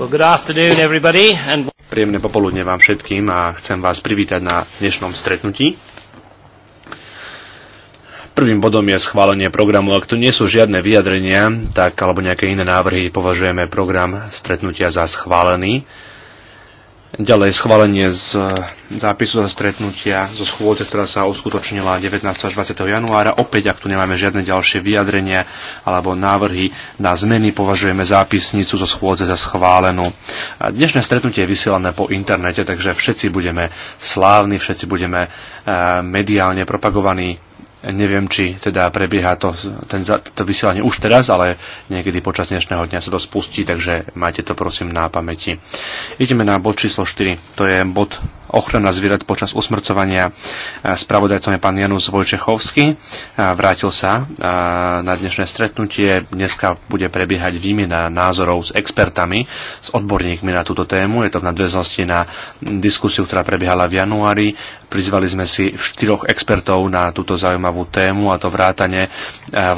Well, good afternoon everybody and... Príjemné popoludne vám všetkým a chcem vás privítať na dnešnom stretnutí. Prvým bodom je schválenie programu. Ak tu nie sú žiadne vyjadrenia, tak alebo nejaké iné návrhy, považujeme program stretnutia za schválený. Ďalej schválenie z e, zápisu za stretnutia zo schôdze, ktorá sa uskutočnila 19. až 20. januára. Opäť, ak tu nemáme žiadne ďalšie vyjadrenia alebo návrhy na zmeny, považujeme zápisnicu zo schôdze za schválenú. A dnešné stretnutie je vysielané po internete, takže všetci budeme slávni, všetci budeme e, mediálne propagovaní Neviem, či teda prebieha to, ten, to vysielanie už teraz, ale niekedy počas dnešného dňa sa to spustí, takže majte to prosím na pamäti. Ideme na bod číslo 4. To je bod ochrana zvierat počas usmrcovania. Spravodajcom je pán Janus Vojčechovský. Vrátil sa na dnešné stretnutie. Dneska bude prebiehať výmena názorov s expertami, s odborníkmi na túto tému. Je to v nadväznosti na diskusiu, ktorá prebiehala v januári. Prizvali sme si štyroch expertov na túto zaujímavú tému a to vrátane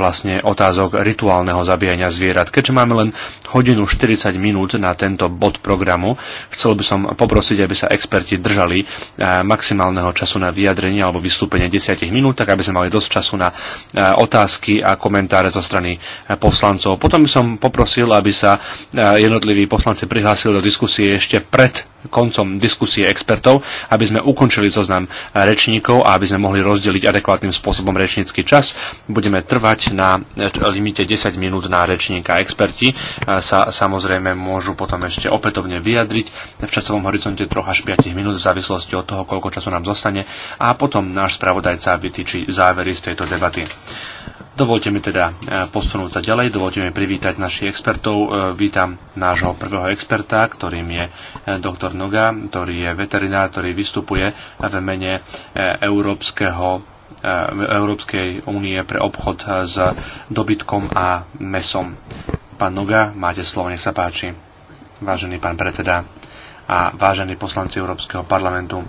vlastne otázok rituálneho zabíjania zvierat. Keďže máme len hodinu 40 minút na tento bod programu, chcel by som poprosiť, aby sa experti držali držali eh, maximálneho času na vyjadrenie alebo vystúpenie 10 minút, tak aby sme mali dosť času na eh, otázky a komentáre zo strany eh, poslancov. Potom by som poprosil, aby sa jednotliví poslanci prihlásili do diskusie ešte pred koncom diskusie expertov, aby sme ukončili zoznam eh, rečníkov a aby sme mohli rozdeliť adekvátnym spôsobom rečnícky čas. Budeme trvať na eh, limite 10 minút na rečníka. Experti eh, sa samozrejme môžu potom ešte opätovne vyjadriť v časovom horizonte 3 až 5 minút v závislosti od toho, koľko času nám zostane a potom náš spravodajca vytýči závery z tejto debaty. Dovolte mi teda e, posunúť sa ďalej, dovolte mi privítať našich expertov. E, vítam nášho prvého experta, ktorým je e, doktor Noga, ktorý je veterinár, ktorý vystupuje v mene Európskeho Európskej únie pre obchod s dobytkom a mesom. Pán Noga, máte slovo, nech sa páči. Vážený pán predseda a vážení poslanci Európskeho parlamentu,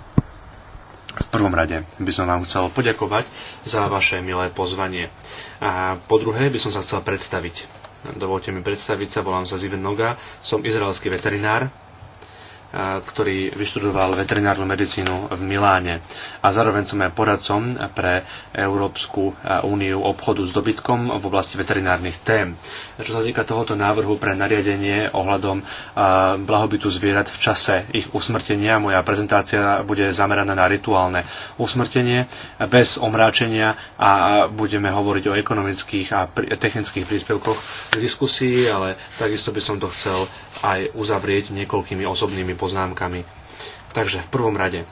v prvom rade by som vám chcel poďakovať za vaše milé pozvanie. A po druhé by som sa chcel predstaviť. Dovolte mi predstaviť sa, volám sa Ziven Noga, som izraelský veterinár, ktorý vyštudoval veterinárnu medicínu v Miláne. A zároveň som aj poradcom pre Európsku úniu obchodu s dobytkom v oblasti veterinárnych tém čo sa týka tohoto návrhu pre nariadenie ohľadom blahobytu zvierat v čase ich usmrtenia. Moja prezentácia bude zameraná na rituálne usmrtenie bez omráčenia a budeme hovoriť o ekonomických a technických príspevkoch k diskusii, ale takisto by som to chcel aj uzavrieť niekoľkými osobnými poznámkami. Takže v prvom rade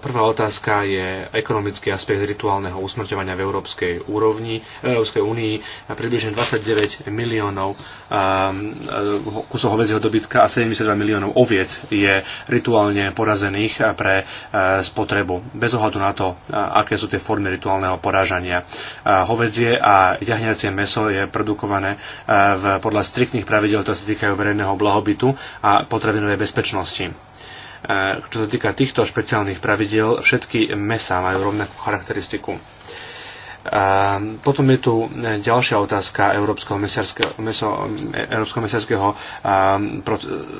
Prvá otázka je ekonomický aspekt rituálneho usmrťovania v Európskej, úrovni, eh, Európskej únii. Približne 29 miliónov ehm, eh, kusov hovedzieho dobytka a 72 miliónov oviec je rituálne porazených pre eh, spotrebu. Bez ohľadu na to, aké sú tie formy rituálneho porážania. Hovedzie a jahňacie meso je produkované v, podľa striktných pravidel, ktoré sa týkajú verejného blahobytu a potravinovej bezpečnosti čo sa týka týchto špeciálnych pravidiel, všetky mesa majú rovnakú charakteristiku. A potom je tu ďalšia otázka Európskeho mesiarského, meso, Európskeho mesiarského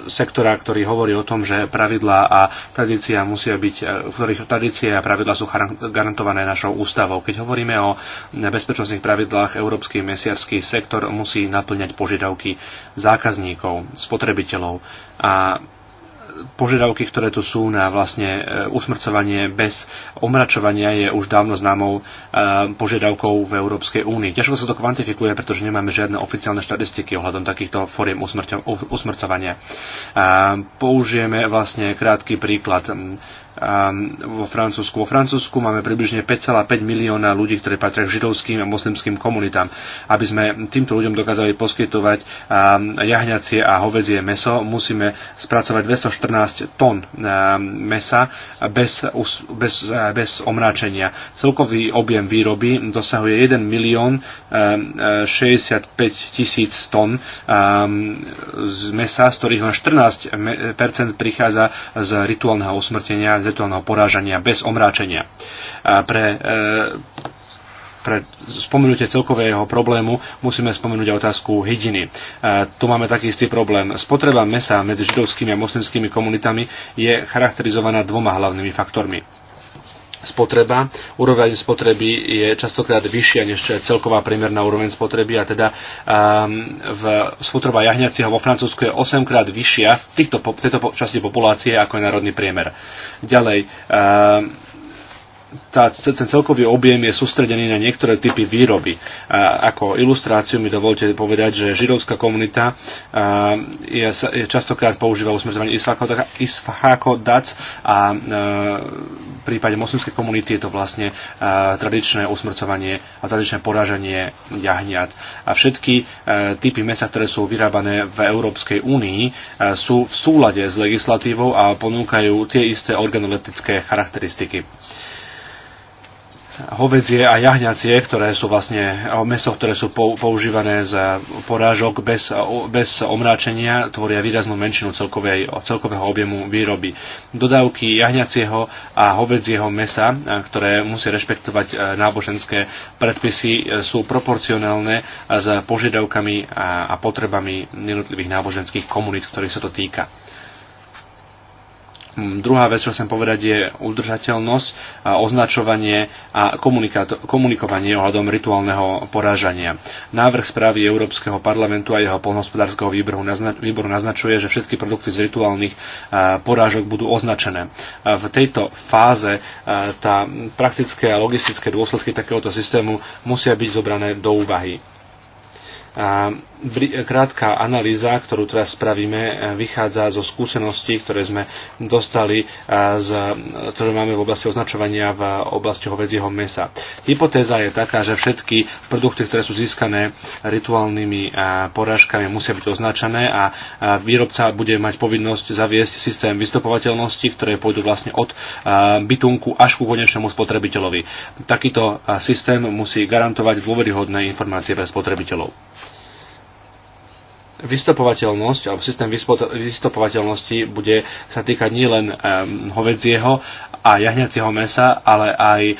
sektora, ktorý hovorí o tom, že pravidlá a tradícia musia byť, e, v ktorých tradície a pravidlá sú garantované našou ústavou. Keď hovoríme o bezpečnostných pravidlách, Európsky mesiarský sektor musí naplňať požiadavky zákazníkov, spotrebiteľov a požiadavky, ktoré tu sú na vlastne e, usmrcovanie bez omračovania je už dávno známou e, požiadavkou v Európskej únii. Ťažko sa to kvantifikuje, pretože nemáme žiadne oficiálne štatistiky ohľadom takýchto foriem usmrcovania. Použijeme vlastne krátky príklad. Ehm, vo Francúzsku. Vo Francúzsku máme približne 5,5 milióna ľudí, ktorí patria k židovským a moslimským komunitám. Aby sme týmto ľuďom dokázali poskytovať ehm, jahňacie a hovedzie meso, musíme spracovať 214 tón ehm, mesa bez, bez, eh, bez omráčenia. Celkový objem výroby dosahuje 1 milión 65 eh, tisíc tón z mesa, z ktorých len 14% prichádza z rituálneho usmrtenia z virtuálneho porážania bez omráčenia. A pre e, pre spomenutie celkového problému musíme spomenúť aj otázku hydiny. E, tu máme taký istý problém. Spotreba mesa medzi židovskými a moslimskými komunitami je charakterizovaná dvoma hlavnými faktormi spotreba. Úroveň spotreby je častokrát vyššia než čo je celková priemerná úroveň spotreby a teda um, v, spotreba jahňacieho vo Francúzsku je 8 krát vyššia v týchto, tejto časti populácie ako je národný priemer. Ďalej, um, tá, ten celkový objem je sústredený na niektoré typy výroby. A ako ilustráciu mi dovolte povedať, že židovská komunita je, je častokrát používa usmrtovanie Isfahako Dac a v prípade moslimskej komunity je to vlastne tradičné usmrcovanie a tradičné poraženie jahniat. A všetky typy mesa, ktoré sú vyrábané v Európskej únii, sú v súlade s legislatívou a ponúkajú tie isté organoleptické charakteristiky hovedzie a jahňacie, ktoré sú vlastne meso, ktoré sú používané za porážok bez, bez omráčenia, tvoria výraznú menšinu celkovej, celkového objemu výroby. Dodávky jahňacieho a hovedzieho mesa, ktoré musí rešpektovať e, náboženské predpisy, e, sú proporcionálne s požiadavkami a potrebami jednotlivých náboženských komunít, ktorých sa to týka. Mm, druhá vec, čo chcem povedať, je udržateľnosť, a označovanie a komunikovanie ohľadom rituálneho porážania. Návrh správy Európskeho parlamentu a jeho polnohospodárskeho výboru, nazna- výboru naznačuje, že všetky produkty z rituálnych porážok budú označené. V tejto fáze tá praktické a logistické dôsledky takéhoto systému musia byť zobrané do úvahy. A krátka analýza, ktorú teraz spravíme, e, vychádza zo skúseností, ktoré sme dostali, e, z, e, ktoré máme v oblasti označovania v oblasti hovedzieho mesa. Hypotéza je taká, že všetky produkty, ktoré sú získané rituálnymi porážkami, musia byť označené a výrobca bude mať povinnosť zaviesť systém vystupovateľnosti, ktoré pôjdu vlastne od bytunku až ku konečnému spotrebiteľovi. Takýto systém musí garantovať dôveryhodné informácie pre spotrebiteľov vystopovateľnosť alebo systém vystopovateľnosti bude sa týkať nielen um, hovedzieho a jahňacieho mesa, ale aj, um,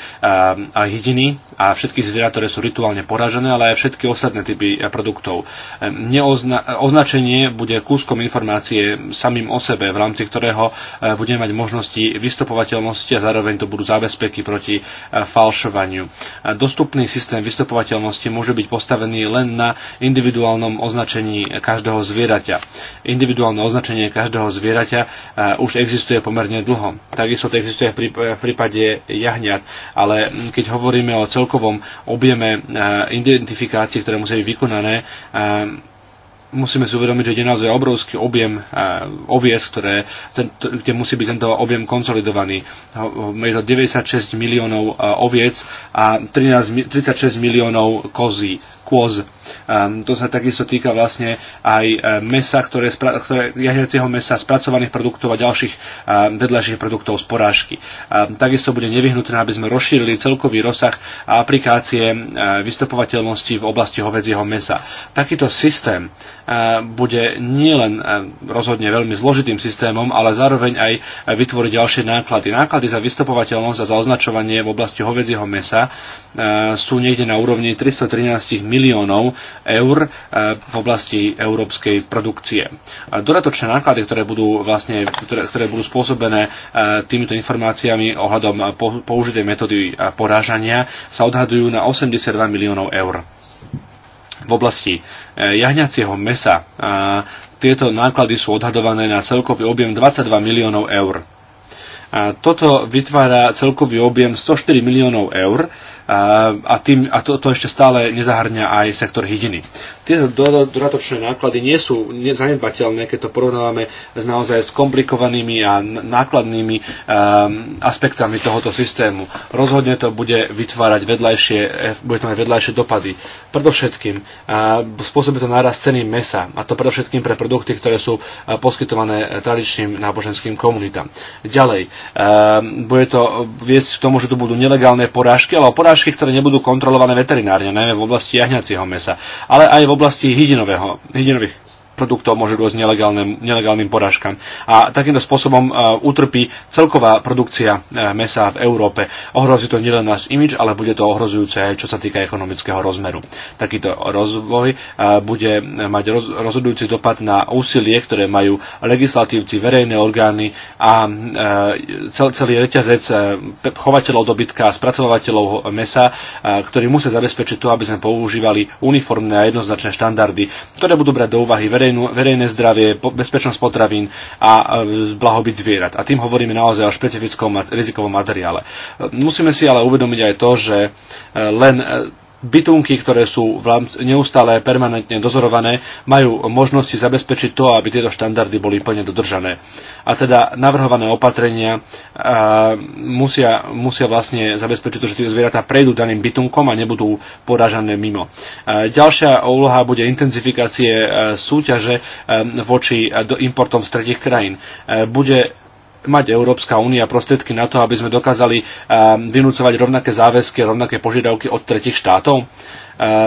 aj hydiny a všetky zvieratá, ktoré sú rituálne poražené, ale aj všetky ostatné typy produktov. Neozna- označenie bude kúskom informácie samým o sebe, v rámci ktorého e, budeme mať možnosti vystupovateľnosti a zároveň to budú zábezpeky proti e, falšovaniu. Dostupný systém vystupovateľnosti môže byť postavený len na individuálnom označení každého zvieraťa. Individuálne označenie každého zvieraťa e, už existuje pomerne dlho. Takisto to existuje v prípade jahňat, ale keď hovoríme o celkom celkovom objeme eh, identifikácie, ktoré musia byť vykonané, eh, musíme si uvedomiť, že je naozaj obrovský objem eh, ovies, ktoré, kde musí byť tento objem konsolidovaný. Je to 96 miliónov oviec a 13, 36 miliónov kozí, kôz. Um, to sa takisto týka vlastne aj e, mesa, ktoré, ktoré jahiacieho mesa, spracovaných produktov a ďalších um, vedľajších produktov z porážky. Um, takisto bude nevyhnutné, aby sme rozšírili celkový rozsah a aplikácie um, vystupovateľnosti v oblasti hovedzieho mesa. Takýto systém um, bude nielen um, rozhodne veľmi zložitým systémom, ale zároveň aj vytvoriť ďalšie náklady. Náklady za vystupovateľnosť a za označovanie v oblasti hovedzieho mesa um, sú niekde na úrovni 313 miliónov eur eh, v oblasti európskej produkcie. Dodatočné náklady, ktoré budú, vlastne, ktoré, ktoré budú spôsobené eh, týmito informáciami ohľadom použitej metódy eh, porážania, sa odhadujú na 82 miliónov eur. V oblasti jahňacieho mesa tieto náklady sú odhadované na celkový objem 22 miliónov eur. A toto vytvára celkový objem 104 miliónov eur a, tým, a to, to ešte stále nezahrňa aj sektor hydiny. Tieto dodatočné náklady nie sú zanedbateľné, keď to porovnávame s naozaj s komplikovanými a nákladnými um, aspektami tohoto systému. Rozhodne to bude vytvárať vedľajšie, eh, bude to mať vedľajšie dopady. Predovšetkým uh, spôsobí to náraz ceny mesa, a to predovšetkým pre produkty, ktoré sú uh, poskytované tradičným náboženským komunitám. Ďalej, uh, bude to viesť k tomu, že tu budú nelegálne porážky, alebo porážky zložky, ktoré nebudú kontrolované veterinárne, najmä v oblasti jahňacieho mesa, ale aj v oblasti hydinových produktov môže dôjsť nelegálnym, nelegálnym porážkam. A takýmto spôsobom e, utrpí celková produkcia e, mesa v Európe. Ohrozí to nielen náš imič, ale bude to ohrozujúce aj čo sa týka ekonomického rozmeru. Takýto rozvoj e, bude mať rozhodujúci dopad na úsilie, ktoré majú legislatívci, verejné orgány a celý reťazec chovateľov dobytka a spracovateľov mesa, ktorí musia zabezpečiť to, aby sme používali uniformné a jednoznačné štandardy, ktoré budú brať do úvahy verejné verejnú, verejné zdravie, bezpečnosť potravín a e, blahobyt zvierat. A tým hovoríme naozaj o špecifickom rizikovom materiále. E, musíme si ale uvedomiť aj to, že e, len bytunky, ktoré sú neustále permanentne dozorované, majú možnosti zabezpečiť to, aby tieto štandardy boli plne dodržané. A teda navrhované opatrenia a, musia, musia vlastne zabezpečiť to, že tieto zvieratá prejdú daným bytunkom a nebudú poražané mimo. A, ďalšia úloha bude intenzifikácie e, súťaže e, voči e, importom z tretich krajín. Bude mať Európska únia prostriedky na to, aby sme dokázali eh, vynúcovať rovnaké záväzky, rovnaké požiadavky od tretich štátov? Eh,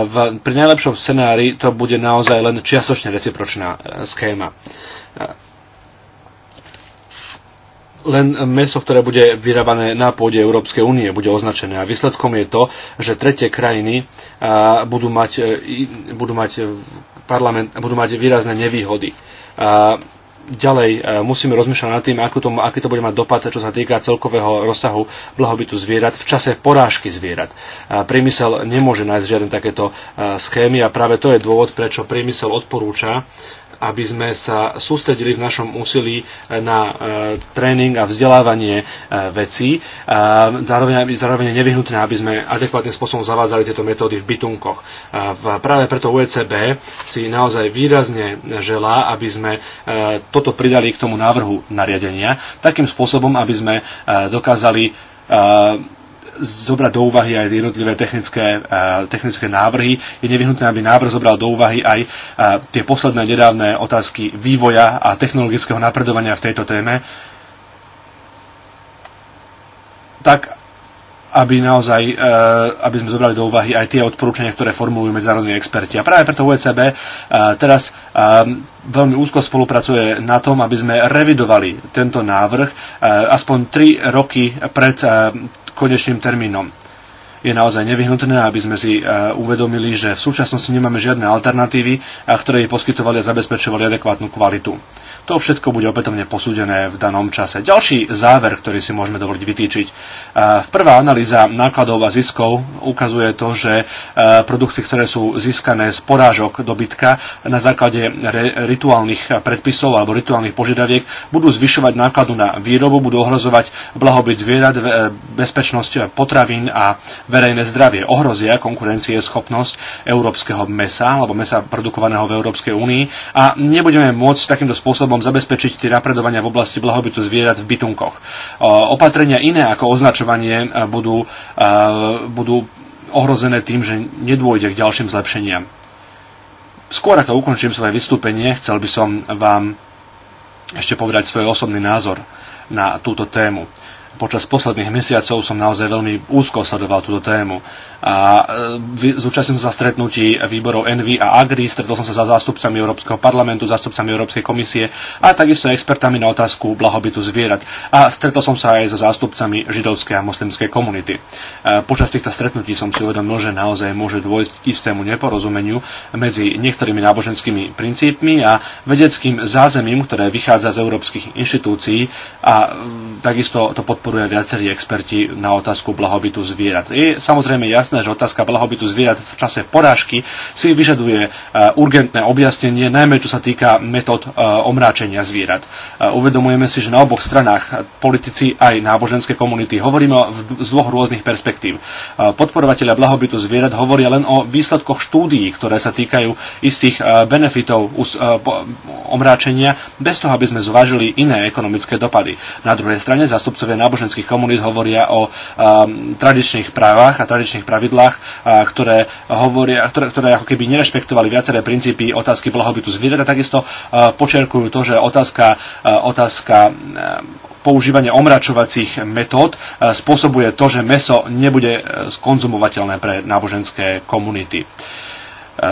v, pri najlepšom scenári to bude naozaj len čiastočne recipročná eh, schéma len meso, ktoré bude vyrábané na pôde Európskej únie, bude označené. A výsledkom je to, že tretie krajiny budú mať, budú mať, parlament, budú mať výrazné nevýhody ďalej e, musíme rozmýšľať nad tým, ako to, aký to bude mať dopad, čo sa týka celkového rozsahu blahobytu zvierat v čase porážky zvierat. Priemysel nemôže nájsť žiadne takéto e, schémy a práve to je dôvod, prečo priemysel odporúča, aby sme sa sústredili v našom úsilí eh, na eh, tréning a vzdelávanie eh, vecí. Zároveň, zároveň je nevyhnutné, aby sme adekvátnym spôsobom zavádzali tieto metódy v bytunkoch. Práve preto UECB si naozaj výrazne želá, aby sme toto pridali k tomu návrhu nariadenia takým spôsobom, aby sme dokázali zobrať do úvahy aj jednotlivé technické, technické návrhy. Je nevyhnutné, aby návrh zobral do úvahy aj tie posledné nedávne otázky vývoja a technologického napredovania v tejto téme, tak aby naozaj, e, aby sme zobrali do úvahy aj tie odporúčania, ktoré formulujú medzinárodní experti. A práve preto UECB e, teraz e, veľmi úzko spolupracuje na tom, aby sme revidovali tento návrh aspoň 3 roky pred konečným termínom je naozaj nevyhnutné, aby sme si e, uvedomili, že v súčasnosti nemáme žiadne alternatívy, ktoré jej poskytovali a zabezpečovali adekvátnu kvalitu. To všetko bude opätovne posúdené v danom čase. Ďalší záver, ktorý si môžeme dovoliť vytýčiť. E, prvá analýza nákladov a ziskov ukazuje to, že e, produkty, ktoré sú získané z porážok dobytka na základe rituálnych predpisov alebo rituálnych požiadaviek, budú zvyšovať nákladu na výrobu, budú ohrozovať blahobyt zvierat, bezpečnosť potravín a verejné zdravie, ohrozia konkurencieschopnosť európskeho mesa alebo mesa produkovaného v Európskej únii a nebudeme môcť takýmto spôsobom zabezpečiť tie napredovania v oblasti blahobytu zvierat v bytunkoch. Opatrenia iné ako označovanie e, budú, e, budú ohrozené tým, že nedôjde k ďalším zlepšeniam. Skôr ako ukončím svoje vystúpenie, chcel by som vám ešte povedať svoj osobný názor na túto tému. Počas posledných mesiacov som naozaj veľmi úzko sledoval túto tému a e, zúčastnil som sa stretnutí výborov Envy a Agri, stretol som sa za zástupcami Európskeho parlamentu, zástupcami Európskej komisie a takisto expertami na otázku blahobytu zvierat. A stretol som sa aj so zástupcami židovskej a moslimskej komunity. E, počas týchto stretnutí som si uvedomil, že naozaj môže dôjsť k istému neporozumeniu medzi niektorými náboženskými princípmi a vedeckým zázemím, ktoré vychádza z európskych inštitúcií a takisto to podporuje viacerí experti na otázku blahobytu zvierat. Je samozrejme jasné, jasné, že otázka blahobytu zvierat v čase porážky si vyžaduje e, urgentné objasnenie, najmä čo sa týka metód e, omráčenia zvierat. E, uvedomujeme si, že na oboch stranách politici aj náboženské komunity hovoríme z dvoch rôznych perspektív. Podporovateľa blahobytu zvierat hovoria len o výsledkoch štúdií, ktoré sa týkajú istých benefitov omráčenia, bez toho, aby sme zvážili iné ekonomické dopady. Na druhej strane zástupcovia náboženských komunít hovoria o tradičných právach a tradičných pravidlách pravidlách, ktoré, hovoria, ktoré, ktoré ako keby nerešpektovali viaceré princípy otázky blahobytu zvierata. takisto počerkujú to, že otázka, otázka používania omračovacích metód spôsobuje to, že meso nebude e, skonzumovateľné pre náboženské komunity. E,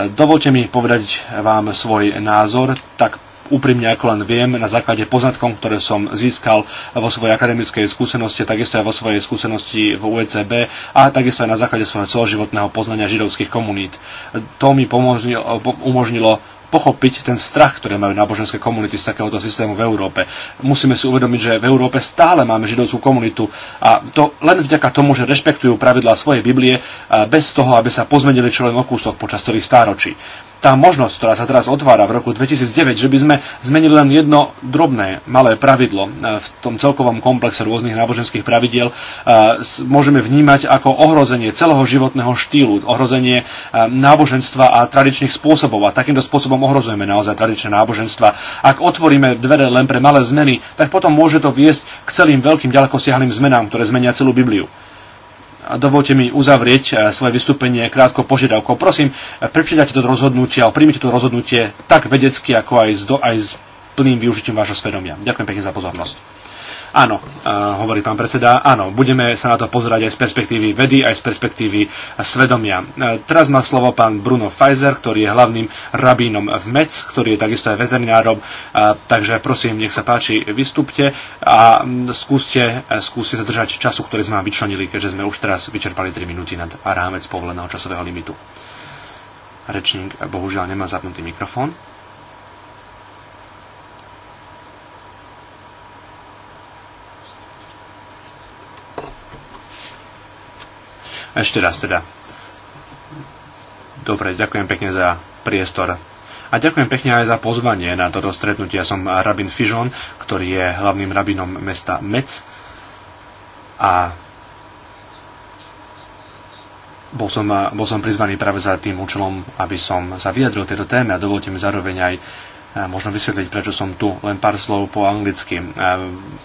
dovolte mi povedať vám svoj názor, tak úprimne, ako len viem, na základe poznatkov, ktoré som získal vo svojej akademickej skúsenosti, takisto aj vo svojej skúsenosti v UECB a takisto aj na základe svojho celoživotného poznania židovských komunít. To mi pomožnilo, umožnilo pochopiť ten strach, ktoré majú náboženské komunity z takéhoto systému v Európe. Musíme si uvedomiť, že v Európe stále máme židovskú komunitu a to len vďaka tomu, že rešpektujú pravidlá svojej Biblie bez toho, aby sa pozmenili čo len o kúsok počas celých stáročí tá možnosť, ktorá sa teraz otvára v roku 2009, že by sme zmenili len jedno drobné, malé pravidlo e, v tom celkovom komplexe rôznych náboženských pravidiel, e, môžeme vnímať ako ohrozenie celého životného štýlu, ohrozenie e, náboženstva a tradičných spôsobov. A takýmto spôsobom ohrozujeme naozaj tradičné náboženstva. Ak otvoríme dvere len pre malé zmeny, tak potom môže to viesť k celým veľkým ďalekosiahlým zmenám, ktoré zmenia celú Bibliu. Dovolte mi uzavrieť e, svoje vystúpenie krátko požiadavkou. Prosím, e, prečítajte to rozhodnutie a príjmite to rozhodnutie tak vedecky, ako aj s, aj s plným využitím vášho svedomia. Ďakujem pekne za pozornosť. Áno, e, hovorí pán predseda, áno, budeme sa na to pozerať aj z perspektívy vedy, aj z perspektívy svedomia. E, teraz má slovo pán Bruno Pfizer, ktorý je hlavným rabínom v MEC, ktorý je takisto aj veterinárom, e, takže prosím, nech sa páči, vystúpte a skúste, skúste sa držať času, ktorý sme vám vyčlenili, keďže sme už teraz vyčerpali 3 minúty nad rámec povoleného časového limitu. Rečník bohužiaľ nemá zapnutý mikrofón. Ešte raz teda. Dobre, ďakujem pekne za priestor. A ďakujem pekne aj za pozvanie na toto stretnutie. Ja som rabin Fižon, ktorý je hlavným rabinom mesta Mec A bol som, bol som prizvaný práve za tým účelom, aby som sa vyjadril tejto téme a dovolte mi zároveň aj možno vysvetliť, prečo som tu len pár slov po anglicky.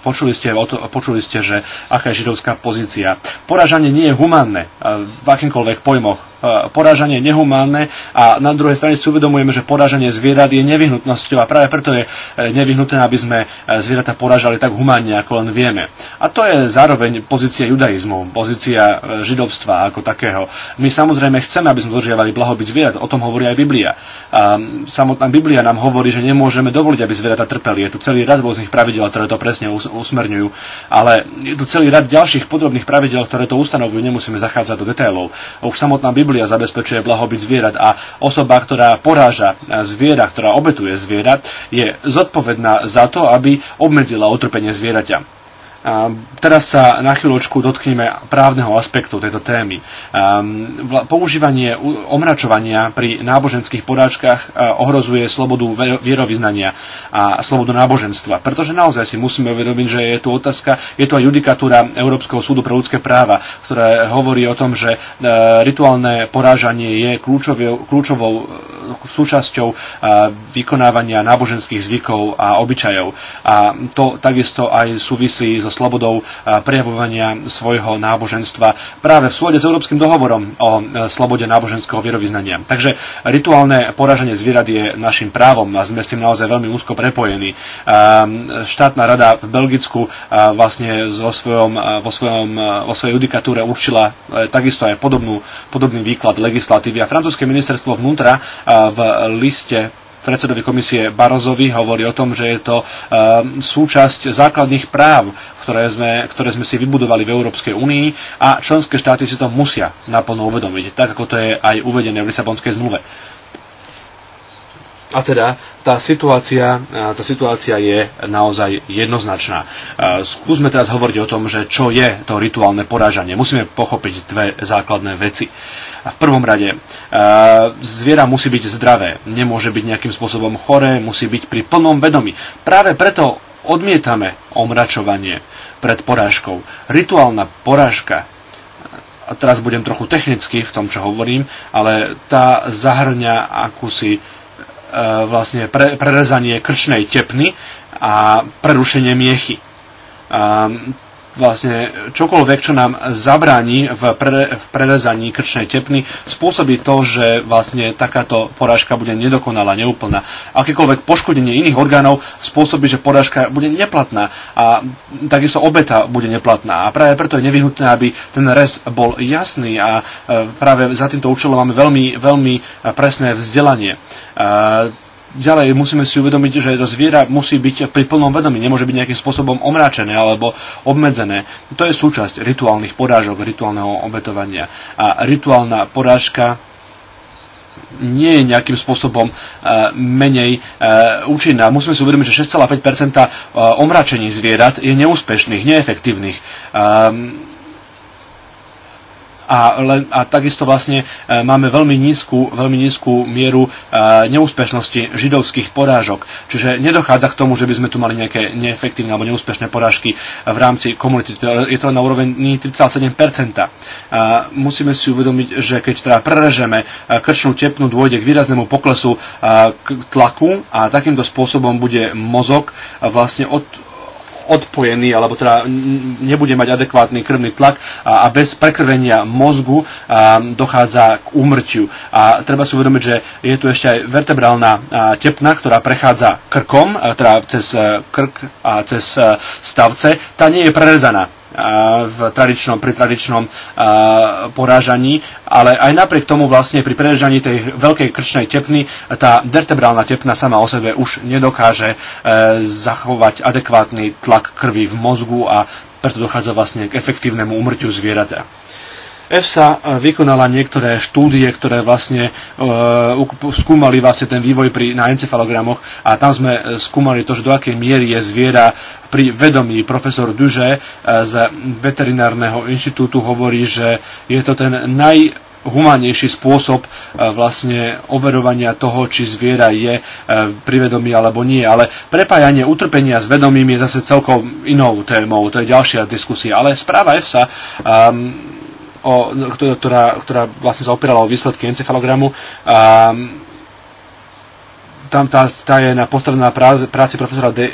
Počuli ste, počuli ste že aká je židovská pozícia. Poražanie nie je humánne v akýmkoľvek pojmoch E, porážanie nehumánne a na druhej strane si uvedomujeme, že porážanie zvierat je nevyhnutnosťou a práve preto je e, nevyhnutné, aby sme e, zvieratá porážali tak humánne, ako len vieme. A to je zároveň pozícia judaizmu, pozícia židovstva ako takého. My samozrejme chceme, aby sme dodržiavali blahobyt zvierat, o tom hovorí aj Biblia. A samotná Biblia nám hovorí, že nemôžeme dovoliť, aby zvieratá trpeli. Je tu celý rad rôznych pravidel, ktoré to presne usmerňujú, ale je tu celý rad ďalších podrobných pravidel, ktoré to ustanovujú, nemusíme zachádzať do detailov. Už samotná Biblia Biblia zabezpečuje blahobyt zvierat a osoba, ktorá poráža zviera, ktorá obetuje zviera, je zodpovedná za to, aby obmedzila utrpenie zvieraťa. Teraz sa na chvíľočku dotkneme právneho aspektu tejto témy. Ehm, používanie omračovania pri náboženských podáčkach e, ohrozuje slobodu vierovýznania a slobodu náboženstva, pretože naozaj si musíme uvedomiť, že je tu otázka, je tu aj judikatúra Európskeho súdu pre ľudské práva, ktorá hovorí o tom, že e, rituálne porážanie je kľúčovou, kľúčovou e, súčasťou vykonávania náboženských zvykov a obyčajov. A to takisto aj súvisí so slobodou e, prejavovania svojho náboženstva práve v súlade s Európskym dohovorom o e, slobode náboženského vierovýznania. Takže rituálne poraženie zvierat je našim právom a sme s tým naozaj veľmi úzko prepojení. E, štátna rada v Belgicku vlastne vo, svojom, vo, svojom, vo svojej judikatúre určila takisto aj podobnú, podobný výklad legislatívy a francúzske ministerstvo vnútra v liste predsedovi komisie Barozovi hovorí o tom, že je to ehm, súčasť základných práv, ktoré sme, ktoré sme si vybudovali v Európskej únii a členské štáty si to musia naplno uvedomiť, tak ako to je aj uvedené v Lisabonskej zmluve. A teda tá situácia, e, tá situácia je naozaj jednoznačná. E, skúsme teraz hovoriť o tom, že čo je to rituálne porážanie. Musíme pochopiť dve základné veci. V prvom rade, e, zviera musí byť zdravé, nemôže byť nejakým spôsobom choré, musí byť pri plnom vedomí. Práve preto odmietame omračovanie pred porážkou. Rituálna porážka a teraz budem trochu technicky v tom, čo hovorím, ale tá zahrňa akúsi E, vlastne pre, prerezanie krčnej tepny a prerušenie miechy. Ehm, vlastne čokoľvek, čo nám zabráni v, pre, v prerezaní krčnej tepny, spôsobí to, že vlastne takáto porážka bude nedokonalá, neúplná. Akékoľvek poškodenie iných orgánov spôsobí, že porážka bude neplatná a takisto obeta bude neplatná. A práve preto je nevyhnutné, aby ten rez bol jasný a e, práve za týmto účelom máme veľmi, veľmi presné vzdelanie e, ďalej musíme si uvedomiť, že to zviera musí byť pri plnom vedomí, nemôže byť nejakým spôsobom omráčené alebo obmedzené. To je súčasť rituálnych porážok, rituálneho obetovania. A rituálna porážka nie je nejakým spôsobom e, menej e, účinná. Musíme si uvedomiť, že 6,5% e, omračení zvierat je neúspešných, neefektívnych ehm, a, a takisto vlastne e, máme veľmi nízku, veľmi nízku mieru e, neúspešnosti židovských porážok. Čiže nedochádza k tomu, že by sme tu mali nejaké neefektívne alebo neúspešné porážky v rámci komunity. Je to na úrovni 3,7%. E, musíme si uvedomiť, že keď teda prerežeme krčnú tepnu, dôjde k výraznému poklesu k tlaku a takýmto spôsobom bude mozog vlastne od, odpojený, alebo teda nebude mať adekvátny krvný tlak a, a bez prekrvenia mozgu a, dochádza k úmrtiu. A treba si uvedomiť, že je tu ešte aj vertebrálna a, tepna, ktorá prechádza krkom, a, teda cez e, krk a cez e, stavce, tá nie je prerezaná v tradičnom, pri tradičnom porážaní, ale aj napriek tomu vlastne pri prerežaní tej veľkej krčnej tepny tá vertebrálna tepna sama o sebe už nedokáže e, zachovať adekvátny tlak krvi v mozgu a preto dochádza vlastne k efektívnemu umrťu zvieraťa. EFSA eh, vykonala niektoré štúdie, ktoré vlastne e, skúmali vlastne ten vývoj pri, na encefalogramoch a tam sme eh, skúmali to, že do akej miery je zviera pri vedomí. Profesor Duže z veterinárneho inštitútu hovorí, že je to ten naj humánnejší spôsob vlastne overovania toho, či zviera je privedomí alebo nie. Ale prepájanie utrpenia s vedomím je zase celkom inou témou, to je ďalšia diskusia. Ale správa EFSA um, o, no, ktorá, ktorá vlastne sa opierala o výsledky encefalogramu. A, tam tá, tá je na postavená práci, práci profesora De, e,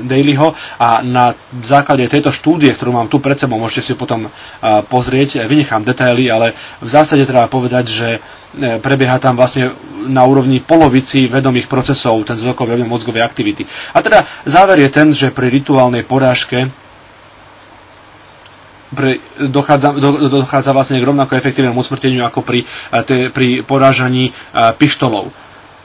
Dailyho a na základe tejto štúdie, ktorú mám tu pred sebou, môžete si ju potom a, pozrieť, e, vynechám detaily, ale v zásade treba povedať, že e, prebieha tam vlastne na úrovni polovici vedomých procesov ten zlokový objem mozgovej aktivity. A teda záver je ten, že pri rituálnej porážke pri, dochádza, do, dochádza vlastne k rovnako efektívnemu usmrteniu ako pri, eh, te, pri porážaní eh, pištolov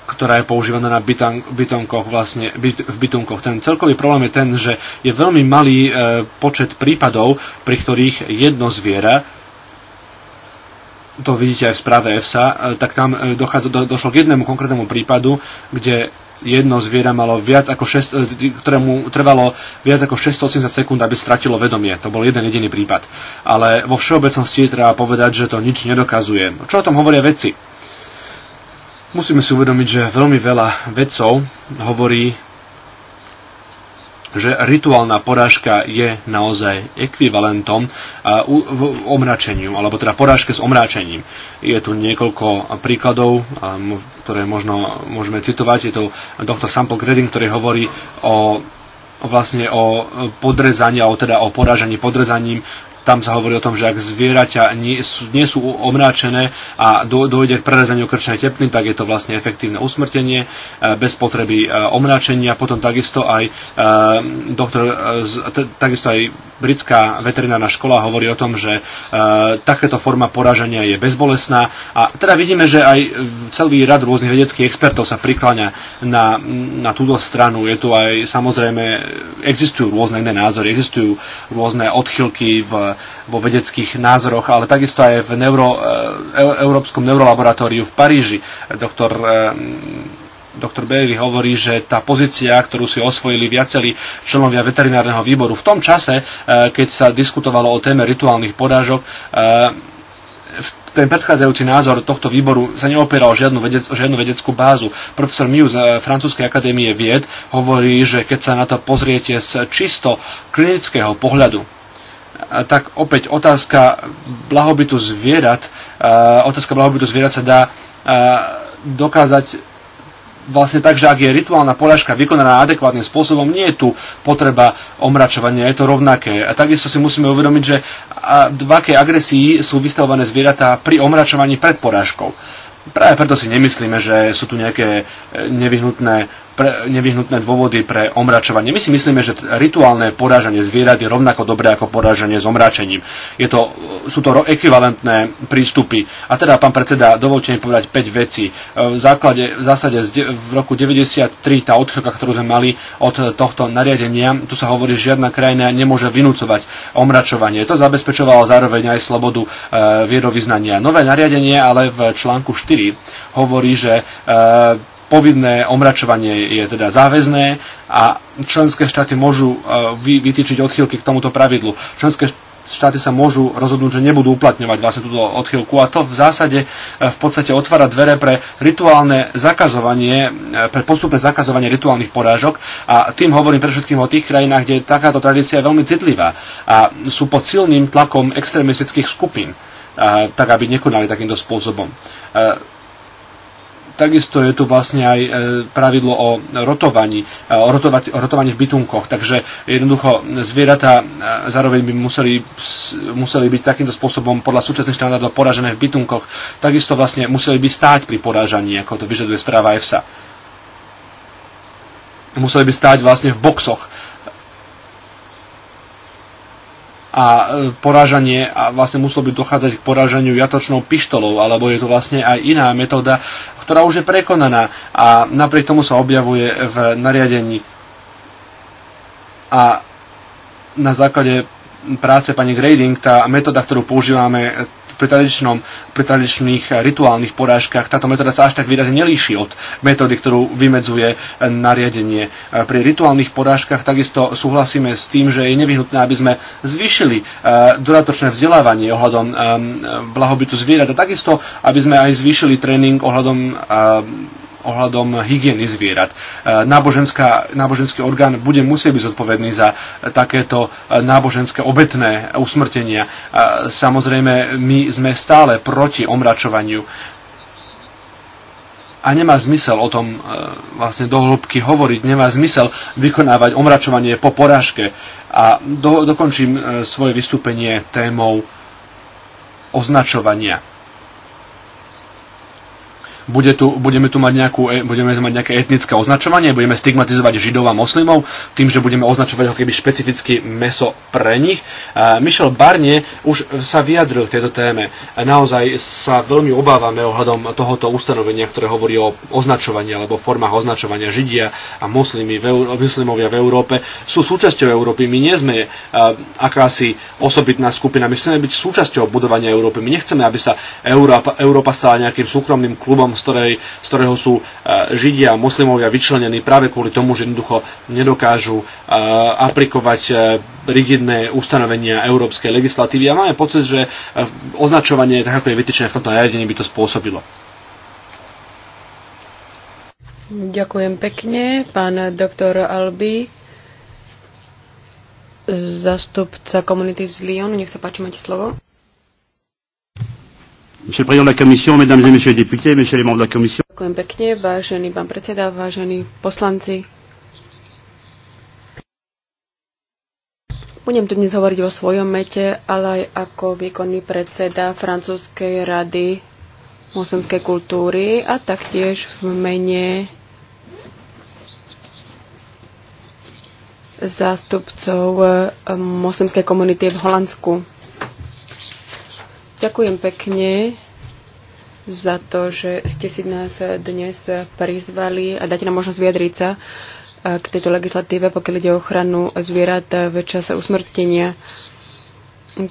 ktorá je používaná na bytan, bytonkoch vlastne, byt, v bytunkoch. Ten celkový problém je ten, že je veľmi malý e, počet prípadov, pri ktorých jedno zviera, to vidíte aj v správe EFSA, e, tak tam dochádza, do, došlo k jednému konkrétnemu prípadu, kde jedno zviera malo viac ako 6, e, ktorému trvalo viac ako 680 sekúnd, aby stratilo vedomie. To bol jeden jediný prípad. Ale vo všeobecnosti treba povedať, že to nič nedokazuje. Čo o tom hovoria vedci? Musíme si uvedomiť, že veľmi veľa vedcov hovorí že rituálna porážka je naozaj ekvivalentom omračeniu, alebo teda porážke s omráčením. Je tu niekoľko príkladov, ktoré možno môžeme citovať. Je to doktor Sample Grading, ktorý hovorí o vlastne o podrezaní, alebo teda o porážaní podrezaním tam sa hovorí o tom, že ak zvieraťa nie sú, nie sú omráčené a dojde k prerezaniu krčnej tepny, tak je to vlastne efektívne usmrtenie e, bez potreby e, omráčenia. Potom takisto aj, e, doktor, takisto aj Britská veterinárna škola hovorí o tom, že e, takéto forma poraženia je bezbolesná. A teda vidíme, že aj eh, celý rad rôznych vedeckých expertov sa prikláňa na, mm, na túto stranu. Je tu aj samozrejme, existujú rôzne iné názory, existujú rôzne odchylky v, vo vedeckých názoroch, ale takisto aj v neuro, eh, e, Európskom neurolaboratóriu v Paríži doktor e, doktor Bailey hovorí, že tá pozícia, ktorú si osvojili viacerí členovia veterinárneho výboru v tom čase, e, keď sa diskutovalo o téme rituálnych porážok, e, ten predchádzajúci názor tohto výboru sa neopieral o žiadnu, vedec, o žiadnu vedeckú bázu. Profesor Miu z e, Francúzskej akadémie vied hovorí, že keď sa na to pozriete z čisto klinického pohľadu, tak opäť otázka blahobytu zvierat, otázka blahobytu zvierat sa dá dokázať vlastne tak, že ak je rituálna poražka vykonaná adekvátnym spôsobom, nie je tu potreba omračovania, je to rovnaké. A takisto si musíme uvedomiť, že v akej agresii sú vystavované zvieratá pri omračovaní pred porážkou. Práve preto si nemyslíme, že sú tu nejaké e, nevyhnutné pre, nevyhnutné dôvody pre omračovanie. My si myslíme, že rituálne porážanie zvierat je rovnako dobré ako porážanie s omračením. Je to, e, sú to ekvivalentné prístupy. A teda, pán predseda, dovolte mi povedať 5 vecí. E, v, základe, v zásade v roku 93 tá odchylka, ktorú sme mali od tohto nariadenia, tu sa hovorí, že žiadna krajina nemôže vynúcovať omračovanie. To zabezpečovalo zároveň aj slobodu e, vierovýznania. Nové nariadenie ale v článku 4 hovorí, že e, Povinné omračovanie je teda záväzné a členské štáty môžu e, vytýčiť odchýlky k tomuto pravidlu. Členské štáty sa môžu rozhodnúť, že nebudú uplatňovať vlastne túto odchýlku a to v zásade e, v podstate otvára dvere pre rituálne zakazovanie, e, pre postupné zakazovanie rituálnych porážok a tým hovorím pre všetkým o tých krajinách, kde takáto tradícia je veľmi citlivá a sú pod silným tlakom extrémistických skupín, tak aby nekonali takýmto spôsobom Takisto je tu vlastne aj e, pravidlo o rotovaní, e, o, rotovac, o rotovaní v bytunkoch, takže jednoducho e, zvieratá zároveň by museli, museli byť takýmto spôsobom podľa súčasných štandardov poražené v bytunkoch. Takisto vlastne museli by stáť pri porážaní, ako to vyžaduje správa EFSA. Museli by stáť vlastne v boxoch, a porážanie a vlastne muselo by dochádzať k porážaniu jatočnou pištolou, alebo je to vlastne aj iná metóda ktorá už je prekonaná a napriek tomu sa objavuje v nariadení. A na základe práce pani Grading, tá metóda, ktorú používame, pri, tradičnom, pri tradičných eh, rituálnych porážkach táto metóda sa až tak výrazne nelíši od metódy, ktorú vymedzuje eh, nariadenie. Eh, pri rituálnych porážkach takisto súhlasíme s tým, že je nevyhnutné, aby sme zvýšili dodatočné vzdelávanie ohľadom blahobytu zvierat a takisto, aby sme aj zvýšili tréning ohľadom ohľadom hygieny zvierat. E, náboženská, náboženský orgán bude musieť byť zodpovedný za e, takéto e, náboženské obetné usmrtenia. Samozrejme, my sme stále proti omračovaniu a nemá zmysel o tom e, vlastne dohlbky hovoriť, nemá zmysel vykonávať omračovanie po porážke. A do, dokončím e, svoje vystúpenie témou označovania bude tu, budeme tu mať, nejakú, e, budeme mať nejaké etnické označovanie, budeme stigmatizovať židov a moslimov tým, že budeme označovať ako keby špecificky meso pre nich. Michel Barnier už sa vyjadril k tejto téme. Naozaj sa veľmi obávame ohľadom tohoto ustanovenia, ktoré hovorí o označovaní alebo formách označovania židia a moslimy v Euró- v Európe. Sú súčasťou Európy, my nie sme akási osobitná skupina, my chceme byť súčasťou budovania Európy. My nechceme, aby sa Európa, Európa stala nejakým súkromným klubom z, ktorej, z ktorého sú e, Židia a moslimovia vyčlenení práve kvôli tomu, že jednoducho nedokážu e, aplikovať e, rigidné ustanovenia európskej legislatívy a máme pocit, že označovanie, tak ako je vytýčené v tomto nariadení, by to spôsobilo. Ďakujem pekne, pán doktor Albi, zastupca komunity z Lyon. Nech sa páči, máte slovo. Monsieur le Président de la Commission, Mesdames et Messieurs les députés, Messieurs les membres de la Commission. Ďakujem pekne, vážený pán predseda, vážení poslanci. Budem tu dnes hovoriť o svojom mete, ale aj ako výkonný predseda Francúzskej rady moslemskej kultúry a taktiež v mene zástupcov mosemskej komunity v Holandsku. Ďakujem pekne za to, že ste si nás dnes prizvali a dáte nám možnosť vyjadriť sa eh, k tejto legislatíve, pokiaľ ide o ochranu zvierat eh, v čase usmrtenia.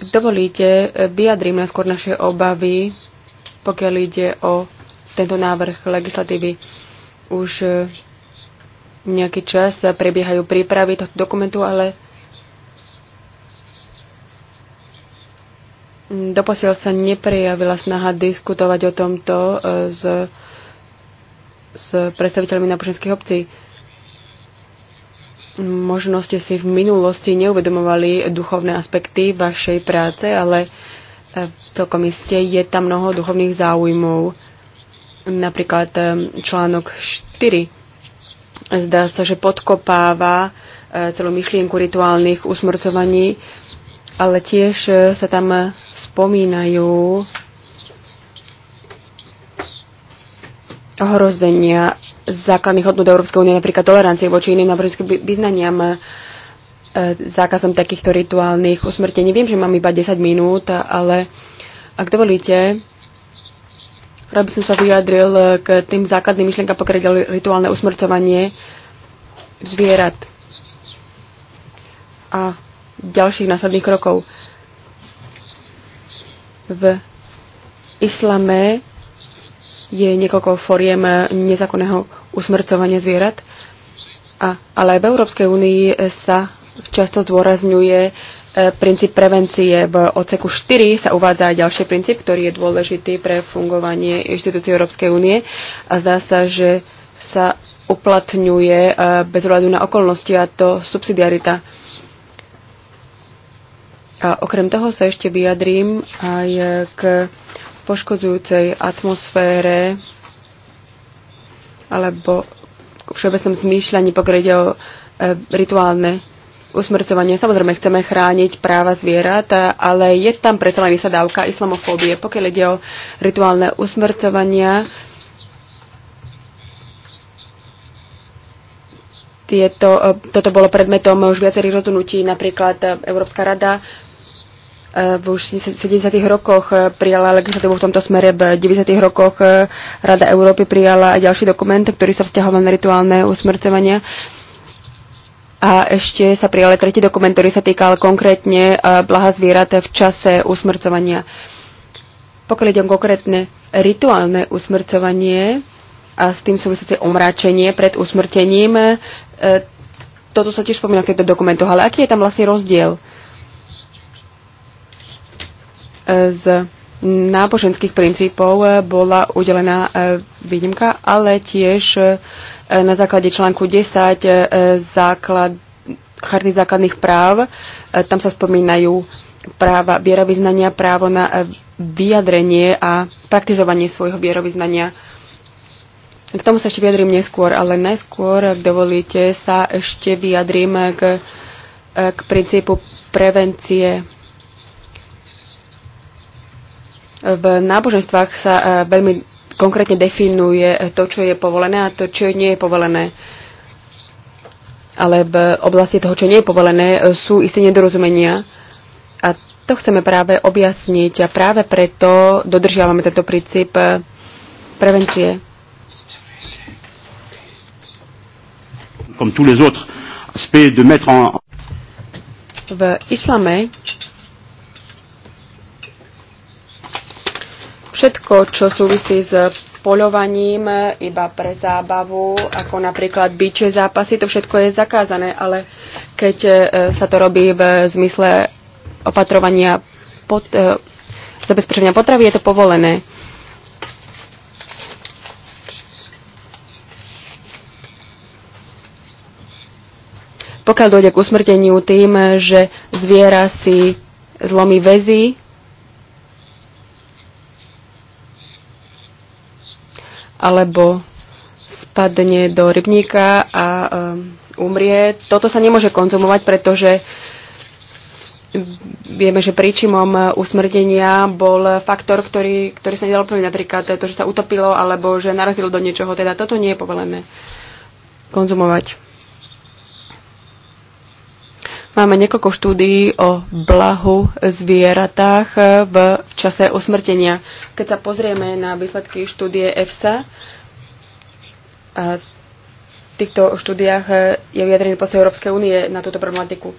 dovolíte, eh, vyjadrím skôr naše obavy, pokiaľ ide o tento návrh legislatívy. Už nejaký čas prebiehajú prípravy tohto dokumentu, ale Doposiaľ sa neprejavila snaha diskutovať o tomto e, s, s predstaviteľmi náboženských obcí. Možno ste si v minulosti neuvedomovali duchovné aspekty vašej práce, ale v e, celkom iste je tam mnoho duchovných záujmov. Napríklad e, článok 4. Zdá sa, že podkopáva celú myšlienku rituálnych usmrcovaní ale tiež e, sa tam e, spomínajú ohrozenia základných hodnot Európskej únie, napríklad tolerancie voči iným náboženským vyznaniam, e, zákazom takýchto rituálnych usmrtení. Viem, že mám iba 10 minút, ale ak dovolíte, rád by som sa vyjadril k tým základným myšlienkam, pokiaľ rituálne usmrcovanie zvierat. A ďalších následných krokov. V islame je niekoľko foriem nezákonného usmrcovania zvierat, a, ale aj v Európskej únii sa často zdôrazňuje e, princíp prevencie. V odseku 4 sa uvádza ďalší princíp, ktorý je dôležitý pre fungovanie inštitúcií Európskej únie a zdá sa, že sa uplatňuje e, bez hľadu na okolnosti a to subsidiarita. A okrem toho sa ešte vyjadrím aj k poškodzujúcej atmosfére alebo k všeobecnom zmýšľaní, pokiaľ ide o e, rituálne usmrcovanie. Samozrejme, chceme chrániť práva zvierat, ale je tam predsa len sa dávka islamofóbie. Pokiaľ ide o rituálne usmrcovania, tieto, e, toto bolo predmetom už viacerých rozhodnutí, napríklad e, Európska rada E, v už 70. rokoch e, prijala legislatívu v tomto smere. V 90. rokoch e, Rada Európy prijala aj ďalší dokument, ktorý sa vzťahoval na rituálne usmrcovania. A ešte sa prijal aj tretí dokument, ktorý sa týkal konkrétne blaha zvierat v čase usmrcovania. Pokiaľ idem konkrétne rituálne usmrcovanie a s tým súvisiace omráčenie pred usmrtením, toto sa tiež spomína v týchto dokumentoch, ale aký je tam vlastne rozdiel? z náboženských princípov bola udelená e, výnimka, ale tiež e, na základe článku 10 e, základ, charty základných práv, tam sa spomínajú práva vierovýznania, právo na vyjadrenie a praktizovanie svojho vierovýznania. K tomu sa ešte vyjadrím neskôr, ale najskôr, ak dovolíte, sa ešte vyjadrím k, k princípu prevencie v náboženstvách sa e, veľmi konkrétne definuje to, čo je povolené a to, čo nie je povolené. Ale v oblasti toho, čo nie je povolené, e, sú isté nedorozumenia. A to chceme práve objasniť a práve preto dodržiavame tento princíp e, prevencie. Comme tous les autres aspects de mettre en... V islame všetko, čo súvisí s poľovaním iba pre zábavu, ako napríklad byče zápasy, to všetko je zakázané, ale keď e, sa to robí v zmysle opatrovania pot, e, zabezpečenia potravy, je to povolené. Pokiaľ dojde k usmrteniu tým, že zviera si zlomí väzy, alebo spadne do rybníka a um, umrie. Toto sa nemôže konzumovať, pretože vieme, že príčimom usmrdenia bol faktor, ktorý, ktorý sa nedal povedať napríklad to, že sa utopilo alebo že narazilo do niečoho. Teda toto nie je povolené konzumovať. Máme niekoľko štúdií o blahu zvieratách v, e, v čase usmrtenia. Keď sa pozrieme na výsledky štúdie EFSA, a e, v týchto štúdiách e, je vyjadrený postoj Európskej únie na túto problematiku.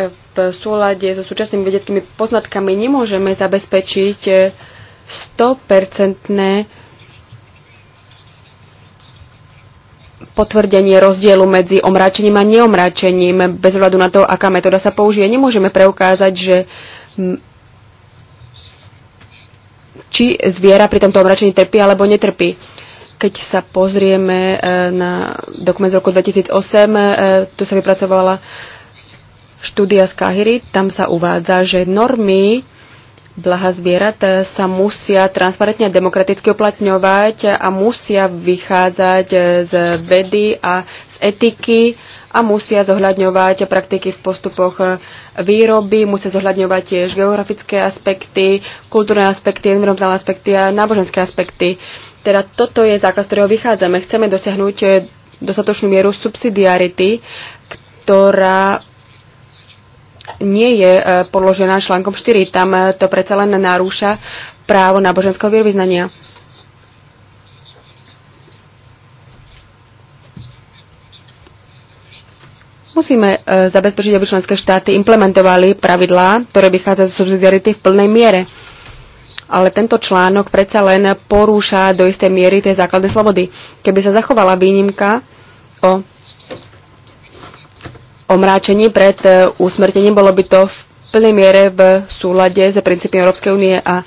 V súlade so súčasnými vedeckými poznatkami nemôžeme zabezpečiť 100% potvrdenie rozdielu medzi omračením a neomračením bez hľadu na to, aká metóda sa použije. Nemôžeme preukázať, že či zviera pri tomto omračení trpí alebo netrpí. Keď sa pozrieme e, na dokument z roku 2008, e, tu sa vypracovala štúdia z Kahiry, tam sa uvádza, že normy blaha zvierat e, sa musia transparentne a demokraticky uplatňovať a musia vychádzať e, z vedy a z etiky a musia zohľadňovať praktiky v postupoch e, výroby, musia zohľadňovať tiež geografické aspekty, kultúrne aspekty, environmentálne aspekty a náboženské aspekty. Teda toto je základ, z ktorého vychádzame. Chceme dosiahnuť dostatočnú mieru subsidiarity, ktorá nie je e, podložená článkom 4. Tam e, to predsa len narúša právo náboženského vierovýznania. Musíme e, zabezpečiť, aby členské štáty implementovali pravidlá, ktoré vychádzajú z subsidiarity v plnej miere. Ale tento článok predsa len porúša do istej miery tej základnej slobody. Keby sa zachovala výnimka o omráčení pred úsmrtením. E, Bolo by to v plnej miere v súlade s princípmi Európskej únie a e,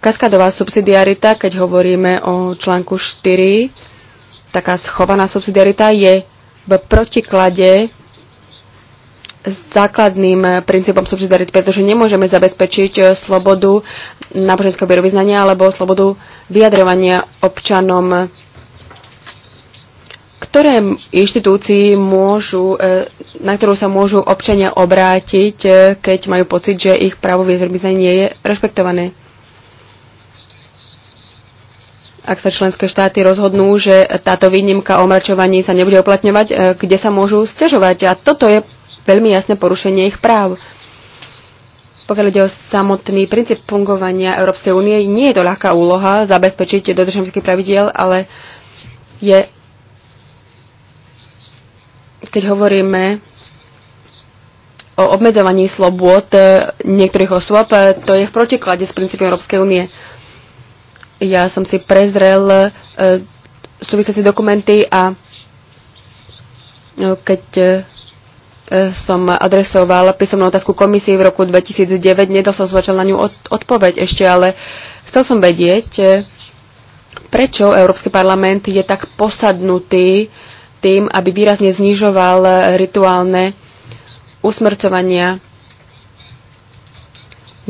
kaskadová subsidiarita, keď hovoríme o článku 4, taká schovaná subsidiarita je v protiklade s základným princípom subsidiarity, pretože nemôžeme zabezpečiť e, slobodu náboženského vierovýznania alebo slobodu vyjadrovania občanom ktoré inštitúcii môžu, e, na ktorú sa môžu občania obrátiť, e, keď majú pocit, že ich právo v nie je rešpektované? Ak sa členské štáty rozhodnú, že táto výnimka o marčovaní sa nebude uplatňovať, e, kde sa môžu stiažovať? A toto je veľmi jasné porušenie ich práv. Pokiaľ ide o samotný princíp fungovania Európskej únie, nie je to ľahká úloha zabezpečiť dodržanských pravidiel, ale je keď hovoríme o obmedzovaní slobôd e, niektorých osôb, e, to je v protiklade s princípom Európskej únie. Ja som si prezrel e, súvisiaci dokumenty a keď som adresoval písomnú otázku komisii v roku 2009, nedal som začal na ňu odpoveď ešte, ale chcel som vedieť, prečo Európsky parlament je tak posadnutý tým, aby výrazne znižoval e, rituálne usmrcovania.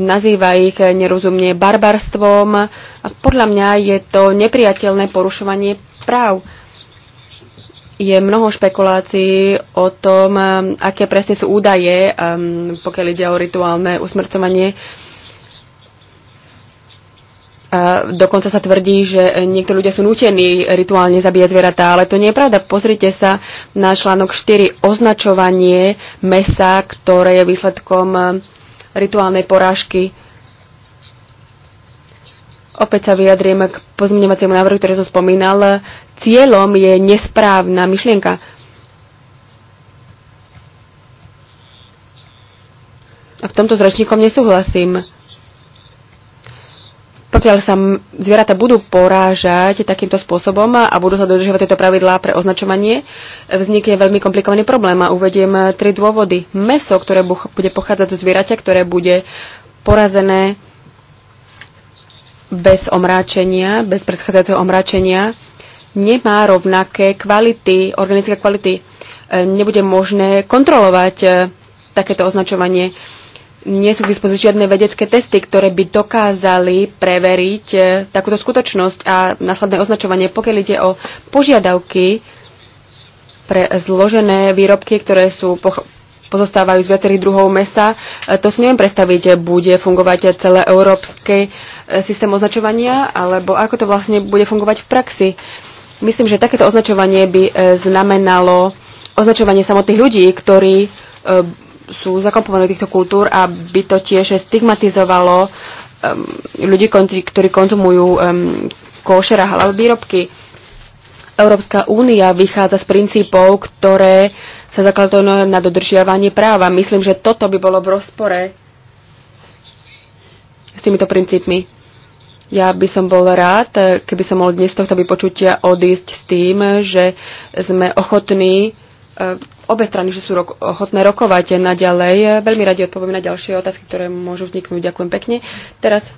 Nazýva ich e, nerozumne barbarstvom a podľa mňa je to nepriateľné porušovanie práv. Je mnoho špekulácií o tom, e, aké presne sú údaje, pokiaľ ide o rituálne usmrcovanie a dokonca sa tvrdí, že niektorí ľudia sú nútení rituálne zabíjať zvieratá, ale to nie je pravda. Pozrite sa na článok 4, označovanie mesa, ktoré je výsledkom e, rituálnej porážky. Opäť sa vyjadrím k pozmeňovaciemu návrhu, ktorý som spomínal. Cieľom je nesprávna myšlienka. A v tomto s rečníkom nesúhlasím pokiaľ sa zvieratá budú porážať takýmto spôsobom a budú sa dodržiavať tieto pravidlá pre označovanie, vznikne veľmi komplikovaný problém a uvediem eh, tri dôvody. Meso, ktoré bude pochádzať zo zvieraťa, ktoré bude porazené bez omráčenia, bez predchádzajúceho omráčenia, nemá rovnaké kvality, organické kvality. Eh, nebude možné kontrolovať eh, takéto označovanie nie sú k dispozícii žiadne vedecké testy, ktoré by dokázali preveriť e, takúto skutočnosť a následné označovanie, pokiaľ ide o požiadavky pre zložené výrobky, ktoré sú pozostávajú z viacerých druhov mesa. E, to si neviem predstaviť, bude fungovať celé európsky e, systém označovania, alebo ako to vlastne bude fungovať v praxi. Myslím, že takéto označovanie by znamenalo označovanie samotných ľudí, ktorí sú do týchto kultúr, aby to tiež stigmatizovalo um, ľudí, ktorí konzumujú um, košer a halal výrobky. Európska únia vychádza z princípov, ktoré sa zakladajú na dodržiavanie práva. Myslím, že toto by bolo v rozpore s týmito princípmi. Ja by som bol rád, keby som mohol dnes tohto vypočutia odísť s tým, že sme ochotní Eh, obe strany, že sú rok, ochotné rokovať naďalej. Eh, veľmi radi odpoviem na ďalšie otázky, ktoré môžu vzniknúť. Ďakujem pekne. Teraz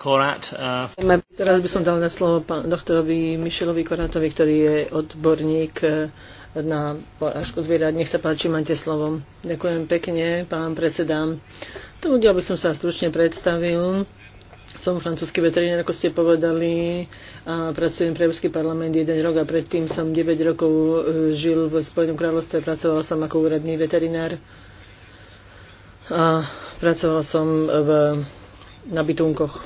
Korát. Uh... Eh, Teraz by som dal na slovo pán doktorovi Mišelovi Korátovi, ktorý je odborník na porážku zvierat. Nech sa páči, máte slovo. Ďakujem pekne, pán predseda. To udiel by som sa stručne predstavil. Som francúzsky veterinár, ako ste povedali, a pracujem pre Európsky parlament jeden rok a predtým som 9 rokov e, žil v Spojenom kráľovstve, pracoval som ako úradný veterinár a pracoval som v, na bytunkoch.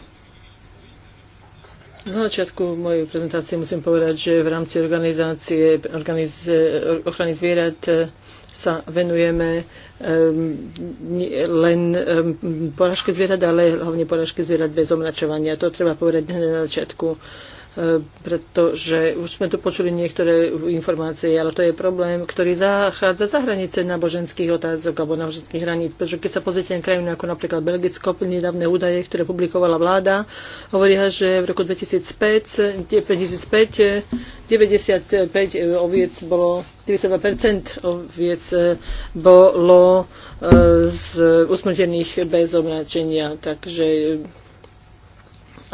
Na začiatku mojej prezentácie musím povedať, že v rámci organizácie organiz, ochrany zvierat sa venujeme Ehm, len ehm, porážky zvierat, ale hlavne porážky zvierat bez omračovania. To treba povedať na začiatku pretože už sme tu počuli niektoré informácie, ale to je problém, ktorý zachádza za hranice náboženských otázok alebo náboženských hraníc. Pretože keď sa pozrite na krajinu ako napríklad Belgicko, nedávne údaje, ktoré publikovala vláda, hovoria, že v roku 2005, 2005 95 oviec bolo, 92% oviec bolo eh, z usmrtených bez omráčenia. Takže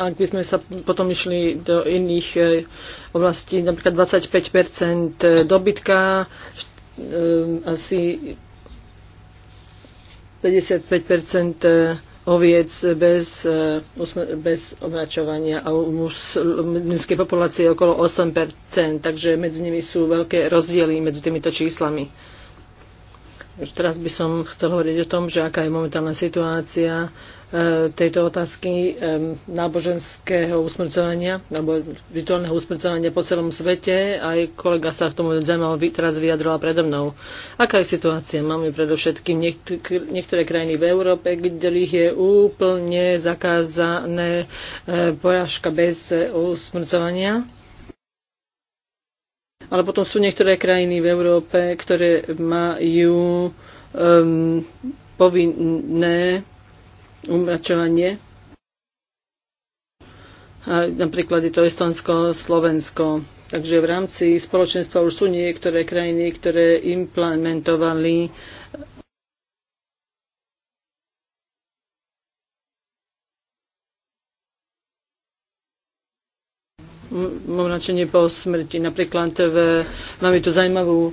ak by sme sa potom išli do iných e, oblastí, napríklad 25 e, dobytka, e, asi 55 oviec bez, bez obračovania a u muslimskej populácie je okolo 8%, takže medzi nimi sú veľké rozdiely medzi týmito číslami. Už teraz by som chcel hovoriť o tom, že aká je momentálna situácia E, tejto otázky e, náboženského usmrcovania alebo rituálneho usmrcovania po celom svete. Aj kolega sa v tom zaujímavo teraz vyjadrila predo mnou. Aká je situácia? Máme predovšetkým niektoré krajiny v Európe, kde ich je úplne zakázané e, porážka bez usmrcovania. Ale potom sú niektoré krajiny v Európe, ktoré majú um, povinné umračovanie. A napríklad je to Estonsko, Slovensko. Takže v rámci spoločenstva už sú niektoré krajiny, ktoré implementovali umračenie po smrti. Napríklad v, máme tu zaujímavú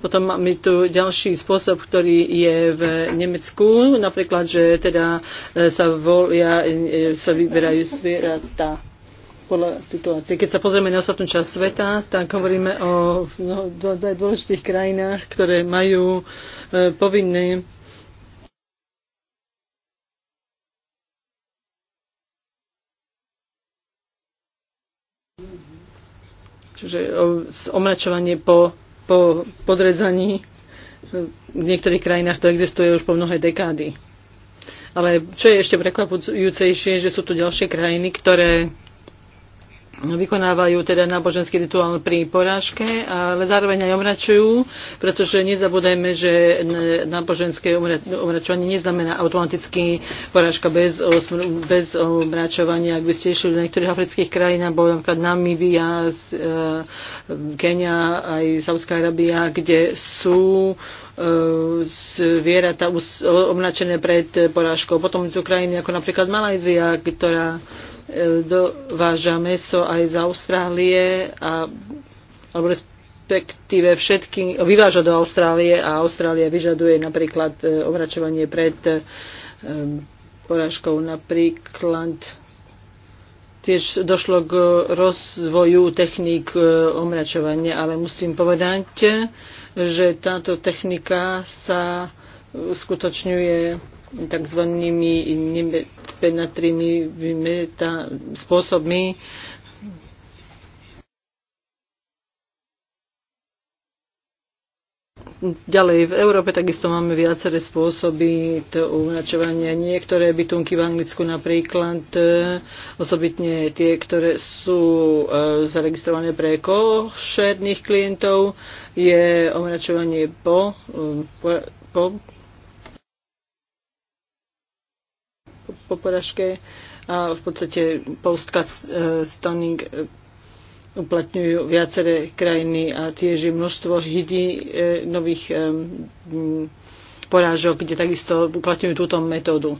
Potom máme tu ďalší spôsob, ktorý je v Nemecku, napríklad, že teda e, sa volia, e, sa vyberajú zvieratá podľa situácie. Keď sa pozrieme na ostatnú časť sveta, tak hovoríme o no, dôležitých krajinách, ktoré majú e, povinné čiže omračovanie po po podrezaní. V niektorých krajinách to existuje už po mnohé dekády. Ale čo je ešte prekvapujúcejšie, že sú tu ďalšie krajiny, ktoré vykonávajú teda náboženský rituál pri porážke, ale zároveň aj omračujú, pretože nezabudajme, že náboženské omračovanie neznamená automaticky porážka bez, bez omračovania. Ak by ste išli do niektorých afrických krajín, alebo napríklad Namibia, e, Kenia, aj Saudská Arabia, kde sú e, zvieratá omračené pred porážkou. Potom sú krajiny ako napríklad Malajzia, ktorá dováža meso aj z Austrálie a, alebo respektíve všetky vyváža do Austrálie a Austrália vyžaduje napríklad e, omračovanie pred e, porážkou napríklad tiež došlo k rozvoju techník e, omračovania, ale musím povedať, že táto technika sa uskutočňuje takzvanými nepenatrými spôsobmi, Ďalej, v Európe takisto máme viaceré spôsoby to umračovania. Niektoré bytunky v Anglicku napríklad, e, osobitne tie, ktoré sú e, zaregistrované pre košerných klientov, je omračovanie po, e, po, po po poražke a v podstate postka e, stoning e, uplatňujú viaceré krajiny a tiež je množstvo hydí e, nových porážok, kde takisto uplatňujú túto metódu.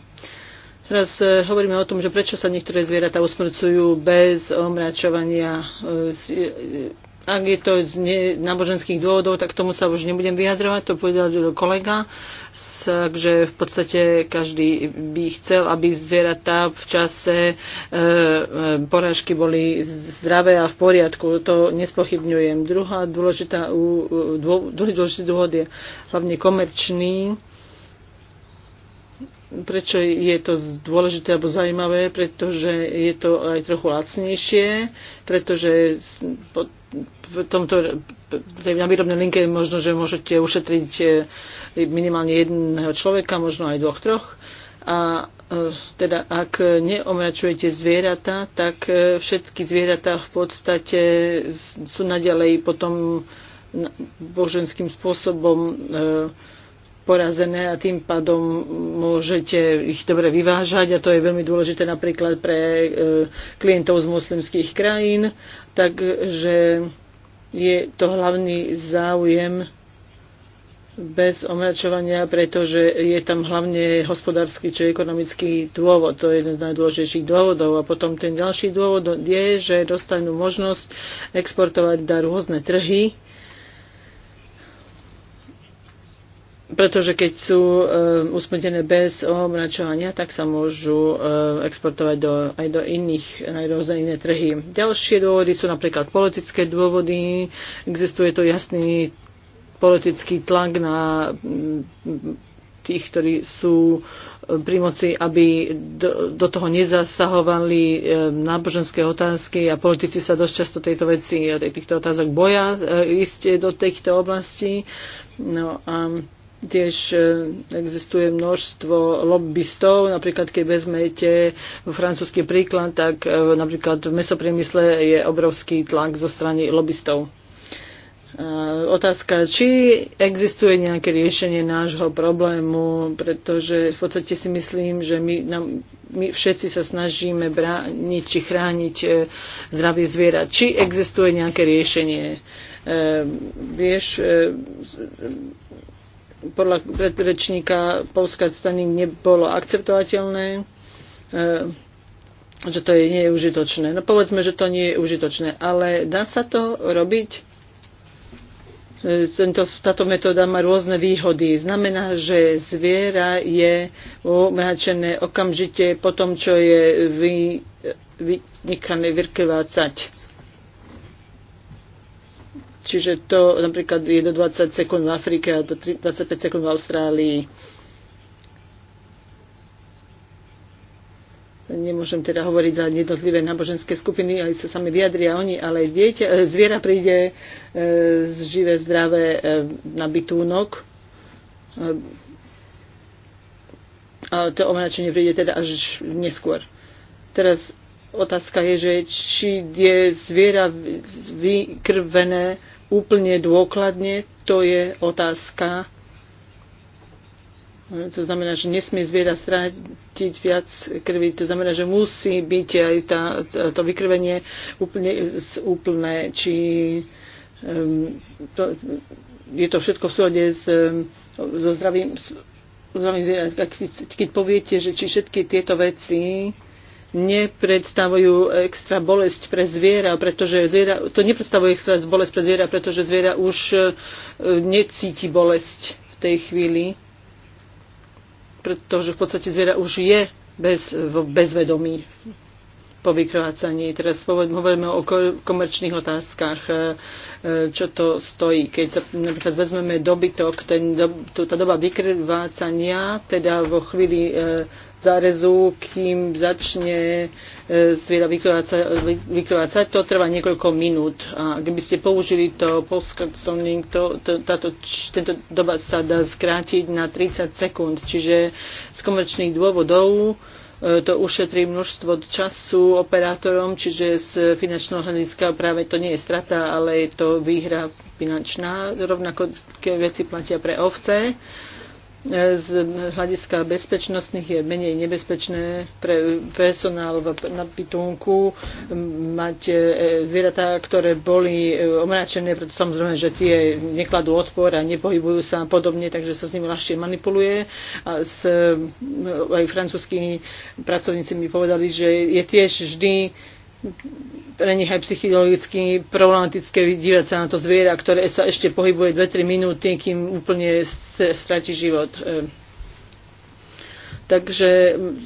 Teraz hovoríme o tom, že prečo sa niektoré zvieratá usmrcujú bez omračovania ak je to z ne, náboženských dôvodov, tak tomu sa už nebudem vyjadrovať, to povedal kolega. Takže v podstate každý by chcel, aby zvieratá v čase e, e porážky boli zdravé a v poriadku. To nespochybňujem. Druhá dôležitá, dô, dôležitý dôvod je hlavne komerčný. E, prečo je to dôležité alebo zaujímavé, pretože je to aj trochu lacnejšie, pretože v tomto na výrobnej linke možno, že môžete ušetriť e, minimálne jedného človeka, možno aj dvoch, troch. A e, teda ak neomračujete zvieratá, tak e, všetky zvieratá v podstate sú naďalej potom boženským spôsobom e, porazené a tým pádom môžete ich dobre vyvážať a to je veľmi dôležité napríklad pre e, klientov z moslimských krajín. Takže je to hlavný záujem bez omračovania, pretože je tam hlavne hospodársky či ekonomický dôvod. To je jeden z najdôležitejších dôvodov. A potom ten ďalší dôvod je, že dostanú možnosť exportovať na rôzne trhy, pretože keď sú e, usmrtené bez omračovania, tak sa môžu e, exportovať do, aj do iných, aj iné trhy. Ďalšie dôvody sú napríklad politické dôvody. Existuje to jasný politický tlak na mm, tých, ktorí sú eh, pri moci, aby do, do toho nezasahovali e, náboženské otázky a politici sa dosť často tejto veci, týchto otázok boja e, ísť do týchto oblastí. No a tiež e, existuje množstvo lobbystov, napríklad keď vezmete francúzsky príklad, tak e, napríklad v mesopriemysle je obrovský tlak zo strany lobbystov. E, otázka, či existuje nejaké riešenie nášho problému, pretože v podstate si myslím, že my, nám, my všetci sa snažíme brániť či chrániť zdravie zviera. Či existuje nejaké riešenie? Vieš, podľa predrečníka Polska strany nebolo akceptovateľné, e, že to je, nie je užitočné. No povedzme, že to nie je užitočné, ale dá sa to robiť? E, tento, táto metóda má rôzne výhody. Znamená, že zviera je umračené okamžite po tom, čo je vy, vynechané vykrvácať Čiže to napríklad je do 20 sekúnd v Afrike a do 25 sekúnd v Austrálii. Nemôžem teda hovoriť za jednotlivé náboženské skupiny, aj sa sami vyjadria oni, ale dieťa, e, zviera príde e, živé, zdravé e, na bytúnok. E, a to omenačenie príde teda až neskôr. Teraz Otázka je, že či je zviera vykrvené úplne dôkladne, to je otázka. To znamená, že nesmie zviera stratiť viac krvi. To znamená, že musí byť aj tá, to vykrvenie úplne, úplné. Či um, to, je to všetko v súhode ehm, s, so zdravím, zdravím zvieratka. Keď poviete, že či všetky tieto veci nepredstavujú extra bolesť pre zviera, pretože zviera, to nepredstavuje extra bolesť pre zviera, pretože zviera už e, necíti bolesť v tej chvíli, pretože v podstate zviera už je bez, bezvedomí po vykrvácaní. Teraz hovoríme o komerčných otázkach, e, e, čo to stojí. Keď sa napríklad vezmeme dobytok, ten, to, tá doba vykrvácania, teda vo chvíli e, zárezu, kým začne e, zviera vykrvácať, to trvá niekoľko minút. A keby ste použili to postcardstoning, to, to, táto, tento doba sa dá skrátiť na 30 sekúnd. Čiže z komerčných dôvodov e, E, to ušetrí množstvo času operátorom, čiže z finančného hľadiska práve to nie je strata, ale je to výhra finančná. Rovnako veci platia pre ovce z hľadiska bezpečnostných je menej nebezpečné pre personál na pitúnku mať e, zvieratá, ktoré boli e, omračené, preto samozrejme, že tie nekladú odpor a nepohybujú sa podobne, takže sa s nimi ľahšie manipuluje. A s, e, aj francúzskými pracovníci mi povedali, že je tiež vždy pre nich aj psychologicky problematické vydívať sa na to zviera, ktoré sa ešte pohybuje 2-3 minúty, kým úplne stratí život. E, takže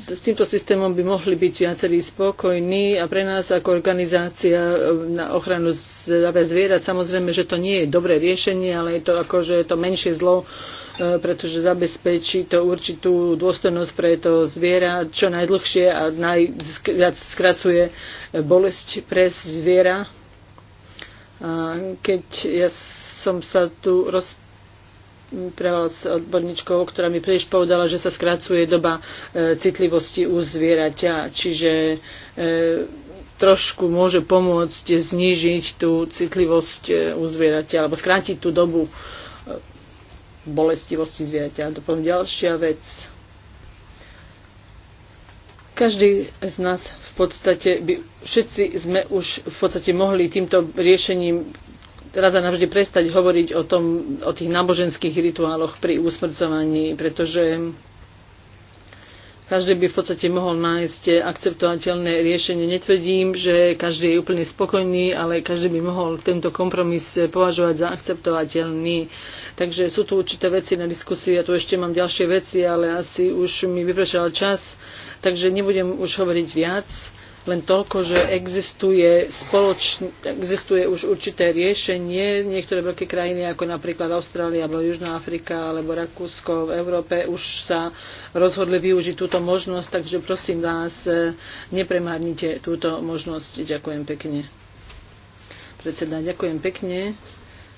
s týmto systémom by mohli byť viacerí spokojní a pre nás ako organizácia e, na ochranu zdravia zvierat samozrejme, že to nie je dobré riešenie, ale je to akože je to menšie zlo, E, pretože zabezpečí to určitú dôstojnosť pre to zviera čo najdlhšie a najviac skracuje e, bolesť pre zviera. A keď ja som sa tu rozprával, s odborníčkou, ktorá mi príliš povedala, že sa skracuje doba e, citlivosti u zvieraťa, čiže e, trošku môže pomôcť znížiť tú citlivosť e, u zvieraťa alebo skrátiť tú dobu e, bolestivosti zvieraťa. To potom ďalšia vec. Každý z nás v podstate, by, všetci sme už v podstate mohli týmto riešením raz a navždy prestať hovoriť o, tom, o tých náboženských rituáloch pri usmrcovaní, pretože každý by v podstate mohol nájsť akceptovateľné riešenie. Netvrdím, že každý je úplne spokojný, ale každý by mohol tento kompromis považovať za akceptovateľný. Takže sú tu určité veci na diskusiu. Ja tu ešte mám ďalšie veci, ale asi už mi vypršal čas, takže nebudem už hovoriť viac len toľko, že existuje, spoloč, existuje už určité riešenie. Niektoré veľké krajiny, ako napríklad Austrália, alebo Južná Afrika, alebo Rakúsko v Európe, už sa rozhodli využiť túto možnosť, takže prosím vás, e, nepremárnite túto možnosť. Ďakujem pekne. Predseda, ďakujem pekne.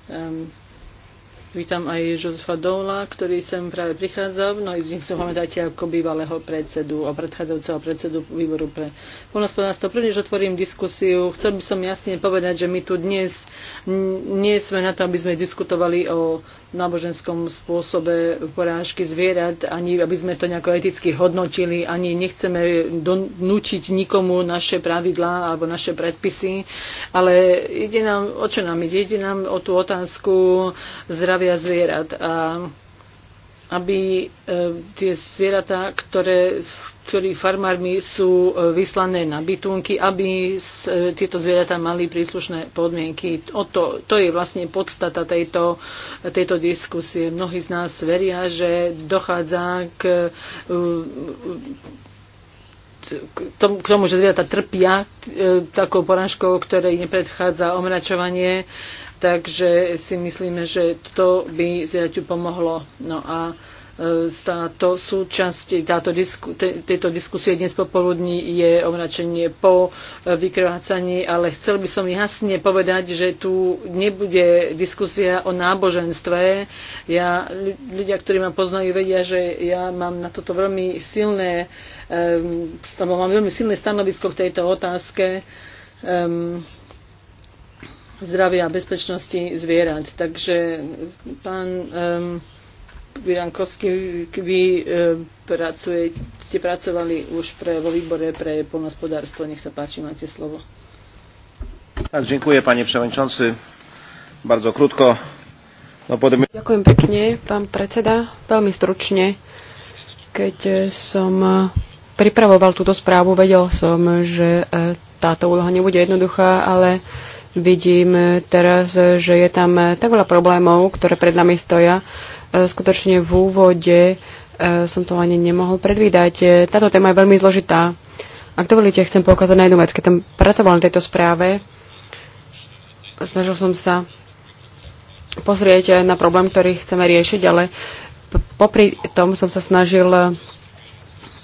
Um, Vítam aj Jozefa Doula, ktorý sem práve prichádzal, No i z nich sa pamätáte ako bývalého predsedu a predchádzajúceho predsedu výboru pre polnospodárstvo. Prvne, že otvorím diskusiu, chcel by som jasne povedať, že my tu dnes nie sme na to, aby sme diskutovali o náboženskom spôsobe porážky zvierat, ani aby sme to nejako eticky hodnotili, ani nechceme donúčiť nikomu naše pravidlá alebo naše predpisy, ale ide nám, o čo nám ide? Ide nám o tú otázku zdravia zdravia zvierat a aby e, tie zvieratá, ktoré, ktorí farmármi sú e, vyslané na bytunky, aby e, tieto zvieratá mali príslušné podmienky. O to, to je vlastne podstata tejto, tejto diskusie. Mnohí z nás veria, že dochádza k k tomu, že zvieratá trpia takou porážkou, ktorej nepredchádza omračovanie Takže si myslíme, že to by zjaťu pomohlo. No a táto e, súčasť, táto disku, te, tejto diskusie dnes popoludní je omračenie po e, vykrvácaní, ale chcel by som jasne povedať, že tu nebude diskusia o náboženstve. Ja, ľudia, ktorí ma poznajú, vedia, že ja mám na toto veľmi silné, um, mám veľmi silné stanovisko k tejto otázke. Um, zdravia a bezpečnosti zvierat. Takže pán um, Virankovský, vy um, pracujete, ste pracovali už pre, vo výbore pre polnospodárstvo. Nech sa páči, máte slovo. Tak, dziękuję panie przewodniczący. Bardzo krótko. No, podem... Ďakujem pekne, pán predseda. Veľmi stručne. Keď e, som e, pripravoval túto správu, vedel som, že e, táto úloha nebude jednoduchá, ale Vidím teraz, že je tam tak veľa problémov, ktoré pred nami stoja. E, skutočne v úvode e, som to ani nemohol predvídať. E, táto téma je veľmi zložitá. Ak dovolíte, chcem poukázať na jednu vec. Keď som pracoval na tejto správe, snažil som sa pozrieť na problém, ktorý chceme riešiť, ale popri tom som sa snažil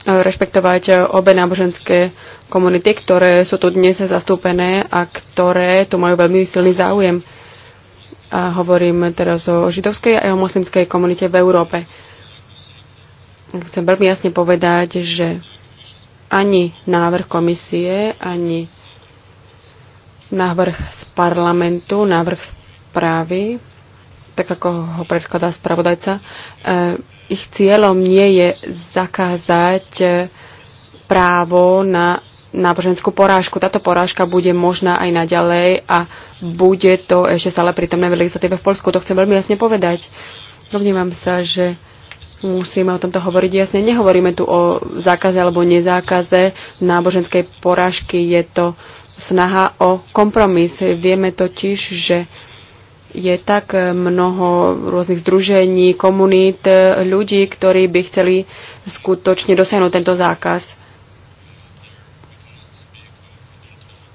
rešpektovať eh, obe náboženské komunity, ktoré sú tu dnes zastúpené a ktoré tu majú veľmi silný záujem. A hovorím teraz o židovskej a o moslimskej komunite v Európe. Chcem veľmi jasne povedať, že ani návrh komisie, ani návrh z parlamentu, návrh správy, tak ako ho predkladá spravodajca, eh, ich cieľom nie je zakázať e, právo na náboženskú porážku. Táto porážka bude možná aj naďalej a bude to ešte stále prítomné v legislatíve v Polsku. To chcem veľmi jasne povedať. Domnívam sa, že musíme o tomto hovoriť jasne. Nehovoríme tu o zákaze alebo nezákaze náboženskej porážky. Je to snaha o kompromis. Vieme totiž, že je tak e, mnoho rôznych združení, komunít, e, ľudí, ktorí by chceli skutočne dosiahnuť tento zákaz.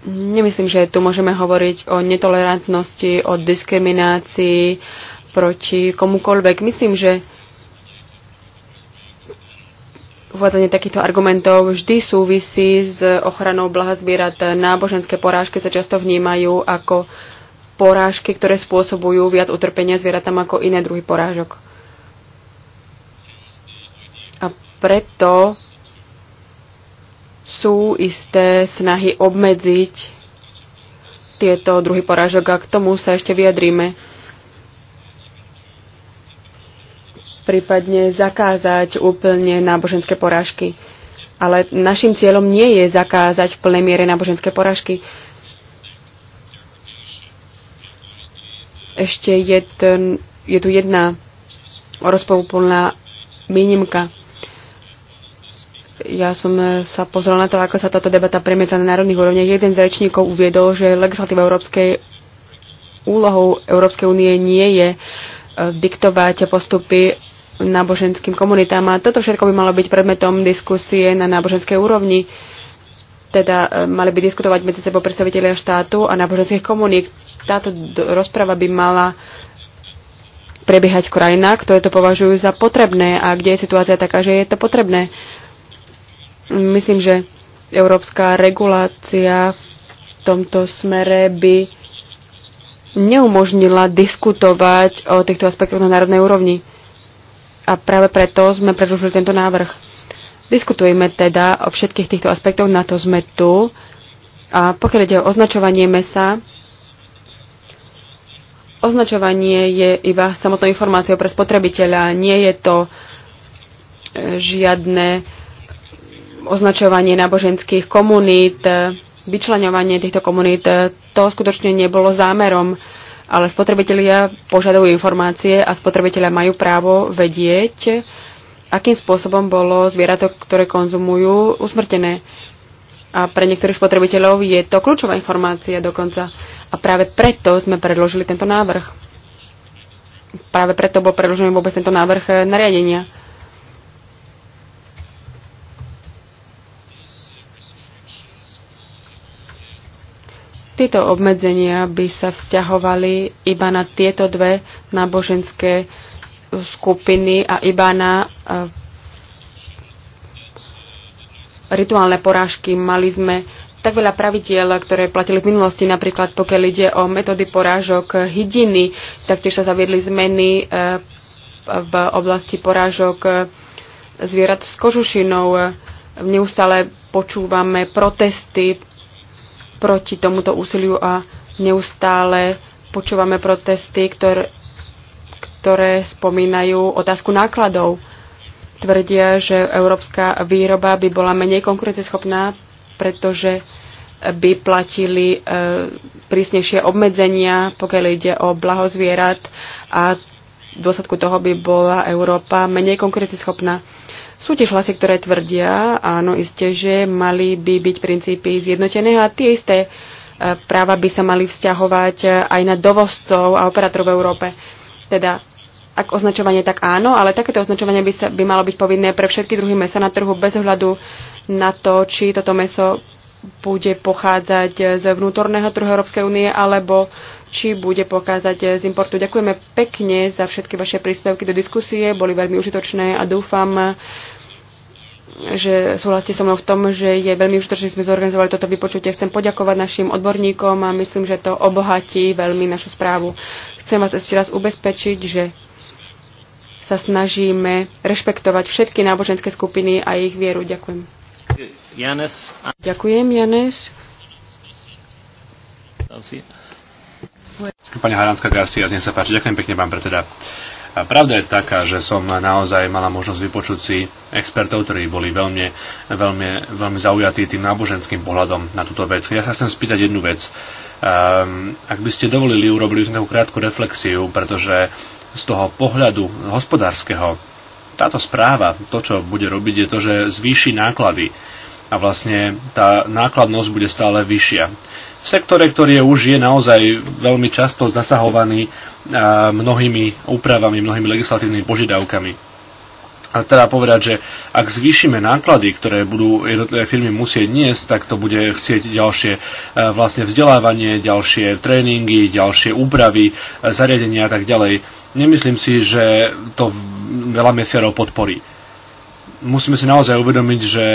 Nemyslím, že tu môžeme hovoriť o netolerantnosti, o diskriminácii proti komukoľvek. Myslím, že uvádzanie takýchto argumentov vždy súvisí s ochranou blaha zvierat. Náboženské porážky sa často vnímajú ako porážky, ktoré spôsobujú viac utrpenia zvieratám ako iné druhy porážok. A preto sú isté snahy obmedziť tieto druhy porážok a k tomu sa ešte vyjadríme. Prípadne zakázať úplne náboženské porážky. Ale našim cieľom nie je zakázať v plnej miere náboženské porážky. Ešte jeden, je tu jedna rozpoluplná výnimka. Ja som e, sa pozrel na to, ako sa táto debata premieta na národných úrovniach. Jeden z rečníkov uviedol, že legislatíva Európskej úlohou Európskej únie nie je e, diktovať postupy náboženským komunitám. A toto všetko by malo byť predmetom diskusie na náboženskej úrovni. Uh, teda e, mali by diskutovať medzi sebou predstavitelia štátu a náboženských komuník. Táto rozprava by mala prebiehať v krajinách, ktoré to považujú za potrebné a kde je situácia taká, že je to potrebné. Myslím, že európska regulácia v tomto smere by neumožnila diskutovať o týchto aspektoch na národnej úrovni. A práve preto sme predložili tento návrh. Diskutujme teda o všetkých týchto aspektoch, na to sme tu. A pokiaľ ide o označovanie mesa, označovanie je iba samotnou informáciou pre spotrebiteľa. Nie je to e, žiadne označovanie náboženských komunít, vyčlenovanie týchto komunít. To skutočne nebolo zámerom, ale spotrebitelia požadujú informácie a spotrebitelia majú právo vedieť, akým spôsobom bolo zvierato, ktoré konzumujú, usmrtené. A pre niektorých spotrebiteľov je to kľúčová informácia dokonca. A práve preto sme predložili tento návrh. Práve preto bol predložený vôbec tento návrh eh, nariadenia. Tieto obmedzenia by sa vzťahovali iba na tieto dve náboženské skupiny a iba na eh, rituálne porážky. Mali sme tak veľa pravidiel, ktoré platili v minulosti, napríklad pokiaľ ide o metódy porážok hydiny, taktiež sa zaviedli zmeny eh, v oblasti porážok eh, zvierat s kožušinou. Neustále počúvame protesty proti tomuto úsiliu a neustále počúvame protesty, ktoré ktoré spomínajú otázku nákladov. Tvrdia, že európska výroba by bola menej konkurenceschopná, pretože by platili e, prísnejšie obmedzenia, pokiaľ ide o blaho zvierat a v dôsledku toho by bola Európa menej konkurenceschopná. Sú tiež hlasy, ktoré tvrdia, áno, isté, že mali by byť princípy zjednotené a tie isté e, práva by sa mali vzťahovať aj na dovozcov a operátorov v Európe. Teda ak označovanie, tak áno, ale takéto označovanie by, sa, by malo byť povinné pre všetky druhy mesa na trhu bez ohľadu na to, či toto meso bude pochádzať z vnútorného trhu Európskej únie alebo či bude pokázať z importu. Ďakujeme pekne za všetky vaše príspevky do diskusie, boli veľmi užitočné a dúfam, že súhlasíte so mnou v tom, že je veľmi užitočné, že sme zorganizovali toto vypočutie. Chcem poďakovať našim odborníkom a myslím, že to obohatí veľmi našu správu. Chcem vás ešte raz ubezpečiť, že sa snažíme rešpektovať všetky náboženské skupiny a ich vieru. Ďakujem. Janes. Ďakujem, Janes. Pani Haránska Garcia, z sa páči. Ďakujem pekne, pán predseda. A pravda je taká, že som naozaj mala možnosť vypočuť si expertov, ktorí boli veľmi, veľmi, veľmi zaujatí tým náboženským pohľadom na túto vec. Ja sa chcem spýtať jednu vec. Um, ak by ste dovolili, urobili sme takú krátku reflexiu, pretože z toho pohľadu hospodárskeho táto správa, to, čo bude robiť, je to, že zvýši náklady. A vlastne tá nákladnosť bude stále vyššia. V sektore, ktorý je už je naozaj veľmi často zasahovaný mnohými úpravami, mnohými legislatívnymi požiadavkami a teda povedať, že ak zvýšime náklady, ktoré budú jednotlivé firmy musieť niesť, tak to bude chcieť ďalšie e, vlastne vzdelávanie, ďalšie tréningy, ďalšie úpravy, e, zariadenia a tak ďalej. Nemyslím si, že to veľa mesiarov podporí. Musíme si naozaj uvedomiť, že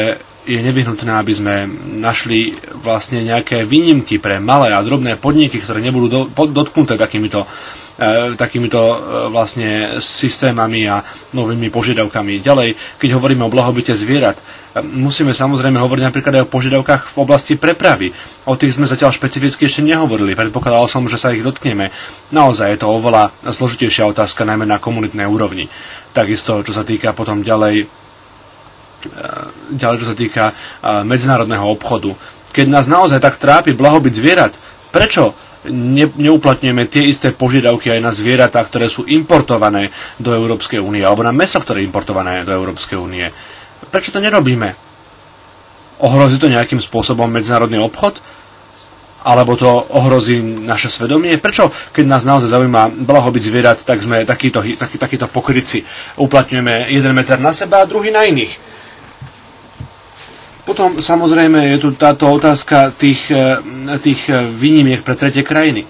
je nevyhnutné, aby sme našli vlastne nejaké výnimky pre malé a drobné podniky, ktoré nebudú do, pod, dotknuté takýmito E, takýmito e, vlastne systémami a novými požiadavkami. Ďalej, keď hovoríme o blahobite zvierat, e, musíme samozrejme hovoriť napríklad aj o požiadavkách v oblasti prepravy. O tých sme zatiaľ špecificky ešte nehovorili, predpokladal som, že sa ich dotkneme. Naozaj je to oveľa zložitejšia otázka, najmä na komunitnej úrovni. Takisto, čo sa týka potom ďalej ďalej, čo sa týka medzinárodného obchodu. Keď nás naozaj tak trápi blahobyt zvierat, prečo ne, neuplatňujeme tie isté požiadavky aj na zvieratá, ktoré sú importované do Európskej únie, alebo na meso, ktoré je importované do Európskej únie. Prečo to nerobíme? Ohrozí to nejakým spôsobom medzinárodný obchod? Alebo to ohrozí naše svedomie? Prečo, keď nás naozaj zaujíma blahobyt zvierat, tak sme takýto, taký, takýto pokryci. Uplatňujeme jeden meter na seba a druhý na iných potom samozrejme je tu táto otázka tých, eh, tých eh, výnimiek pre tretie krajiny.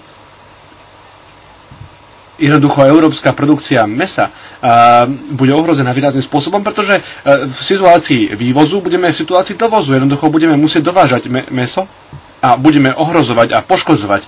Jednoducho európska produkcia mesa a, eh, bude ohrozená výrazným spôsobom, pretože a, v situácii vývozu budeme v situácii dovozu. Jednoducho budeme musieť dovážať me- meso a budeme ohrozovať a poškozovať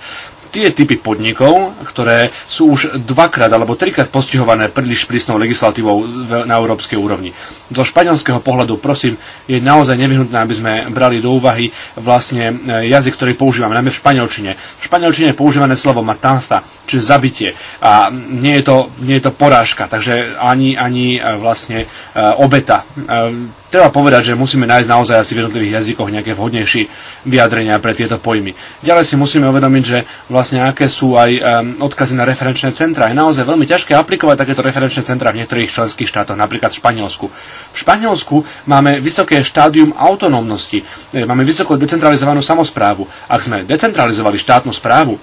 tie typy podnikov, ktoré sú už dvakrát alebo trikrát postihované príliš prísnou legislatívou na európskej úrovni. Zo španielského pohľadu, prosím, je naozaj nevyhnutné, aby sme brali do úvahy vlastne e, jazyk, ktorý používame, najmä v španielčine. V španielčine je používané slovo matanza, čiže zabitie. A nie je to, nie je to porážka, takže ani, ani e, vlastne e, obeta. Treba povedať, že musíme nájsť naozaj asi v jednotlivých jazykoch nejaké vhodnejšie vyjadrenia pre tieto pojmy. Ďalej si musíme uvedomiť, že vlastne aké sú aj um, odkazy na referenčné centra. Je naozaj veľmi ťažké aplikovať takéto referenčné centra v niektorých členských štátoch, napríklad v Španielsku. V Španielsku máme vysoké štádium autonómnosti, e, máme vysoko decentralizovanú samozprávu. Ak sme decentralizovali štátnu správu,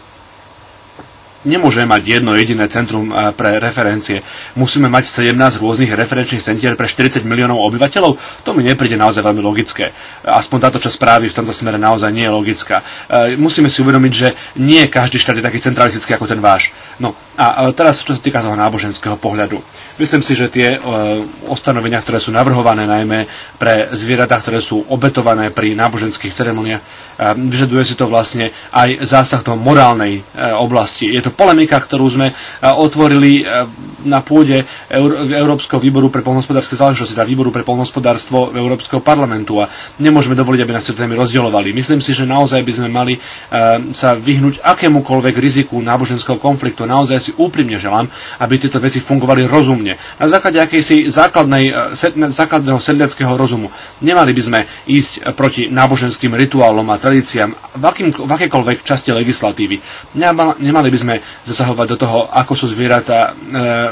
Nemôžeme mať jedno jediné centrum eh, pre referencie. Musíme mať 17 rôznych referenčných centier pre 40 miliónov obyvateľov? To mi nepríde naozaj veľmi logické. Aspoň táto časť správy v tomto smere naozaj nie je logická. Eh, musíme si uvedomiť, že nie každý štát je taký centralistický ako ten váš. No a eh, teraz, čo sa týka toho náboženského pohľadu. Myslím si, že tie ostanovenia, ktoré sú navrhované najmä pre zvieratá, ktoré sú obetované pri náboženských ceremoniách, Ehm, vyžaduje si to vlastne aj zásah do morálnej eh, oblasti. Je to polemika, ktorú sme eh, otvorili eh, na pôde Európskeho výboru pre polnohospodárske záležitosti, teda výboru pre polnohospodárstvo Európskeho parlamentu a nemôžeme dovoliť, aby nás tieto rozdielovali. Myslím si, že naozaj by sme mali ehm, sa vyhnúť akémukoľvek riziku náboženského konfliktu. Naozaj si úprimne želám, aby tieto veci fungovali rozumne. Na základe akejsi základnej, základného sedliackého rozumu. Nemali by sme ísť proti náboženským rituálom a tradíciám v, akým, v akékoľvek časti legislatívy. Nemali by sme zasahovať do toho, ako sú zvieratá e,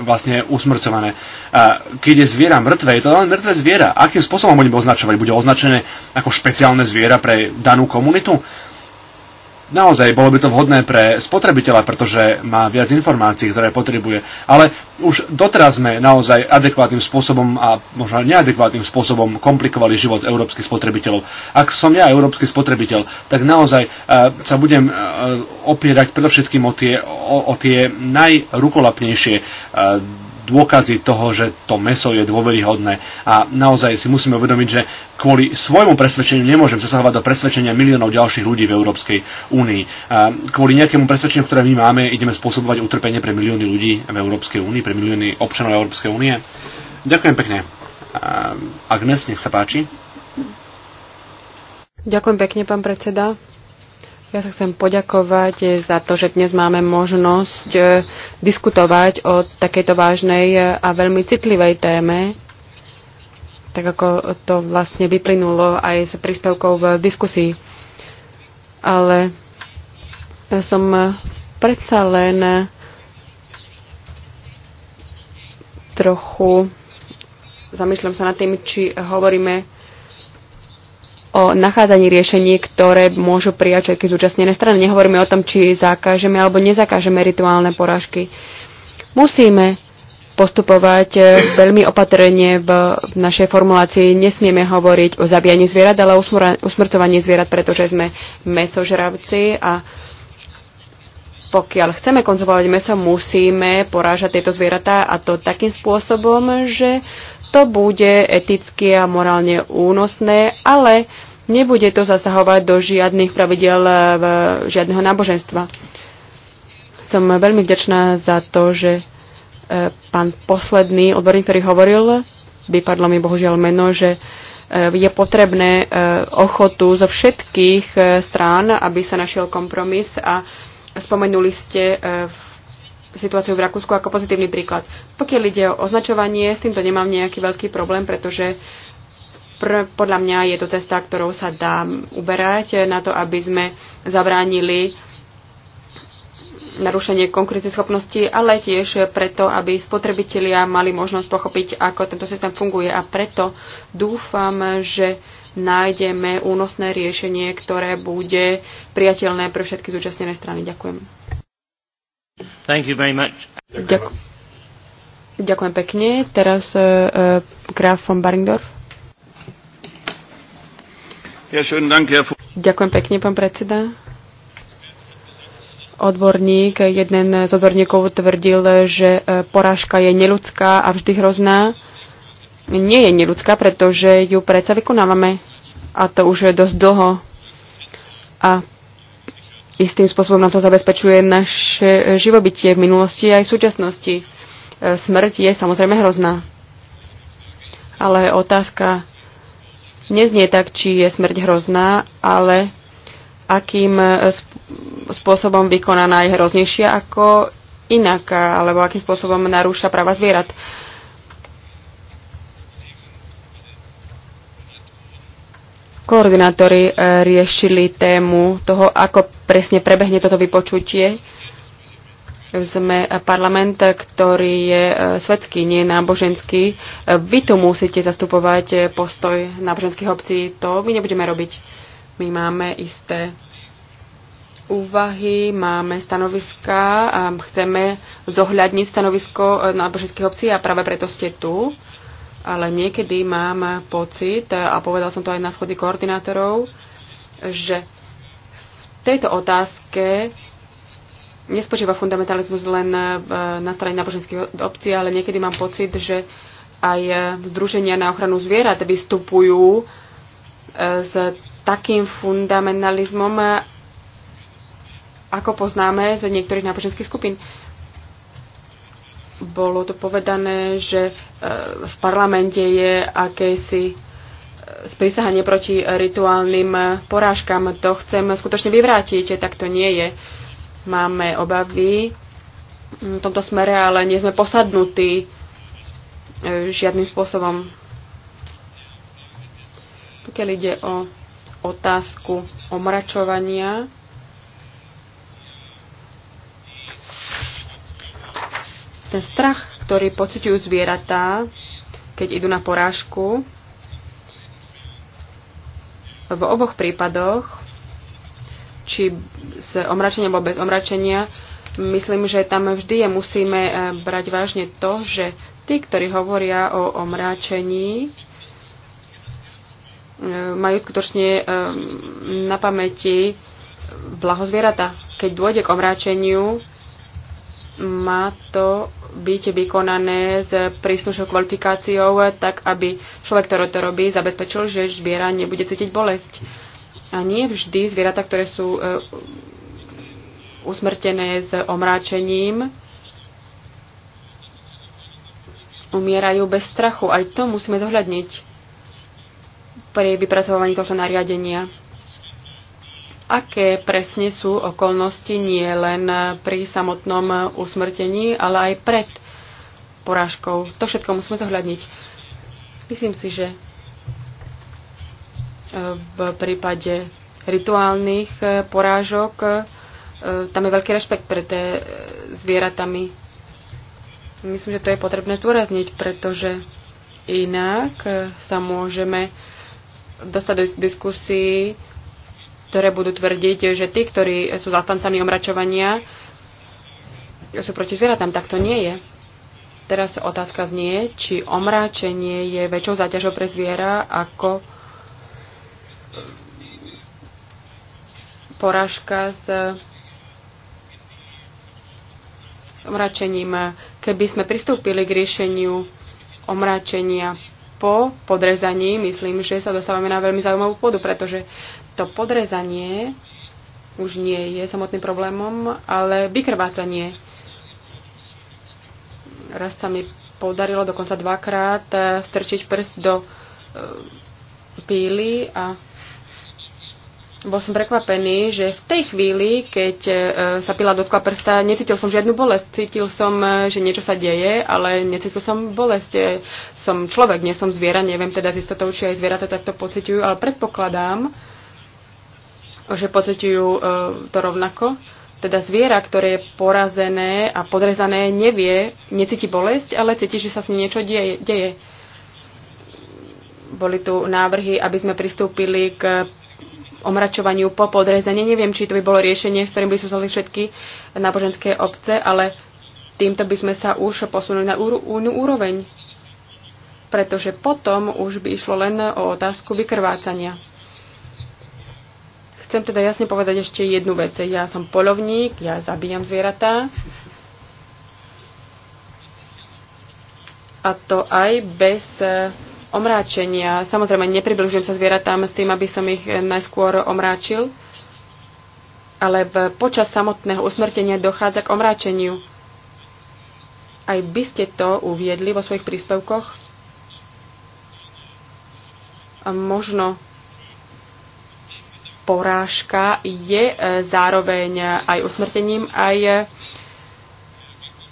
vlastne usmrcované. A keď je zviera mŕtve, je to len mŕtve zviera. Akým spôsobom ho budeme označovať? Bude označené ako špeciálne zviera pre danú komunitu? Naozaj, bolo by to vhodné pre spotrebiteľa, pretože má viac informácií, ktoré potrebuje. Ale už doteraz sme naozaj adekvátnym spôsobom a možno neadekvátnym spôsobom komplikovali život európskych spotrebiteľov. Ak som ja európsky spotrebiteľ, tak naozaj uh, sa budem uh, opierať predovšetkým o tie, o, o tie najrukolapnejšie uh, dôkazy toho, že to meso je dôveryhodné. A naozaj si musíme uvedomiť, že kvôli svojmu presvedčeniu nemôžem zasahovať do presvedčenia miliónov ďalších ľudí v Európskej únii. Kvôli nejakému presvedčeniu, ktoré my máme, ideme spôsobovať utrpenie pre milióny ľudí v Európskej únii, pre milióny občanov Európskej únie. Ďakujem pekne. Agnes, nech sa páči. Ďakujem pekne, pán predseda. Ja sa chcem poďakovať eh, za to, že dnes máme možnosť eh, diskutovať o takejto vážnej eh, a veľmi citlivej téme, tak ako to vlastne vyplynulo aj s príspevkou v diskusii. Ale som predsa len trochu zamýšľam sa nad tým, či hovoríme o nachádzaní riešení, ktoré môžu prijať všetky zúčastnené strany. Nehovoríme o tom, či zakážeme alebo nezakážeme rituálne porážky. Musíme postupovať eh, veľmi opatrne v, v našej formulácii. Nesmieme hovoriť o zabíjaní zvierat, ale o usmrcovaní zvierat, pretože sme mesožravci a pokiaľ chceme konzumovať meso, musíme porážať tieto zvieratá a to takým spôsobom, že to bude eticky a morálne únosné, ale nebude to zasahovať do žiadnych pravidel e, v žiadneho náboženstva. Som veľmi vďačná za to, že e, pán posledný odborník, ktorý hovoril, vypadlo mi bohužiaľ meno, že e, je potrebné ochotu zo všetkých strán, aby sa našiel kompromis a spomenuli ste v situáciu v Rakúsku ako pozitívny príklad. Pokiaľ ide o označovanie, s týmto nemám nejaký veľký problém, pretože pr- podľa mňa je to cesta, ktorou sa dá uberať na to, aby sme zabránili narušenie schopnosti, ale tiež preto, aby spotrebitelia mali možnosť pochopiť, ako tento systém funguje. A preto dúfam, že nájdeme únosné riešenie, ktoré bude priateľné pre všetky zúčastnené strany. Ďakujem. Thank you very much. Ďak- ďakujem pekne. Teraz uh, Graf von Baringdorf. Ja, schön, danke, Herr ďakujem pekne, pán predseda. Odborník, jeden z odborníkov tvrdil, že e, porážka je neludská a vždy hrozná. Nie je neludská, pretože ju predsa vykonávame. A to už je dosť dlho. A istým spôsobom nám to zabezpečuje naše e, živobytie v minulosti aj v súčasnosti. E, smrť je samozrejme hrozná. Ale otázka neznie tak, či je smrť hrozná, ale akým e, spôsobom vykonaná je hroznejšia ako inaká, alebo akým spôsobom narúša práva zvierat. Uh, koordinátori e, riešili tému toho, ako presne prebehne toto vypočutie. Sme parlament, ktorý je e, svetský, nie náboženský. E, vy tu musíte zastupovať postoj náboženských obcí. To my nebudeme robiť. My máme isté úvahy, máme stanoviska a chceme zohľadniť stanovisko náboženských obcí a práve preto ste tu ale niekedy mám pocit, a povedal som to aj na schode koordinátorov, že v tejto otázke nespočíva fundamentalizmus len na strane náboženských obcí, ale niekedy mám pocit, že aj združenia na ochranu zvierat vystupujú e, s takým fundamentalizmom, ako poznáme z niektorých náboženských skupín bolo to povedané, že e, v parlamente je akési e, sprísahanie proti rituálnym e, porážkam. To chcem skutočne vyvrátiť, tak to nie je. Máme obavy v tomto smere, ale nie sme posadnutí žiadnym spôsobom. Pokiaľ ide o otázku omračovania, Ten strach, ktorý pociťujú zvieratá, keď idú na porážku, v oboch prípadoch, či s omračením alebo bez omračenia, myslím, že tam vždy je musíme e, brať vážne to, že tí, ktorí hovoria o omráčení, e, majú skutočne e, na pamäti blaho zvierata. Keď dôjde k omráčeniu, má to byť vykonané s príslušnou kvalifikáciou, tak aby človek, ktorý to robí, zabezpečil, že zviera nebude cítiť bolesť. A nie vždy zvieratá, ktoré sú e, usmrtené s omráčením, umierajú bez strachu. Aj to musíme zohľadniť pri vypracovaní tohto nariadenia aké presne sú okolnosti nie len pri samotnom usmrtení, ale aj pred porážkou. To všetko musíme zohľadniť. Myslím si, že e, v prípade rituálnych e, porážok e, tam je veľký rešpekt pre té zvieratami. Myslím, že to je potrebné zdôrazniť, pretože inak sa môžeme dostať do diskusii ktoré budú tvrdiť, že tí, ktorí sú zastancami omračovania, sú proti zvieratám. Tak to nie je. Teraz otázka znie, či omráčenie je väčšou záťažou pre zviera ako porážka s omračením. Keby sme pristúpili k riešeniu omráčenia po podrezaní myslím, že sa dostávame na veľmi zaujímavú pôdu, pretože to podrezanie už nie je samotným problémom, ale vykrvácanie. Raz sa mi podarilo dokonca dvakrát eh, strčiť prst do eh, píly a bol som prekvapený, že v tej chvíli, keď e, sa pila dotkla prsta, necítil som žiadnu bolesť. Cítil som, e, že niečo sa deje, ale necítil som bolesť. E, som človek, nie som zviera, neviem teda z istotou, či aj zvieratá takto pociťujú, ale predpokladám, že pociťujú to rovnako. Teda zviera, ktoré je porazené a podrezané, nevie, necíti bolesť, ale cíti, že sa s ním niečo deje. Boli tu návrhy, aby sme pristúpili k omračovaniu po podrezanie. Neviem, či to by bolo riešenie, s ktorým by zali všetky náboženské obce, ale týmto by sme sa už posunuli na inú úroveň. Pretože potom už by išlo len o otázku vykrvácania. Chcem teda jasne povedať ešte jednu vec. Ja som polovník, ja zabíjam zvieratá. A to aj bez eh, omráčenia. Samozrejme, nepribližujem sa zvieratám s tým, aby som ich eh, najskôr omráčil, ale v počas samotného usmrtenia dochádza k omráčeniu. Aj by ste to uviedli vo svojich príspevkoch? A možno porážka je eh, zároveň aj usmrtením, aj, eh,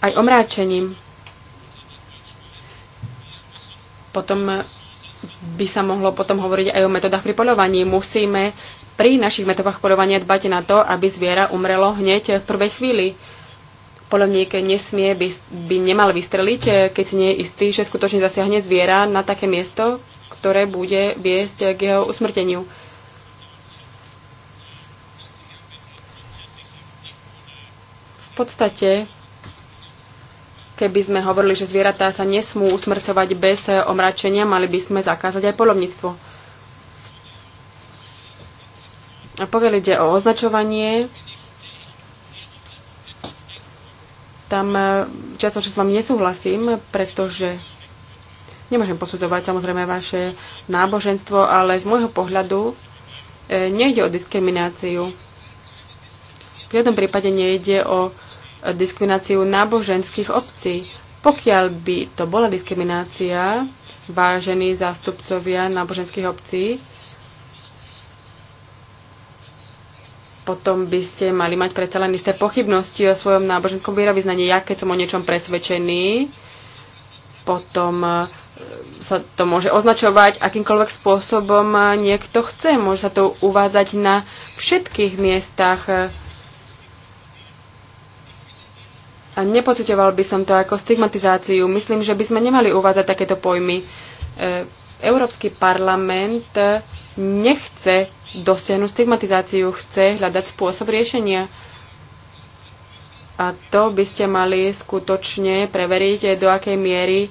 aj omráčením potom by sa mohlo potom hovoriť aj o metodách pri poľovaní. Musíme pri našich metodách poľovania dbať na to, aby zviera umrelo hneď v prvej chvíli. Polovník nesmie, by, by nemal vystreliť, keď nie je istý, že skutočne zasiahne zviera na také miesto, ktoré bude viesť k jeho usmrteniu. V podstate Keby sme hovorili, že zvieratá sa nesmú usmrcovať bez eh, omračenia, mali by sme zakázať aj polovníctvo. A pokiaľ ide o označovanie, tam eh, často s vami nesúhlasím, pretože nemôžem posudovať samozrejme vaše náboženstvo, ale z môjho pohľadu eh, nejde o diskrimináciu. V jednom prípade nejde o diskrimináciu náboženských obcí. Pokiaľ by to bola diskriminácia, vážení zástupcovia náboženských obcí, potom by ste mali mať predsa len isté pochybnosti o svojom náboženskom vierovýznaní. Ja, keď som o niečom presvedčený, potom e, sa to môže označovať akýmkoľvek spôsobom e, niekto chce. Môže sa to uvádzať na všetkých miestach e, A nepocitoval by som to ako stigmatizáciu. Myslím, že by sme nemali uvádzať takéto pojmy. E, Európsky parlament nechce dosiahnuť stigmatizáciu, chce hľadať spôsob riešenia. A to by ste mali skutočne preveriť, do akej miery e,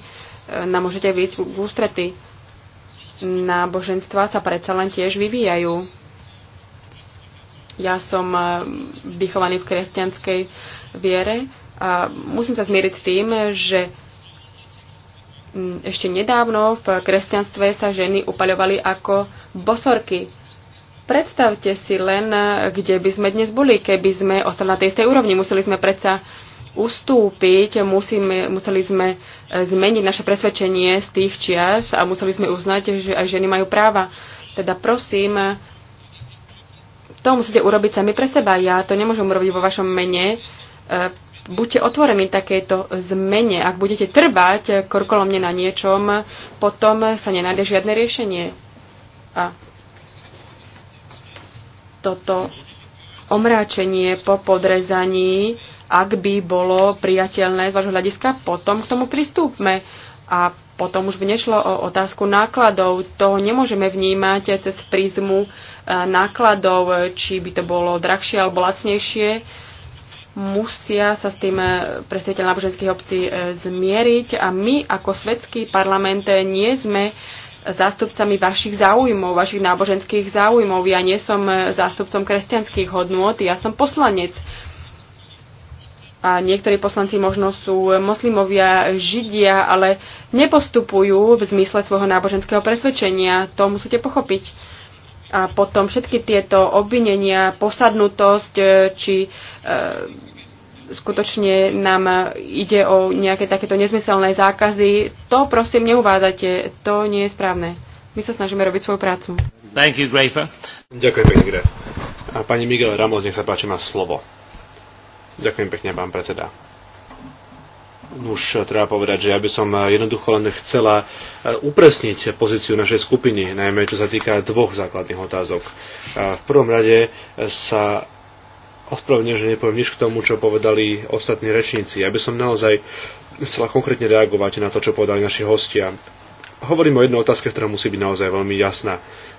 nám môžete výjsť v ústrety. Náboženstva sa predsa len tiež vyvíjajú. Ja som e, vychovaný v kresťanskej viere a musím sa zmieriť s tým, že mm, ešte nedávno v kresťanstve sa ženy upaľovali ako bosorky. Predstavte si len, kde by sme dnes boli, keby sme ostali na tej istej úrovni. Museli sme predsa ustúpiť, musíme, museli sme e, zmeniť naše presvedčenie z tých čias a museli sme uznať, že aj ženy majú práva. Teda prosím, to musíte urobiť sami pre seba. Ja to nemôžem urobiť vo vašom mene. E, buďte otvorení takéto zmene. Ak budete trvať eh, korkolomne na niečom, potom sa nenájde žiadne riešenie. A toto omráčenie po podrezaní, ak by bolo priateľné z vášho hľadiska, potom k tomu pristúpme. A potom už by nešlo o otázku nákladov. To nemôžeme vnímať cez prízmu eh, nákladov, či by to bolo drahšie alebo lacnejšie musia sa s tým e, predstaviteľ náboženských obcí e, zmieriť a my ako svetský parlament e, nie sme zástupcami vašich záujmov, vašich náboženských záujmov. Ja nie som zástupcom kresťanských hodnôt, ja som poslanec. A niektorí poslanci možno sú moslimovia, židia, ale nepostupujú v zmysle svojho náboženského presvedčenia. To musíte pochopiť. A potom všetky tieto obvinenia, posadnutosť, e, či e, skutočne nám ide o nejaké takéto nezmyselné zákazy, to prosím neuvádzate, to nie je správne. My sa snažíme robiť svoju prácu. Thank you, Grafer. Ďakujem pekne, Graf. A pani Miguel Ramos, nech sa páči, má slovo. Ďakujem pekne, pán predseda. Už treba povedať, že ja by som eh, jednoducho len chcela eh, upresniť pozíciu našej skupiny, najmä čo sa týka dvoch základných otázok. V prvom rade eh, sa ospravedlňujem, že nepoviem nič k tomu, čo povedali ostatní rečníci. Ja by som naozaj chcela konkrétne reagovať na to, čo povedali naši hostia. Hovorím o jednej otázke, ktorá musí byť naozaj veľmi jasná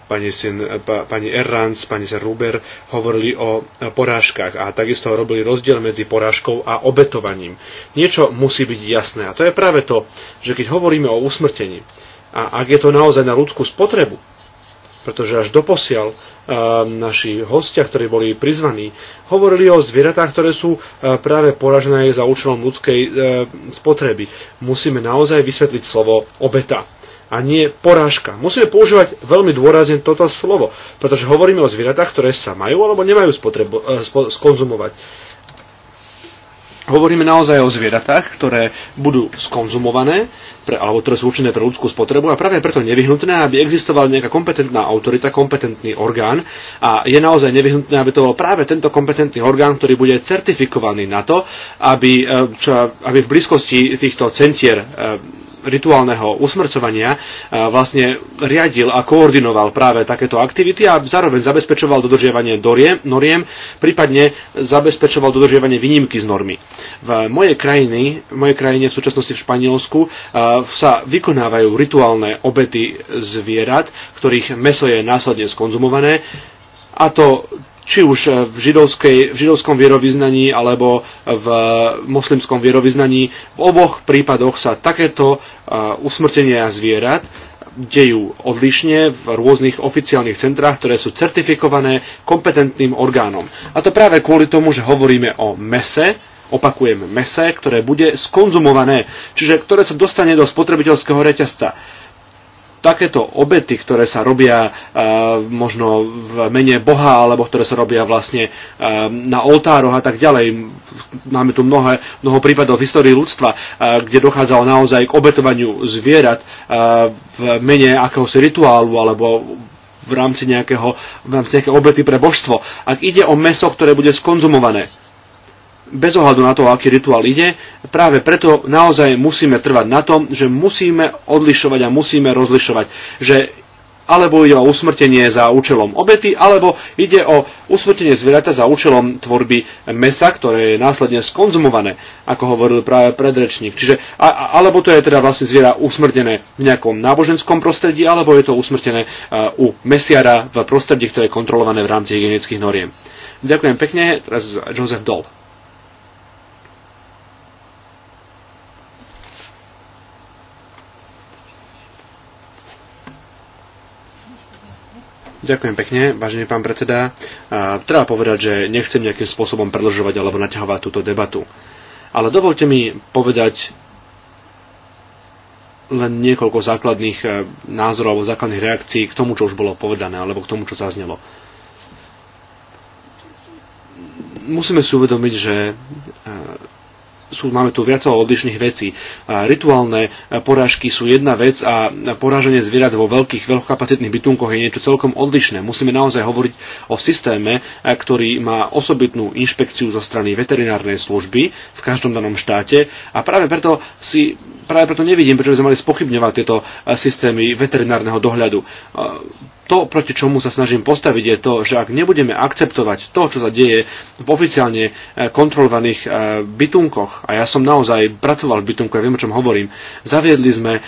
pani, Sin, pani Errans, pani Sen Ruber hovorili o porážkach a takisto robili rozdiel medzi porážkou a obetovaním. Niečo musí byť jasné a to je práve to, že keď hovoríme o usmrtení a ak je to naozaj na ľudskú spotrebu, pretože až doposiaľ e, naši hostia, ktorí boli prizvaní, hovorili o zvieratách, ktoré sú e, práve poražené za účelom ľudskej e, spotreby. Musíme naozaj vysvetliť slovo obeta a nie porážka. Musíme používať veľmi dôrazne toto slovo, pretože hovoríme o zvieratách, ktoré sa majú alebo nemajú spotrebo, e, spo, skonzumovať. Hovoríme naozaj o zvieratách, ktoré budú skonzumované, pre, alebo ktoré sú určené pre ľudskú spotrebu a práve preto nevyhnutné, aby existovala nejaká kompetentná autorita, kompetentný orgán a je naozaj nevyhnutné, aby to bol práve tento kompetentný orgán, ktorý bude certifikovaný na to, aby, e, čo, aby v blízkosti týchto centier e, rituálneho usmrcovania e, vlastne riadil a koordinoval práve takéto aktivity a zároveň zabezpečoval dodržiavanie doriem, noriem, prípadne zabezpečoval dodržiavanie výnimky z normy. V mojej krajine, v mojej krajine v súčasnosti v Španielsku e, sa vykonávajú rituálne obety zvierat, ktorých meso je následne skonzumované a to či už v, židovskej, v židovskom vierovýznaní alebo v moslimskom vierovýznaní. V oboch prípadoch sa takéto e, usmrtenia zvierat dejú odlišne v rôznych oficiálnych centrách, ktoré sú certifikované kompetentným orgánom. A to práve kvôli tomu, že hovoríme o mese, opakujem mese, ktoré bude skonzumované, čiže ktoré sa dostane do spotrebiteľského reťazca takéto obety, ktoré sa robia e, možno v mene Boha, alebo ktoré sa robia vlastne e, na oltároch a tak ďalej. Máme tu mnohé, mnoho prípadov v histórii ľudstva, e, kde dochádzalo naozaj k obetovaniu zvierat v mene akéhosi rituálu alebo v rámci nejakého, v rámci nejakého obety pre božstvo. Ak ide o meso, ktoré bude skonzumované, bez ohľadu na to, aký rituál ide. Práve preto naozaj musíme trvať na tom, že musíme odlišovať a musíme rozlišovať, že alebo ide o usmrtenie za účelom obety, alebo ide o usmrtenie zvieraťa za účelom tvorby mesa, ktoré je následne skonzumované, ako hovoril práve predrečník. Čiže, a, alebo to je teda vlastne zviera usmrtené v nejakom náboženskom prostredí, alebo je to usmrtené uh, u mesiara v prostredí, ktoré je kontrolované v rámci hygienických noriem. Ďakujem pekne, teraz Joseph Doll. Ďakujem pekne, vážený pán predseda. Treba povedať, že nechcem nejakým spôsobom predlžovať alebo naťahovať túto debatu. Ale dovolte mi povedať len niekoľko základných e, názorov alebo základných reakcií k tomu, čo už bolo povedané alebo k tomu, čo zaznelo. Musíme si uvedomiť, že e, sú, máme tu viacero odlišných vecí. Rituálne e, porážky sú jedna vec a poráženie zvierat vo veľkých, veľkokapacitných bytunkoch je niečo celkom odlišné. Musíme naozaj hovoriť o systéme, e, ktorý má osobitnú inšpekciu zo strany veterinárnej služby v každom danom štáte a práve preto si práve preto nevidím, prečo by sme mali spochybňovať tieto e, systémy veterinárneho dohľadu to, proti čomu sa snažím postaviť, je to, že ak nebudeme akceptovať to, čo sa deje v oficiálne kontrolovaných bytunkoch, a ja som naozaj pracoval v bytunku, ja viem, o čom hovorím, zaviedli sme um,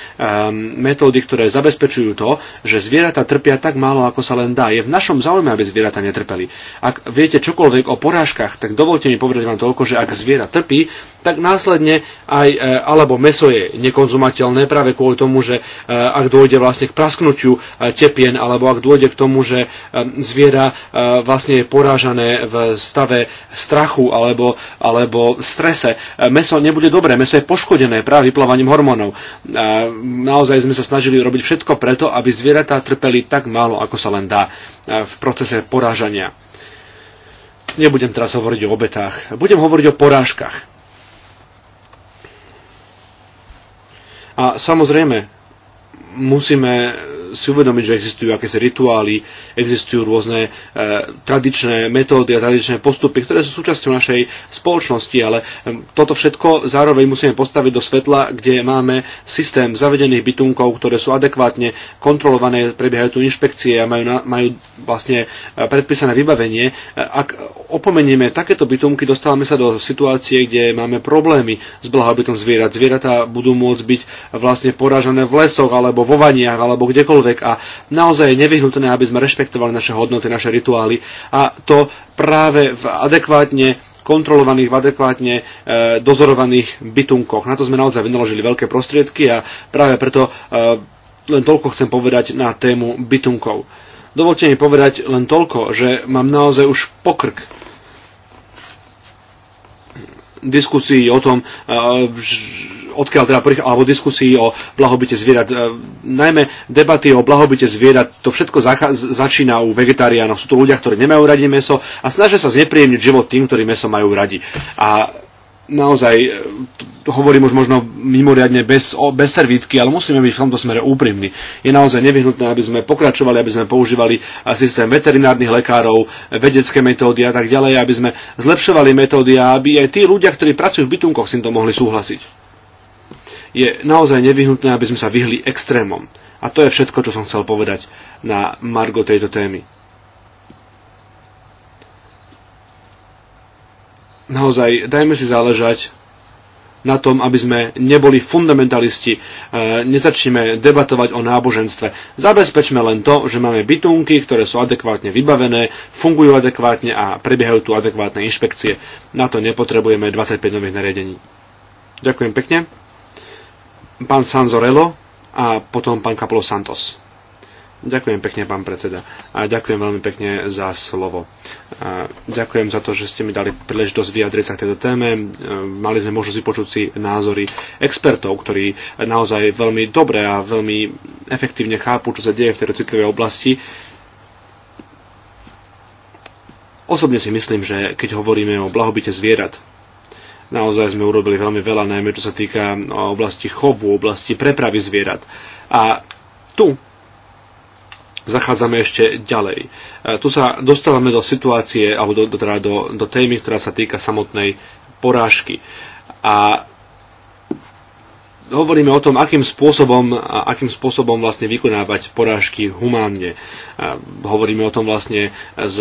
metódy, ktoré zabezpečujú to, že zvieratá trpia tak málo, ako sa len dá. Je v našom záujme, aby zvieratá netrpeli. Ak viete čokoľvek o porážkach, tak dovolte mi povedať vám toľko, že ak zviera trpí, tak následne aj e, alebo meso je nekonzumateľné práve kvôli tomu, že e, ak dôjde vlastne k prasknutiu e, tepien alebo ak dôjde k tomu, že e, zviera e, vlastne je porážané v stave strachu alebo, alebo strese, E, meso nebude dobré, meso je poškodené práve vyplávaním hormónov. A e, naozaj sme sa snažili robiť všetko preto, aby zvieratá trpeli tak málo, ako sa len dá e, v procese porážania. Nebudem teraz hovoriť o obetách, budem hovoriť o porážkach. A samozrejme, musíme si uvedomiť, že existujú akési rituály, existujú rôzne e, tradičné metódy a tradičné postupy, ktoré sú súčasťou našej spoločnosti, ale toto všetko zároveň musíme postaviť do svetla, kde máme systém zavedených bytunkov, ktoré sú adekvátne kontrolované, prebiehajú tu inšpekcie a majú, na, majú vlastne e, predpísané vybavenie. E, ak opomenieme takéto bytunky, dostávame sa do situácie, kde máme problémy s blahobytom zvierat. Zvieratá budú môcť byť vlastne poražené v lesoch alebo vo vaniach alebo kdekoľvek čokoľvek a naozaj je nevyhnutné, aby sme rešpektovali naše hodnoty, naše rituály a to práve v adekvátne kontrolovaných, v adekvátne e, dozorovaných bytunkoch. Na to sme naozaj vynaložili veľké prostriedky a práve preto e, len toľko chcem povedať na tému bytunkov. Dovolte mi povedať len toľko, že mám naozaj už pokrk diskusii o tom, e, odkiaľ teda prichádza, alebo diskusii o blahobite zvierat. E, najmä debaty o blahobite zvierat, to všetko začína u vegetariánov. Sú to ľudia, ktorí nemajú radi meso a snažia sa znepríjemniť život tým, ktorí meso majú radi. A naozaj e, hovorím už možno mimoriadne bez, bez servítky, ale musíme byť v tomto smere úprimní. Je naozaj nevyhnutné, aby sme pokračovali, aby sme používali e, systém veterinárnych lekárov, vedecké metódy a tak ďalej, aby sme zlepšovali metódy a aby aj tí ľudia, ktorí pracujú v bytunkoch, s tým to mohli súhlasiť je naozaj nevyhnutné, aby sme sa vyhli extrémom. A to je všetko, čo som chcel povedať na margo tejto témy. Naozaj, dajme si záležať na tom, aby sme neboli fundamentalisti, e, nezačneme debatovať o náboženstve. Zabezpečme len to, že máme bytunky, ktoré sú adekvátne vybavené, fungujú adekvátne a prebiehajú tu adekvátne inšpekcie. Na to nepotrebujeme 25 nových nariadení. Ďakujem pekne pán Sanzorello a potom pán Kapolo Santos. Ďakujem pekne, pán predseda. A ďakujem veľmi pekne za slovo. A ďakujem za to, že ste mi dali príležitosť vyjadriť sa k tejto téme. E, mali sme možnosť vypočuť si názory expertov, ktorí naozaj veľmi dobre a veľmi efektívne chápu, čo sa deje v tejto citlivej oblasti. Osobne si myslím, že keď hovoríme o blahobite zvierat, Naozaj sme urobili veľmi veľa, najmä čo sa týka eh, oblasti chovu, oblasti prepravy zvierat. A tu zachádzame ešte ďalej. Eh, tu sa dostávame do situácie, alebo do, do, teda do, do témy, ktorá sa týka samotnej porážky. A hovoríme o tom, akým spôsobom, akým spôsobom vlastne vykonávať porážky humánne. Hovoríme o tom vlastne z,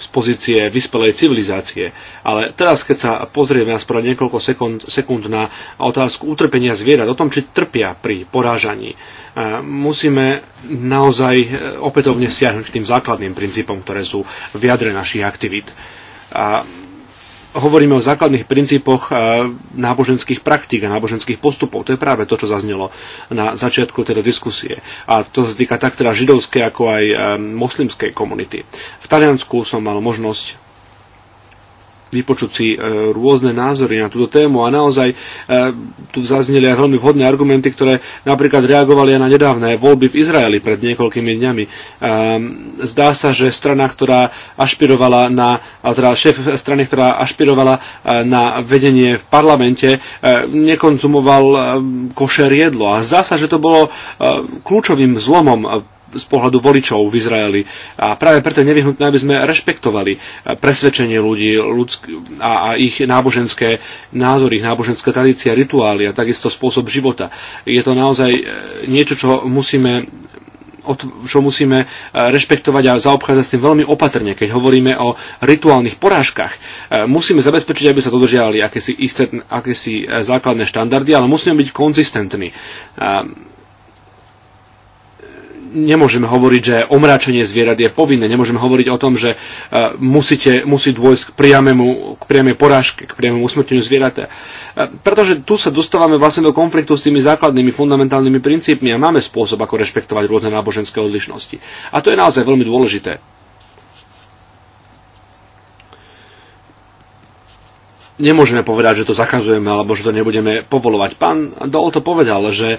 z pozície vyspelej civilizácie. Ale teraz, keď sa pozrieme aspoň niekoľko sekund, sekund na otázku utrpenia zvierat, o tom, či trpia pri porážaní, musíme naozaj opätovne siahnuť k tým základným princípom, ktoré sú v jadre našich aktivít. A hovoríme o základných princípoch eh, náboženských praktík a náboženských postupov. To je práve to, čo zaznelo na začiatku tejto diskusie. A to sa týka tak teda židovskej, ako aj eh, moslimskej komunity. V Taliansku som mal možnosť vypočuť si e, rôzne názory na túto tému a naozaj e, tu zazneli aj veľmi vhodné argumenty, ktoré napríklad reagovali aj na nedávne voľby v Izraeli pred niekoľkými dňami. E, zdá sa, že strana, ktorá ašpirovala na, teda šéf strany, ktorá ašpirovala na vedenie v parlamente, nekonzumoval košer jedlo a zdá sa, že to bolo kľúčovým zlomom z pohľadu voličov v Izraeli. A práve preto je nevyhnutné, aby sme rešpektovali e, presvedčenie ľudí ľudsk- a, a ich náboženské názory, ich náboženské tradície, rituály a takisto spôsob života. Je to naozaj e, niečo, čo musíme čo musíme e, rešpektovať a zaobchádzať s tým veľmi opatrne, keď hovoríme o rituálnych porážkach. Musíme zabezpečiť, aby sa dodržiavali akési, akési základné štandardy, ale musíme byť konzistentní nemôžeme hovoriť, že omráčenie zvierat je povinné, nemôžeme hovoriť o tom, že e, musíte, musí dôjsť k, priamému, k priamej porážke, k priamému usmrteniu zvierata. E, pretože tu sa dostávame vlastne do konfliktu s tými základnými fundamentálnymi princípmi a máme spôsob, ako rešpektovať rôzne náboženské odlišnosti. A to je naozaj veľmi dôležité. nemôžeme povedať, že to zakazujeme alebo že to nebudeme povolovať. Pán Dol to povedal, že e,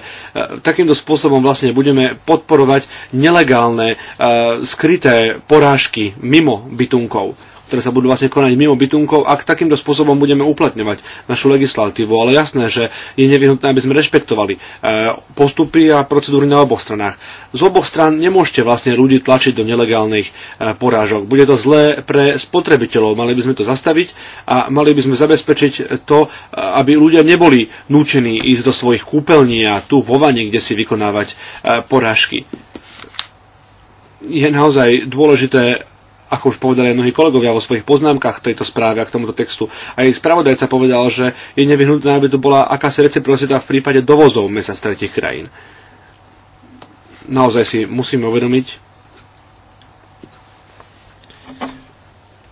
takýmto spôsobom vlastne budeme podporovať nelegálne e, skryté porážky mimo bytunkov ktoré sa budú vlastne konať mimo bytunkov, ak takýmto spôsobom budeme uplatňovať našu legislatívu. Ale jasné, že je nevyhnutné, aby sme rešpektovali e, postupy a procedúry na oboch stranách. Z oboch stran nemôžete vlastne ľudí tlačiť do nelegálnych e, porážok. Bude to zlé pre spotrebiteľov. Mali by sme to zastaviť a mali by sme zabezpečiť to, e, aby ľudia neboli nútení ísť do svojich kúpeľní a tu vo vane, kde si vykonávať porážky je naozaj dôležité ako už povedali mnohí kolegovia vo svojich poznámkach k tejto správe a k tomuto textu. Aj spravodajca povedal, že je nevyhnutné, aby to bola akási reciprocita v prípade dovozov mesa z tretich krajín. Naozaj si musíme uvedomiť,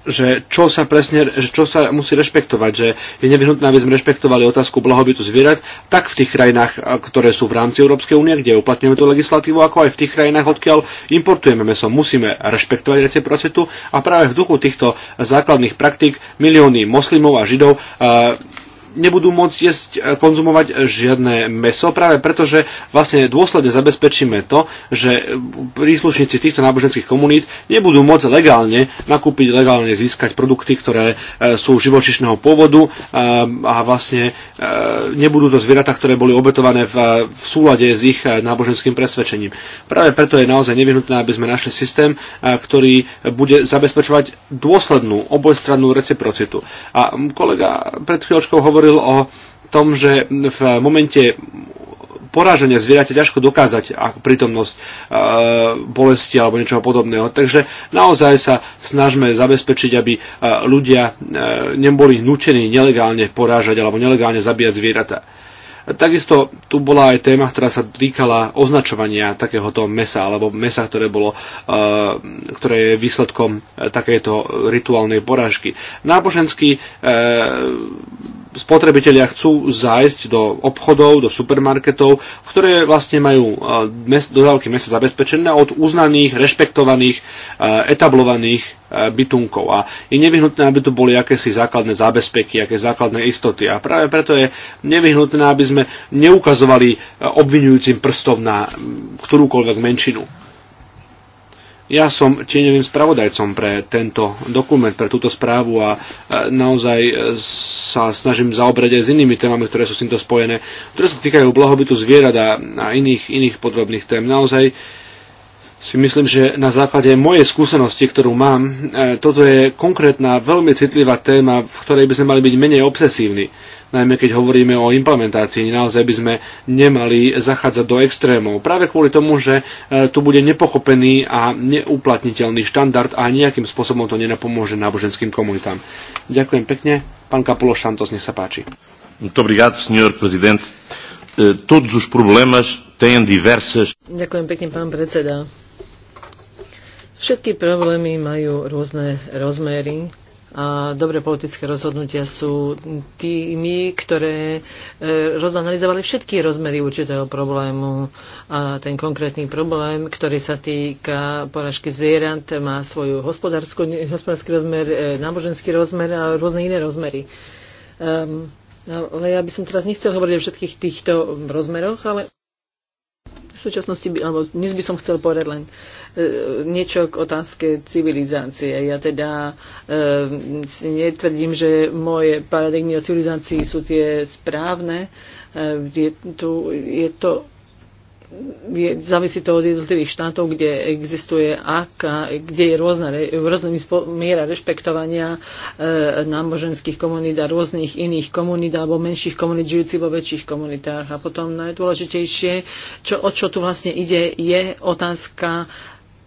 že čo sa presne, že čo sa musí rešpektovať, že je nevyhnutné, aby sme rešpektovali otázku blahobytu zvierat, tak v tých krajinách, ktoré sú v rámci Európskej únie, kde uplatňujeme tú legislatívu, ako aj v tých krajinách, odkiaľ importujeme meso. Musíme rešpektovať reciprocitu a práve v duchu týchto základných praktík milióny moslimov a židov nebudú môcť jesť, e, konzumovať žiadne meso, práve preto, že vlastne dôsledne zabezpečíme to, že príslušníci týchto náboženských komunít nebudú môcť legálne nakúpiť, legálne získať produkty, ktoré e, sú živočišného pôvodu e, a vlastne nebudú to zvieratá, ktoré boli obetované v, súlade s ich náboženským presvedčením. Práve preto je naozaj nevyhnutné, aby sme našli systém, ktorý bude zabezpečovať dôslednú obojstrannú reciprocitu. A kolega pred chvíľočkou hovoril, hovoril o tom, že v momente poráženia zvieraťa ťažko dokázať prítomnosť e, bolesti alebo niečoho podobného. Takže naozaj sa snažme zabezpečiť, aby e, ľudia e, neboli nutení nelegálne porážať alebo nelegálne zabíjať zvieratá. Takisto tu bola aj téma, ktorá sa týkala označovania takéhoto mesa alebo mesa, ktoré, bolo, e, ktoré je výsledkom e, takéto rituálnej porážky. Náboženský spotrebitelia chcú zájsť do obchodov, do supermarketov, ktoré vlastne majú e, mes, dodávky mesa zabezpečené od uznaných, rešpektovaných, e, etablovaných e, bytunkov. A je nevyhnutné, aby tu boli akési základné zábezpeky, aké základné istoty. A práve preto je nevyhnutné, aby sme neukazovali obvinujúcim prstom na ktorúkoľvek menšinu. Ja som tieňovým spravodajcom pre tento dokument, pre túto správu a naozaj e, sa snažím zaobrať aj s inými témami, ktoré sú s týmto spojené, ktoré sa týkajú blahobytu zvierat a iných, iných podrobných tém. Naozaj si myslím, že na základe mojej skúsenosti, ktorú mám, e, toto je konkrétna, veľmi citlivá téma, v ktorej by sme mali byť menej obsesívni najmä keď hovoríme o implementácii. Naozaj by sme nemali zachádzať do extrémov. Práve kvôli tomu, že e, tu bude nepochopený a neuplatniteľný štandard a nejakým spôsobom to nenapomôže náboženským komunitám. Ďakujem pekne. Pán Kapulo Šantos, nech sa páči. E, todos os problemas têm diversas... Ďakujem pekne, pán predseda. Všetky problémy majú rôzne rozmery, a dobré politické rozhodnutia sú tými, ktoré e, rozanalizovali všetky rozmery určitého problému. A ten konkrétny problém, ktorý sa týka poražky zvierat, má svoj hospodársky rozmer, e, náboženský rozmer a rôzne iné rozmery. Um, ale ja by som teraz nechcel hovoriť o všetkých týchto rozmeroch, ale v súčasnosti, by, alebo dnes by som chcel povedať len e, niečo k otázke civilizácie. Ja teda e, netvrdím, že moje paradigmy o civilizácii sú tie správne. E, je, tu, je to je, závisí to od jednotlivých štátov, kde existuje aká, kde je rôzna, rôzna miera rešpektovania e, náboženských komunít a rôznych iných komunít alebo menších komunít žijúcich vo väčších komunitách. A potom najdôležitejšie, čo, o čo tu vlastne ide, je otázka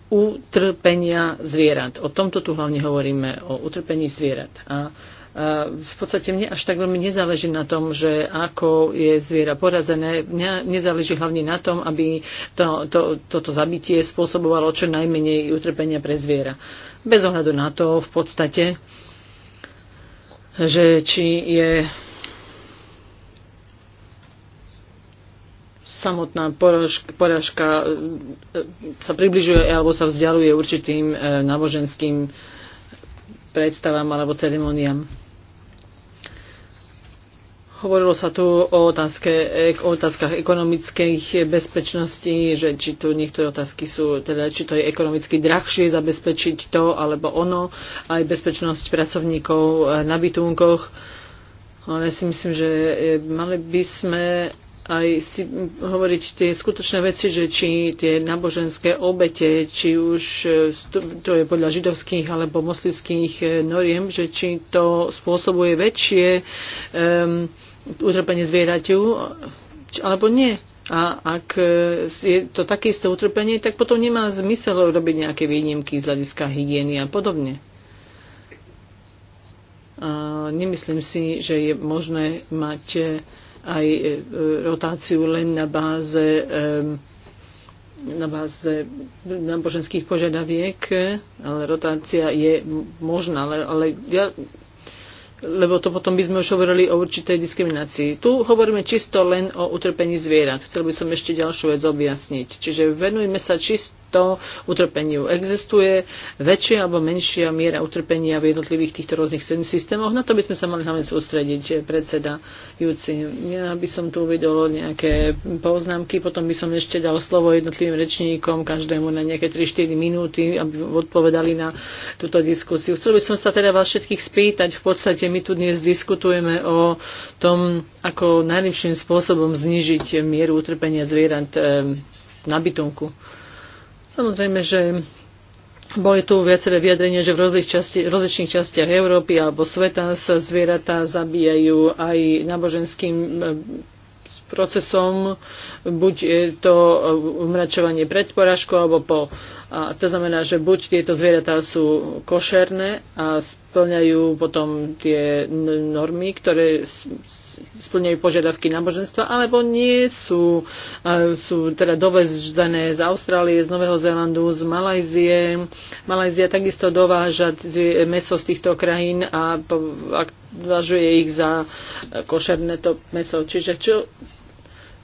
utrpenia zvierat. O tomto tu hlavne hovoríme, o utrpení zvierat. A v podstate mne až tak veľmi nezáleží na tom, že ako je zviera porazené. Mňa nezáleží hlavne na tom, aby to, to, toto zabitie spôsobovalo čo najmenej utrpenia pre zviera. Bez ohľadu na to v podstate, že či je samotná poražka, poražka e, sa približuje alebo sa vzdialuje určitým e, náboženským predstavám alebo ceremoniám. Hovorilo sa tu o, otázke, o otázkach ekonomickej bezpečnosti, že či tu niektoré otázky sú, teda či to je ekonomicky drahšie zabezpečiť to alebo ono, aj bezpečnosť pracovníkov eh, na bytunkoch. Ale ja si myslím, že eh, mali by sme aj si hovoriť tie skutočné veci, že či tie náboženské obete, či už eh, to je podľa židovských alebo moslimských noriem, že či to spôsobuje väčšie um, utrpenie zvieraťu, alebo nie. A ak e, je to také isté utrpenie, tak potom nemá zmysel robiť nejaké výnimky z hľadiska hygieny a podobne. A nemyslím si, že je možné mať e, aj e, rotáciu len na báze na báze náboženských požiadaviek, ale rotácia je možná, ale, ale ja lebo to potom by sme už hovorili o určitej diskriminácii. Tu hovoríme čisto len o utrpení zvierat. Chcel by som ešte ďalšiu vec objasniť. Čiže venujme sa čisto to utrpeniu existuje, väčšia alebo menšia miera utrpenia v jednotlivých týchto rôznych systémoch. Na to by sme sa mali hlavne sústrediť, predseda Júci. Ja by som tu uvedol nejaké poznámky, potom by som ešte dal slovo jednotlivým rečníkom, každému na nejaké 3-4 minúty, aby odpovedali na túto diskusiu. Chcel by som sa teda vás všetkých spýtať, v podstate my tu dnes diskutujeme o tom, ako najlepším spôsobom znižiť mieru utrpenia zvierat ehm, na bytunku. Samozrejme, že boli tu viaceré vyjadrenia, že v rozličných, časti, rozličných častiach Európy alebo sveta sa zvieratá zabíjajú aj náboženským eh, procesom, buď je to eh, umračovanie pred porážkou, alebo po. A to znamená, že buď tieto zvieratá sú košerné a splňajú potom tie normy, ktoré splňajú požiadavky náboženstva, alebo nie sú, e, sú teda dovezdané z Austrálie, z Nového Zélandu, z Malajzie. Malajzia takisto dováža meso z týchto krajín a považuje ich za e, košerné to meso. Čiže čo,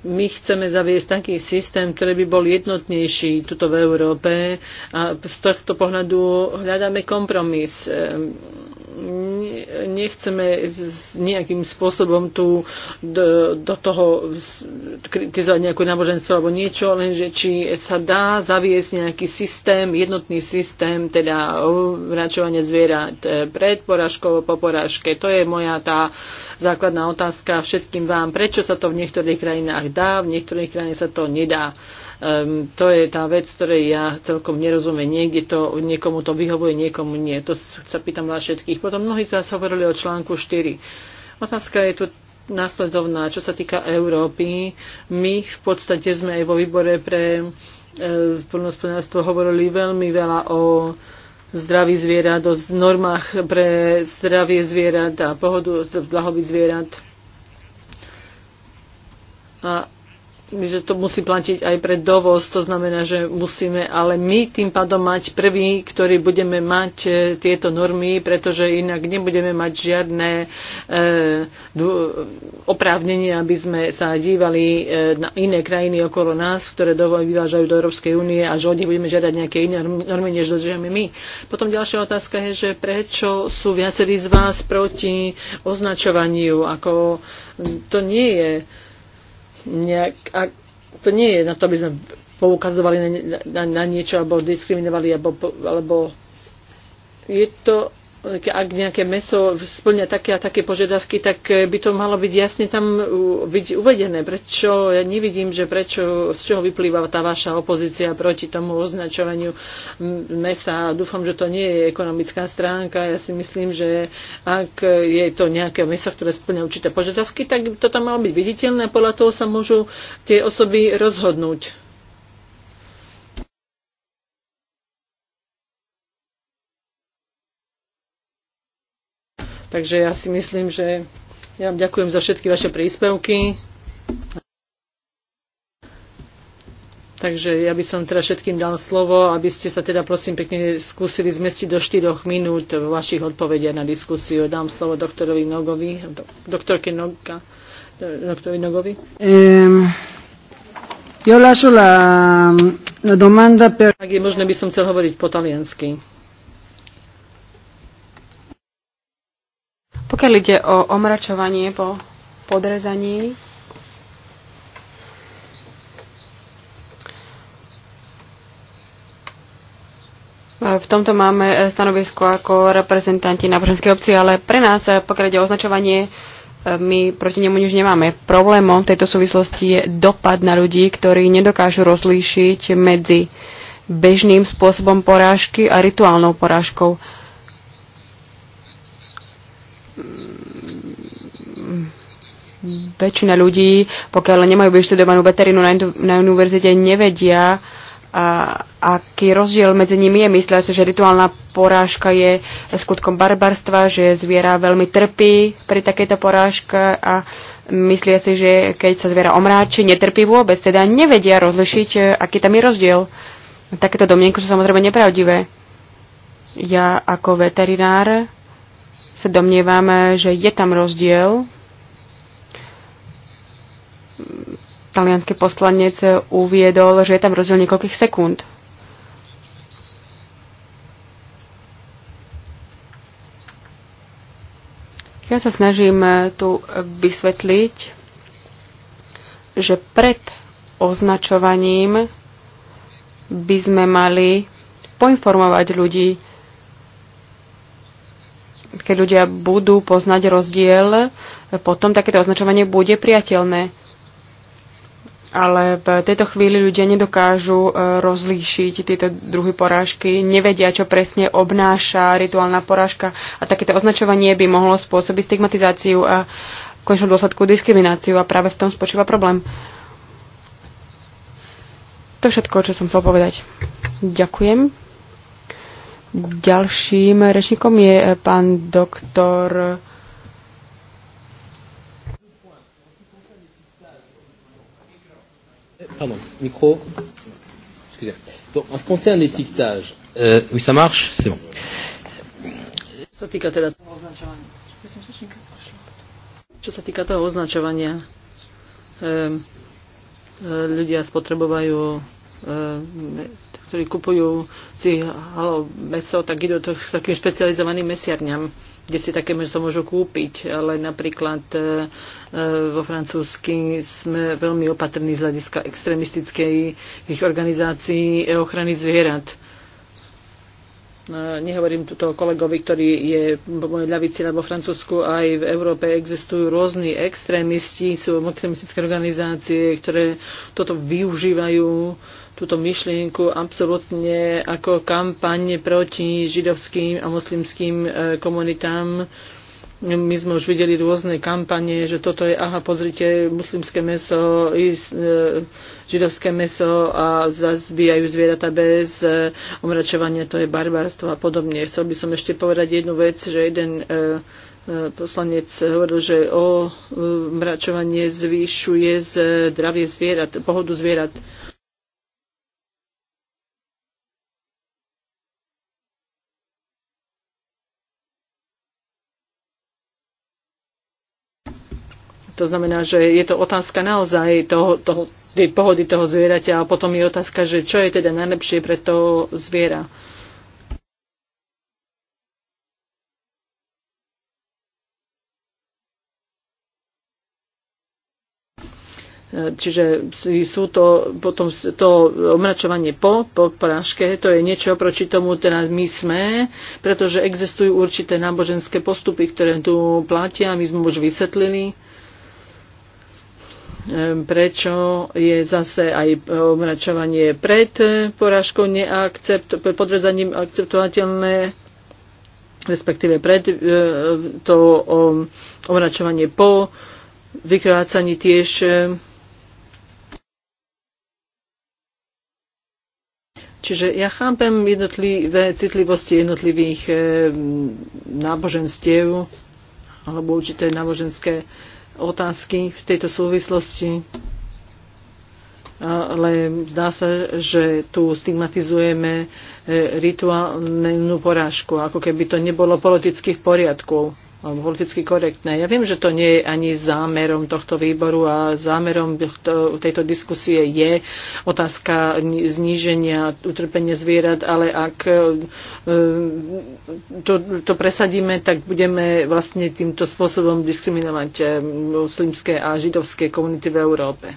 my chceme zaviesť taký systém, ktorý by bol jednotnejší tuto v Európe a z tohto pohľadu hľadáme kompromis e, nechceme nejakým spôsobom tu do, do toho kritizovať nejaké náboženstvo alebo niečo, lenže či sa dá zaviesť nejaký systém, jednotný systém, teda vračovanie zvierat e, pred porážkou, po porážke. To je moja tá základná otázka všetkým vám. Prečo sa to v niektorých krajinách dá, v niektorých krajinách sa to nedá. Um, to je tá vec, ktorej ja celkom nerozumiem. Niekde to, niekomu to vyhovuje, niekomu nie. To sa pýtam na všetkých. Potom mnohí z vás hovorili o článku 4. Otázka je tu následovná, čo sa týka Európy. My v podstate sme aj vo výbore pre e, plnospodárstvo hovorili veľmi veľa o zdraví zvierat, o normách pre zdravie zvierat a pohodu, blahobyt zvierat. A že to musí platiť aj pre dovoz, to znamená, že musíme ale my tým pádom mať prvý, ktorý budeme mať e, tieto normy, pretože inak nebudeme mať žiadne e, oprávnenie, aby sme sa dívali e, na iné krajiny okolo nás, ktoré dovoj vyvážajú do Európskej únie a že od nich budeme žiadať nejaké iné normy, než dodržiame my. Potom ďalšia otázka je, že prečo sú viacerí z vás proti označovaniu, ako to nie je nejak, ak, to nie je na to, aby sme poukazovali na, na, na niečo alebo diskriminovali alebo, alebo je to ak nejaké meso splňa také a také požiadavky, tak eh, by to malo byť jasne tam byť uvedené. Prečo, ja nevidím, že prečo, z čoho vyplýva tá vaša opozícia proti tomu označovaniu mesa. Dúfam, že to nie je ekonomická stránka. Ja si myslím, že ak je to nejaké meso, ktoré splňa určité požiadavky, tak to tam malo byť viditeľné a podľa toho sa môžu tie osoby rozhodnúť. Takže ja si myslím, že ja vám ďakujem za všetky vaše príspevky. Takže ja by som teda všetkým dal slovo, aby ste sa teda prosím pekne skúsili zmestiť do 4 minút v vašich odpovediach na diskusiu. Dám slovo doktorovi Nogovi, doktorke Noga, doktorovi Nogovi. Um, jo la, la domanda per... Ak je možné, by som chcel hovoriť po taliansky. Pokiaľ ide o omračovanie po podrezaní, V tomto máme stanovisko ako reprezentanti náboženskej obci, ale pre nás, pokiaľ ide o označovanie, my proti nemu nič nemáme. Problémom v tejto súvislosti je dopad na ľudí, ktorí nedokážu rozlíšiť medzi bežným spôsobom porážky a rituálnou porážkou. Mm, väčšina ľudí, pokiaľ nemajú vyštudovanú veterinu na, na univerzite, nevedia, a, aký rozdiel medzi nimi je. Myslia si, že rituálna porážka je skutkom barbarstva, že zviera veľmi trpí pri takejto porážke a myslia si, že keď sa zviera omráči, netrpí vôbec. Teda nevedia rozlišiť, e, aký tam je rozdiel. Takéto domienko sú samozrejme nepravdivé. Ja ako veterinár sa domnievame, že je tam rozdiel. Talianský poslanec uviedol, že je tam rozdiel niekoľkých sekúnd. Ja sa snažím tu vysvetliť, že pred označovaním by sme mali poinformovať ľudí, keď ľudia budú poznať rozdiel, potom takéto označovanie bude priateľné. Ale v tejto chvíli ľudia nedokážu e, rozlíšiť tieto druhy porážky, nevedia, čo presne obnáša rituálna porážka a takéto označovanie by mohlo spôsobiť stigmatizáciu a v konečnom dôsledku diskrimináciu a práve v tom spočíva problém. To všetko, čo som chcel povedať. Ďakujem. Ďalším rečníkom je eh, pán doktor Pardon, micro. Excusez. Donc, en ce qui concerne l'étiquetage, euh, oui, ça marche C'est bon. Čo sa týka teda toho označovania? Čo sa týka toho ehm, e, ľudia spotrebovajú um, ktorí kupujú si halo, meso, tak idú to takým špecializovaným mesiarňam kde si také meso môžu kúpiť, ale napríklad e, e vo francúzsky sme veľmi opatrní z hľadiska extrémistickej ich organizácií e, ochrany zvierat. E, nehovorím tuto kolegovi, ktorý je v mojej ľavici, lebo v Francúzsku aj v Európe existujú rôzni extrémisti, sú extrémistické organizácie, ktoré toto využívajú túto myšlienku absolútne ako kampaň proti židovským a moslimským e, komunitám. My sme už videli rôzne kampanie, že toto je, aha, pozrite, muslimské meso, e, židovské meso a zazbijajú zvieratá bez e, omračovania, to je barbarstvo a podobne. Chcel by som ešte povedať jednu vec, že jeden poslanec hovoril, že o mračovanie zvýšuje zdravie zvierat, pohodu zvierat. To znamená, že je to otázka naozaj toho, toho, tej pohody toho zvieraťa a potom je otázka, že čo je teda najlepšie pre to zviera. Čiže sú to potom to omračovanie po, po porážke, to je niečo proti tomu, teda my sme, pretože existujú určité náboženské postupy, ktoré tu platia, my sme už vysvetlili. Ehm, prečo je zase aj e, omračovanie pred e, porážkou neakcept, podvezaním akceptovateľné, respektíve pred e, to omračovanie po vykrácaní tiež Čiže ja chápem jednotlivé citlivosti jednotlivých náboženstiev alebo určité náboženské otázky v tejto súvislosti, ale zdá sa, že tu stigmatizujeme eh, rituálnu porážku, ako keby to nebolo politicky v poriadku politicky korektné. Ja viem, že to nie je ani zámerom tohto výboru a zámerom tejto diskusie je otázka zníženia utrpenia zvierat, ale ak e, to, to presadíme, tak budeme vlastne týmto spôsobom diskriminovať e, muslimské a židovské komunity v Európe.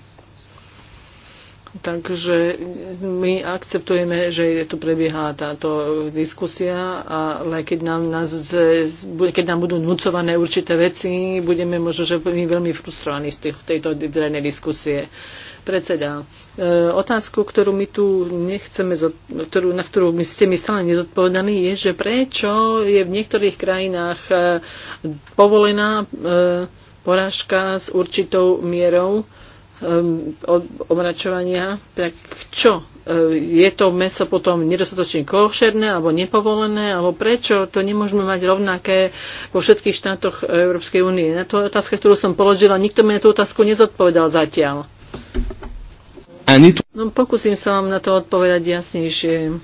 Takže my akceptujeme, že tu prebieha táto diskusia, ale keď nám, nás, keď nám budú nucované určité veci, budeme možno, že my veľmi frustrovaní z tejto verejnej diskusie. Predseda, e, otázku, ktorú my tu nechceme, ktorú, na ktorú my ste mi stále nezodpovedali, je, že prečo je v niektorých krajinách e, povolená e, porážka s určitou mierou Ehm, omračovania, tak čo? Ehm, je to meso potom nedostatočne košerné alebo nepovolené, alebo prečo to nemôžeme mať rovnaké vo všetkých štátoch Európskej únie? Na to otázka, ktorú som položila, nikto mi na tú otázku nezodpovedal zatiaľ. No, pokúsim sa vám na to odpovedať jasnejšie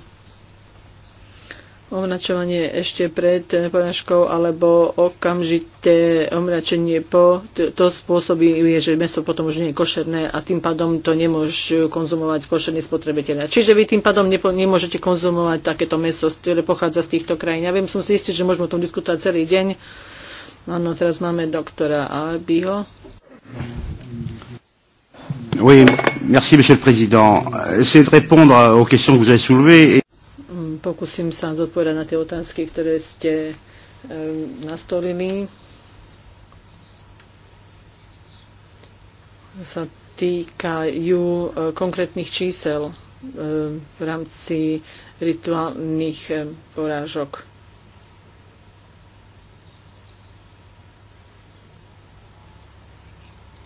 omračovanie ešte pred porážkou alebo okamžité omračenie po, to, to spôsobí, že meso potom už nie je košerné a tým pádom to nemôžu konzumovať košerní spotrebitelia. Čiže vy tým pádom nepo, nemôžete konzumovať takéto meso, ktoré pochádza z týchto krajín. Ja viem, som si istý, že môžeme o tom diskutovať celý deň. Áno, teraz máme doktora Albiho. Oui, merci Monsieur le Président. C'est de répondre aux questions que vous avez soulevées. Et... Pokúsim sa zodpovedať na tie otázky, ktoré ste e, nastolili. Sa týkajú e, konkrétnych čísel e, v rámci rituálnych porážok.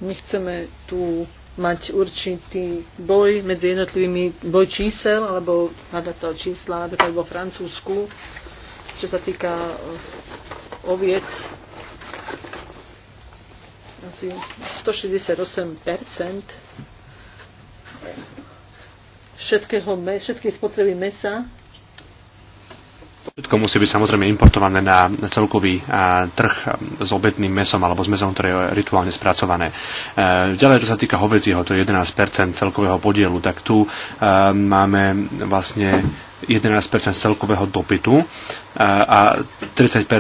Nechceme tu mať určitý boj medzi jednotlivými boj čísel, alebo hľadať sa o čísla napríklad vo Francúzsku, čo sa týka eh, oviec. Asi 168 všetkého, všetkej spotreby mesa Všetko musí byť samozrejme importované na celkový trh s obetným mesom alebo s mesom, ktoré je rituálne spracované. E, ďalej, čo sa týka hovedzieho, to je 11% celkového podielu, tak tu e, máme vlastne 11 celkového dopytu a 30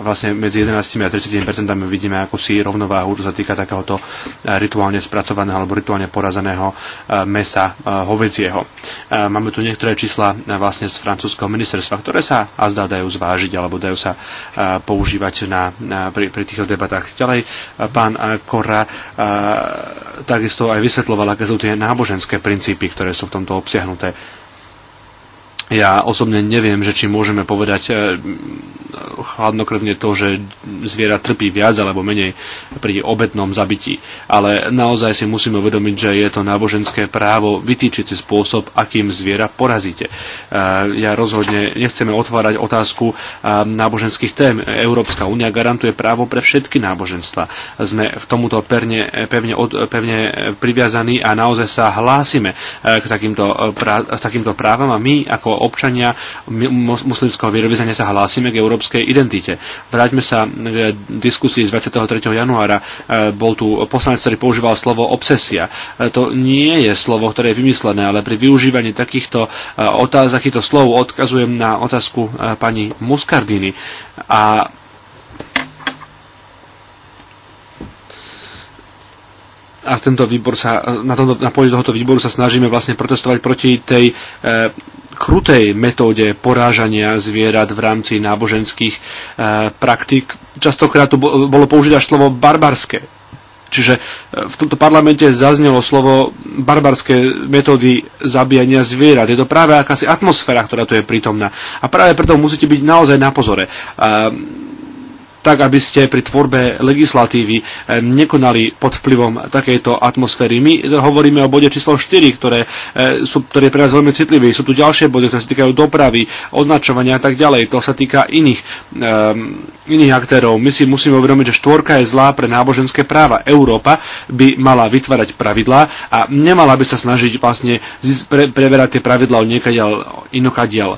vlastne medzi 11 a 30 vidíme, vidíme akúsi rovnováhu, čo sa týka takéhoto rituálne spracovaného alebo rituálne porazeného mesa hovedzieho. Máme tu niektoré čísla vlastne z francúzského ministerstva, ktoré sa a zdá dajú zvážiť alebo dajú sa používať na, na, pri, pri týchto debatách. Ďalej pán Korra takisto aj vysvetloval, aké sú tie náboženské princípy, ktoré sú v tomto obsiahnuté ja osobne neviem, že či môžeme povedať e, chladnokrvne to, že zviera trpí viac alebo menej pri obetnom zabití. Ale naozaj si musíme uvedomiť, že je to náboženské právo vytýčiť si spôsob, akým zviera porazíte. E, ja rozhodne nechceme otvárať otázku e, náboženských tém. Európska únia garantuje právo pre všetky náboženstva. Sme v tomuto perne, pevne, pevne priviazaní a naozaj sa hlásime k takýmto, k takýmto právam a my ako občania muslimského vierovýznania sa hlásime k európskej identite. Vráťme sa k diskusii z 23. januára. E, bol tu poslanec, ktorý používal slovo obsesia. E, to nie je slovo, ktoré je vymyslené, ale pri využívaní takýchto e, otázok, takýchto slov odkazujem na otázku pani Muscardini. A a tento výbor sa, na, tomto, na pôde tohoto výboru sa snažíme vlastne protestovať proti tej e, krutej metóde porážania zvierat v rámci náboženských e, praktik. Častokrát tu bolo použité až slovo barbarské. Čiže e, v tomto parlamente zaznelo slovo barbarské metódy zabíjania zvierat. Je to práve akási atmosféra, ktorá tu je prítomná. A práve preto musíte byť naozaj na pozore. E, tak aby ste pri tvorbe legislatívy eh, nekonali pod vplyvom takejto atmosféry. My hovoríme o bode číslo 4, ktoré eh, sú, ktoré pre nás veľmi citlivé. Sú tu ďalšie body, ktoré sa týkajú dopravy, označovania a tak ďalej. To sa týka iných, um, iných aktérov. My si musíme uvedomiť, že štvorka je zlá pre náboženské práva. Európa by mala vytvárať pravidlá a nemala by sa snažiť vlastne pre, preverať tie pravidlá od niekadiaľ, inokadiaľ.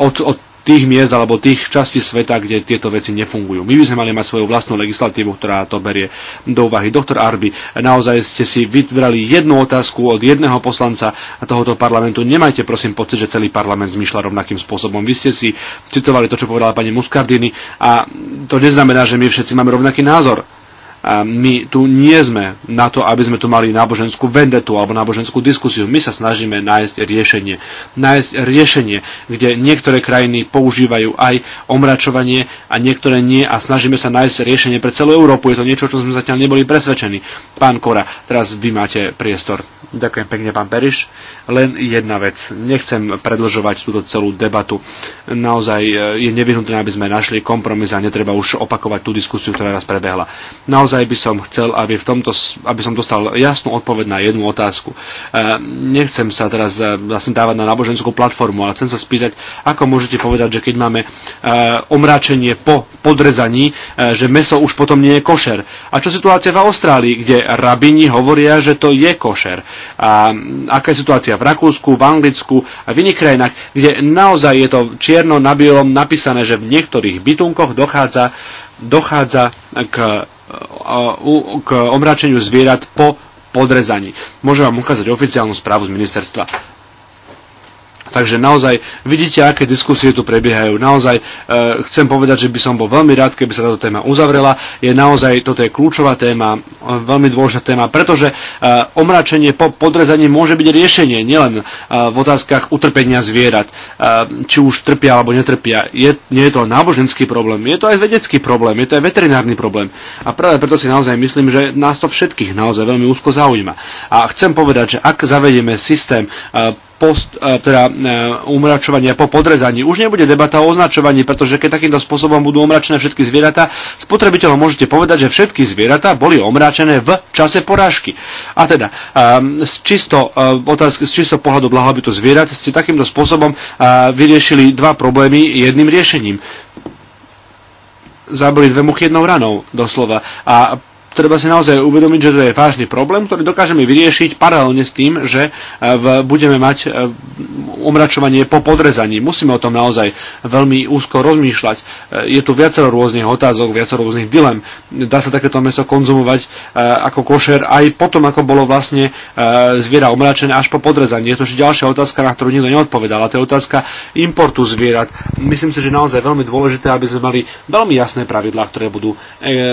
Od, od tých miest alebo tých častí sveta, kde tieto veci nefungujú. My by sme mali mať svoju vlastnú legislatívu, ktorá to berie do úvahy. Doktor Arby, naozaj ste si vybrali jednu otázku od jedného poslanca tohoto parlamentu. Nemajte prosím pocit, že celý parlament zmýšľa rovnakým spôsobom. Vy ste si citovali to, čo povedala pani Muscardini a to neznamená, že my všetci máme rovnaký názor my tu nie sme na to, aby sme tu mali náboženskú vendetu alebo náboženskú diskusiu. My sa snažíme nájsť riešenie. Nájsť riešenie, kde niektoré krajiny používajú aj omračovanie a niektoré nie a snažíme sa nájsť riešenie pre celú Európu. Je to niečo, čo sme zatiaľ neboli presvedčení. Pán Kora, teraz vy máte priestor. Ďakujem pekne, pán Periš. Len jedna vec. Nechcem predlžovať túto celú debatu. Naozaj e, je nevyhnutné, aby sme našli kompromis a netreba už opakovať tú diskusiu, ktorá raz prebehla. Naozaj naozaj by som chcel, aby, v tomto, aby som dostal jasnú odpoveď na jednu otázku. E, nechcem sa teraz e, vlastne dávať na náboženskú platformu, ale chcem sa spýtať, ako môžete povedať, že keď máme e, omráčenie po podrezaní, že meso už potom nie je košer. A čo situácia v Austrálii, kde rabini hovoria, že to je košer? A aká je situácia v Rakúsku, v Anglicku a v iných krajinách, kde naozaj je to čierno na bielom napísané, že v niektorých bytunkoch dochádza dochádza k k omračeniu zvierat po podrezaní. Môžem vám ukázať oficiálnu správu z ministerstva Takže naozaj vidíte, aké diskusie tu prebiehajú. Naozaj e, chcem povedať, že by som bol veľmi rád, keby sa táto téma uzavrela. Je naozaj, toto je kľúčová téma, e, veľmi dôležitá téma, pretože e, omračenie po podrezaní môže byť riešenie nielen e, v otázkach utrpenia zvierat, e, či už trpia alebo netrpia. Je, nie je to náboženský problém, je to aj vedecký problém, je to aj veterinárny problém. A práve preto si naozaj myslím, že nás to všetkých naozaj veľmi úzko zaujíma. A chcem povedať, že ak zavedieme systém e, post, e, teda e, umračovania po podrezaní. Už nebude debata o označovaní, pretože keď takýmto spôsobom budú omračené všetky zvieratá, spotrebiteľom môžete povedať, že všetky zvieratá boli omračené v čase porážky. A teda, ehm, z čisto, e, otázky, z čisto pohľadu blahobytu zvierat ste takýmto spôsobom vyriešili dva problémy jedným riešením zabili dve muchy jednou ranou, doslova. A treba si naozaj uvedomiť, že to je vážny problém, ktorý dokážeme vyriešiť paralelne s tým, že e, v, budeme mať omračovanie e, po podrezaní. Musíme o tom naozaj veľmi úzko rozmýšľať. E, je tu viacero rôznych otázok, viacero rôznych dilem. Dá sa takéto meso konzumovať ako košer aj potom, ako bolo vlastne zviera omračené až po podrezaní. Je to ešte ďalšia otázka, na ktorú nikto neodpovedal. A to je otázka importu zvierat. Myslím si, že naozaj veľmi dôležité, aby sme mali veľmi jasné pravidlá, ktoré budú,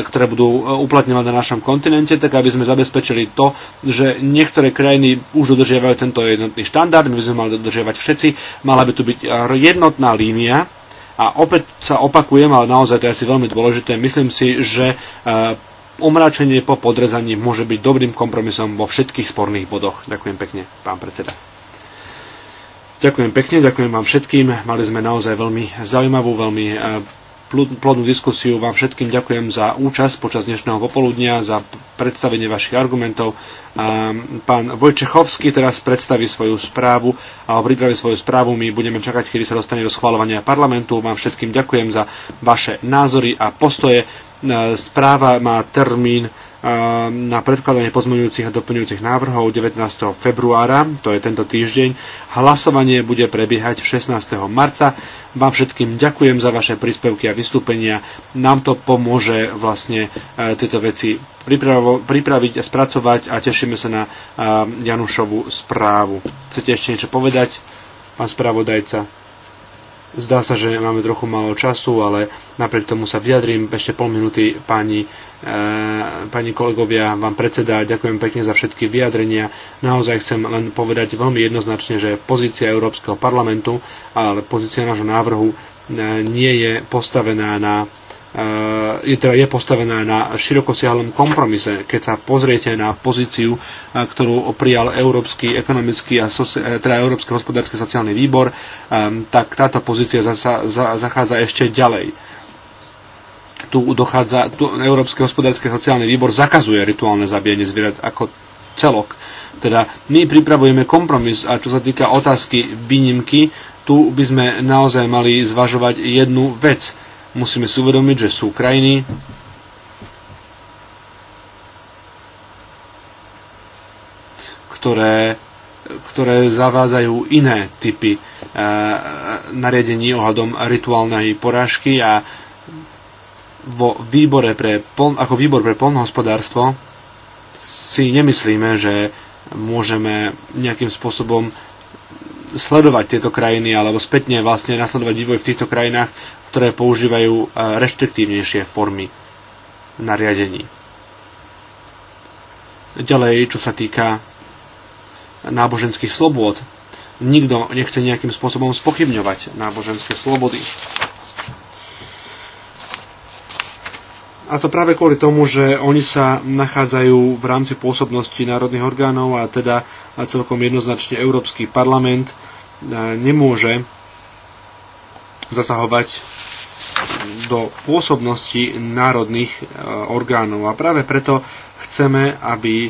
ktoré budú uplatňované na našom kontinente, tak aby sme zabezpečili to, že niektoré krajiny už dodržiavajú tento jednotný štandard, my by sme mali dodržiavať všetci, mala by tu byť jednotná línia, a opäť sa opakujem, ale naozaj to je asi veľmi dôležité. Myslím si, že eh, omračenie po podrezaní môže byť dobrým kompromisom vo všetkých sporných bodoch. Ďakujem pekne, pán predseda. Ďakujem pekne, ďakujem vám všetkým. Mali sme naozaj veľmi zaujímavú, veľmi eh, plodnú diskusiu. Vám všetkým ďakujem za účasť počas dnešného popoludnia, za predstavenie vašich argumentov. Pán Vojčechovský teraz predstaví svoju správu a pripraví svoju správu. My budeme čakať, kedy sa dostane do schvalovania parlamentu. Vám všetkým ďakujem za vaše názory a postoje. E, správa má termín Ehm, na predkladanie pozmeňujúcich a doplňujúcich návrhov 19. februára, to je tento týždeň. Hlasovanie bude prebiehať 16. marca. Vám všetkým ďakujem za vaše príspevky a vystúpenia. Nám to pomôže vlastne e, tieto veci pripraviť a spracovať a tešíme sa na e, Janušovú správu. Chcete ešte niečo povedať, pán spravodajca? Zdá sa, že máme trochu málo času, ale napriek tomu sa vyjadrím. Ešte pol minúty pani Eh, pani kolegovia, vám predseda, ďakujem pekne za všetky vyjadrenia. Naozaj chcem len povedať veľmi jednoznačne, že pozícia Európskeho parlamentu, ale pozícia nášho návrhu eh, nie je postavená na eh, je, teda je postavená na širokosiahlom kompromise. Keď sa pozriete na pozíciu, ktorú prijal Európsky ekonomický a soci, teda Európsky hospodársky sociálny výbor, tak táto pozícia zasa, za, zachádza ešte ďalej tu dochádza, tu Európsky hospodársky sociálny výbor zakazuje rituálne zabíjanie zvierat ako celok. Teda my pripravujeme kompromis a čo sa týka otázky výnimky, tu by sme naozaj mali zvažovať jednu vec. Musíme si uvedomiť, že sú krajiny, ktoré, ktoré zavádzajú iné typy e, nariadení ohľadom rituálnej porážky a vo výbore pre pol, ako výbor pre polnohospodárstvo si nemyslíme, že môžeme nejakým spôsobom sledovať tieto krajiny alebo spätne vlastne nasledovať vývoj v týchto krajinách, ktoré používajú e, reštriktívnejšie formy nariadení. Ďalej, čo sa týka náboženských slobôd, nikto nechce nejakým spôsobom spochybňovať náboženské slobody. A to práve kvôli tomu, že oni sa nachádzajú v rámci pôsobnosti národných orgánov a teda a celkom jednoznačne Európsky parlament nemôže zasahovať do pôsobnosti národných e, orgánov. A práve preto chceme, aby e,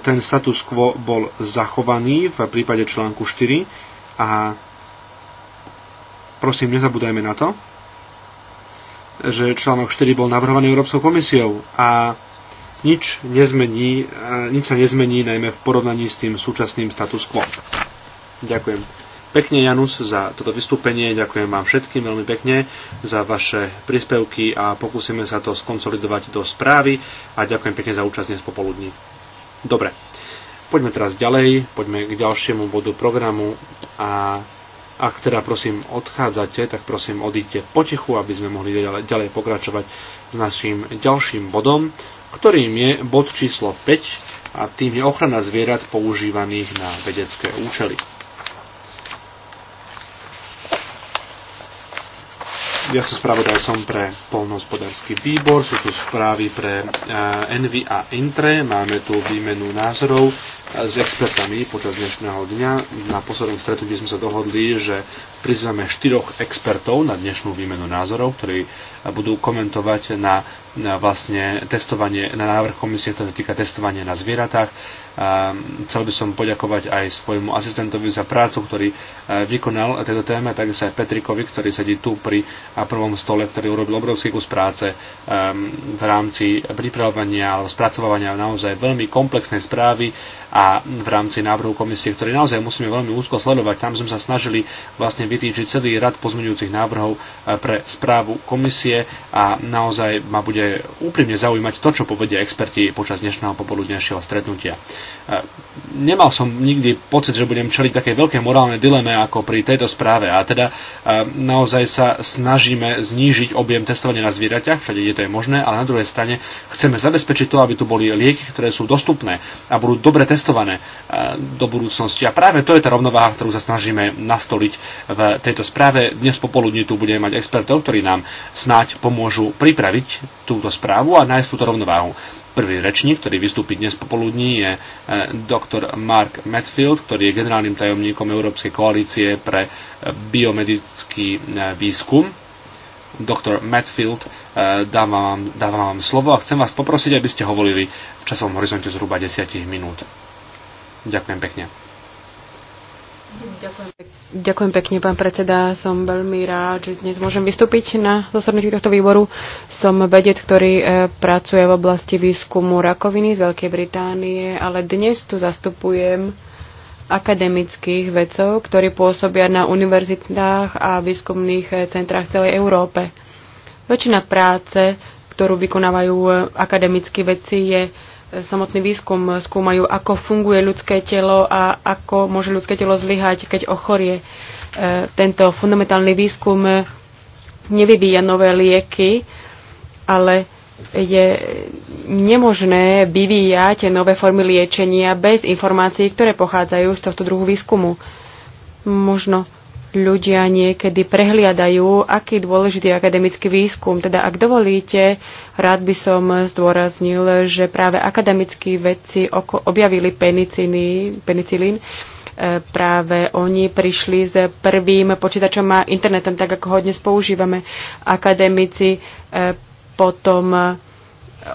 ten status quo bol zachovaný v prípade článku 4 a prosím, nezabúdajme na to, že článok 4 bol navrhovaný Európskou komisiou a nič, nezmení, nič sa nezmení najmä v porovnaní s tým súčasným status quo. Ďakujem pekne Janus za toto vystúpenie, ďakujem vám všetkým veľmi pekne za vaše príspevky a pokúsime sa to skonsolidovať do správy a ďakujem pekne za účasť dnes popoludní. Dobre, poďme teraz ďalej, poďme k ďalšiemu bodu programu a ak teda prosím odchádzate, tak prosím odíďte potichu, aby sme mohli ďalej pokračovať s našim ďalším bodom, ktorým je bod číslo 5 a tým je ochrana zvierat používaných na vedecké účely. Ja som spravodajcom pre polnohospodársky výbor, sú tu správy pre e, Envy a Intre, máme tu výmenu názorov e, s expertami počas dnešného dňa. Na poslednom stretnutí sme sa dohodli, že prizveme štyroch expertov na dnešnú výmenu názorov, ktorí e, budú komentovať na, na vlastne testovanie, na návrh komisie, sa týka testovania na zvieratách Chcel by som poďakovať aj svojmu asistentovi za prácu, ktorý e, vykonal tejto téme, takisto aj Petrikovi, ktorý sedí tu pri prvom stole, ktorý urobil obrovský kus práce e, v rámci pripravovania alebo spracovania naozaj veľmi komplexnej správy a v rámci návrhu komisie, ktorý naozaj musíme veľmi úzko sledovať. Tam sme sa snažili vlastne vytýčiť celý rad pozmeňujúcich návrhov e, pre správu komisie a naozaj ma bude úprimne zaujímať to, čo povedia experti počas dnešného popoludnejšieho stretnutia. E, nemal som nikdy pocit, že budem čeliť také veľké morálne dileme ako pri tejto správe a teda e, naozaj sa snažíme znížiť objem testovania na zvieratách, všade kde to je možné, ale na druhej strane chceme zabezpečiť to, aby tu boli lieky, ktoré sú dostupné a budú dobre testované investované eh, do budúcnosti. A práve to je tá rovnováha, ktorú sa snažíme nastoliť v tejto správe. Dnes popoludní tu budeme mať expertov, ktorí nám snáď pomôžu pripraviť túto správu a nájsť túto rovnováhu. Prvý rečník, ktorý vystúpi dnes popoludní, je eh, doktor Mark Medfield, ktorý je generálnym tajomníkom Európskej koalície pre eh, biomedický výskum. Dr. Medfield, dávam vám, dávam vám slovo a chcem vás poprosiť, aby ste hovorili v časovom horizonte zhruba 10 minút. Ďakujem pekne. Ďakujem, Ďakujem pekne, pán predseda. Som veľmi rád, že dnes môžem vystúpiť na zasadnutí tohto výboru. Som vedec, ktorý e, pracuje v oblasti výskumu rakoviny z Veľkej Británie, ale dnes tu zastupujem akademických vedcov, ktorí pôsobia na univerzitách a výskumných e, centrách celej Európe. Väčšina práce, ktorú vykonávajú e, akademickí vedci, je samotný výskum skúmajú, ako funguje ľudské telo a ako môže ľudské telo zlyhať, keď ochorie. E, tento fundamentálny výskum nevyvíja nové lieky, ale je nemožné vyvíjať nové formy liečenia bez informácií, ktoré pochádzajú z tohto druhu výskumu. Možno ľudia niekedy prehliadajú, aký dôležitý akademický výskum. Teda ak dovolíte, rád by som zdôraznil, že práve akademickí vedci objavili penicilín, penicilín práve oni prišli s prvým počítačom a internetom, tak ako ho dnes používame. Akademici e, potom e,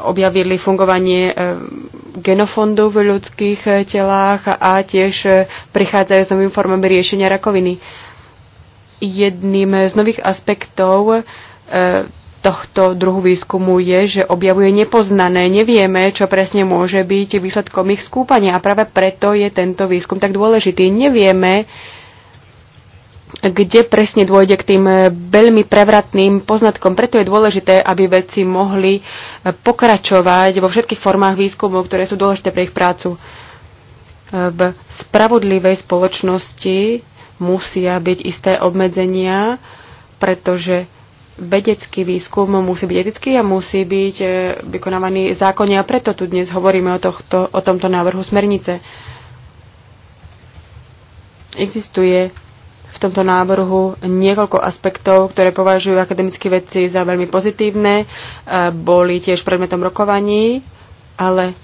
objavili fungovanie e, genofondu v ľudských telách a tiež prichádzajú s novými formami riešenia rakoviny. Jedným z nových aspektov e, tohto druhu výskumu je, že objavuje nepoznané. Nevieme, čo presne môže byť výsledkom ich skúpania a práve preto je tento výskum tak dôležitý. Nevieme, kde presne dôjde k tým veľmi prevratným poznatkom. Preto je dôležité, aby vedci mohli pokračovať vo všetkých formách výskumov, ktoré sú dôležité pre ich prácu. V spravodlivej spoločnosti musia byť isté obmedzenia, pretože vedecký výskum musí byť etický a musí byť e, vykonávaný zákonne a preto tu dnes hovoríme o, tohto, o tomto návrhu smernice. Existuje v tomto návrhu niekoľko aspektov, ktoré považujú akademické vedci za veľmi pozitívne, e, boli tiež predmetom rokovaní, ale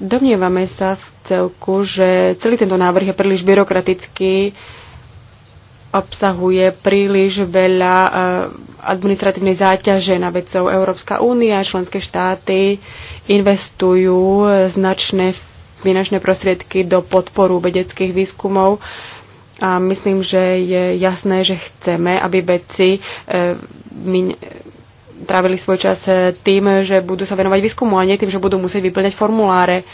domnievame sa v celku, že celý tento návrh je príliš byrokratický, obsahuje príliš veľa eh, administratívnej záťaže na vedcov. Európska únia členské štáty investujú značné finančné prostriedky do podporu vedeckých výskumov a myslím, že je jasné, že chceme, aby vedci eh, trávili svoj čas eh, tým, že budú sa venovať výskumu a nie tým, že budú musieť vyplňať formuláre.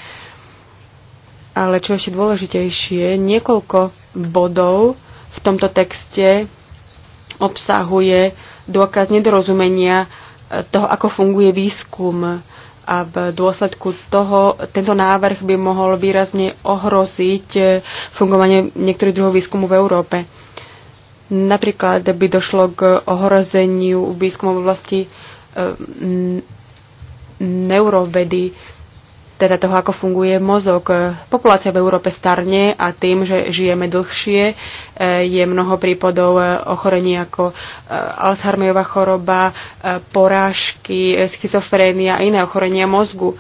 Ale čo ešte dôležitejšie, niekoľko bodov v tomto texte obsahuje dôkaz nedorozumenia e, toho, ako funguje výskum a v dôsledku toho tento návrh by mohol výrazne ohroziť e, fungovanie niektorých druhov výskumu v Európe. Napríklad by došlo k ohrozeniu výskumu v oblasti e, neurovedy, teda toho, ako funguje mozog. Populácia v Európe starne a tým, že žijeme dlhšie, e, je mnoho prípadov e, ochorení ako e, Alzheimerová choroba, porážky, schizofrénia a iné ochorenia mozgu.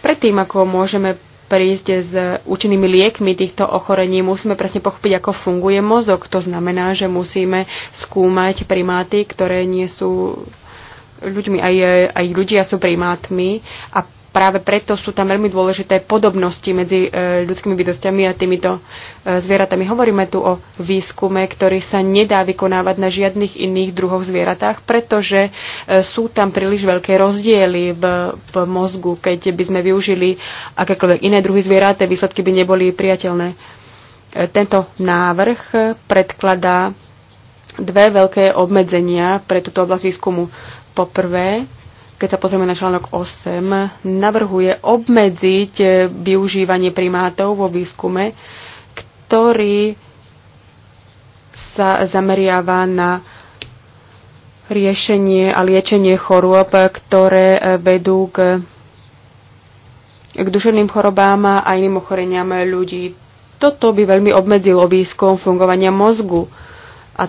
Predtým, ako môžeme prísť s účinnými liekmi týchto ochorení, musíme presne pochopiť, ako funguje mozog. To znamená, že musíme skúmať primáty, ktoré nie sú ľuďmi, aj, aj ľudia sú primátmi a práve preto sú tam veľmi dôležité podobnosti medzi e, ľudskými bytostiami a týmito e, zvieratami. Hovoríme tu o výskume, ktorý sa nedá vykonávať na žiadnych iných druhoch zvieratách, pretože e, sú tam príliš veľké rozdiely v, v mozgu. Keď by sme využili akékoľvek iné druhy zvierat, tie výsledky by neboli priateľné. Tento návrh predkladá dve veľké obmedzenia pre túto oblasť výskumu. Poprvé, keď sa pozrieme na článok 8, navrhuje obmedziť využívanie primátov vo výskume, ktorý sa zameriava na riešenie a liečenie chorôb, ktoré vedú k, k duševným chorobám a iným ochoreniam ľudí. Toto by veľmi obmedzilo výskum fungovania mozgu a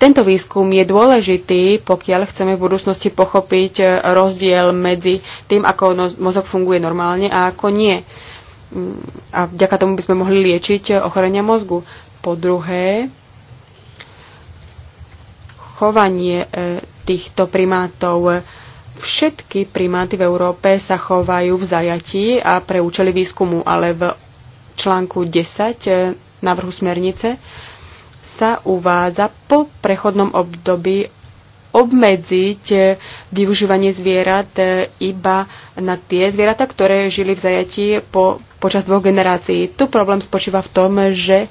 tento výskum je dôležitý, pokiaľ chceme v budúcnosti pochopiť eh, rozdiel medzi tým, ako no, mozog funguje normálne a ako nie. Mm, a vďaka tomu by sme mohli liečiť eh, ochorenia mozgu. Po druhé, chovanie eh, týchto primátov. Všetky primáty v Európe sa chovajú v zajatí a pre účely výskumu, ale v článku 10 návrhu smernice sa uvádza po prechodnom období obmedziť e, využívanie zvierat e, iba na tie zvieratá, ktoré žili v zajatí po, počas dvoch generácií. Tu problém spočíva v tom, že e,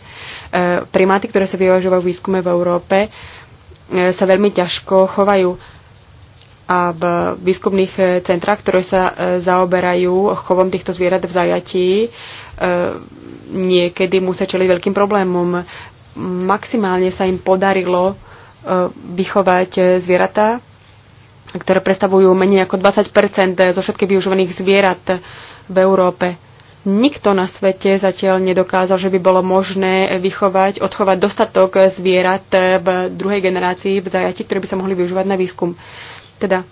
primáty, ktoré sa vyvažujú v výskume v Európe, sa veľmi ťažko chovajú a v výskumných centrách, ktoré sa zaoberajú chovom týchto zvierat v zajatí, niekedy musia čeliť veľkým problémom maximálne sa im podarilo e, vychovať e, zvieratá, ktoré predstavujú menej ako 20 zo všetkých využívaných zvierat v Európe. Nikto na svete zatiaľ nedokázal, že by bolo možné vychovať, odchovať dostatok zvierat v druhej generácii v zajati, ktoré by sa mohli využívať na výskum. Teda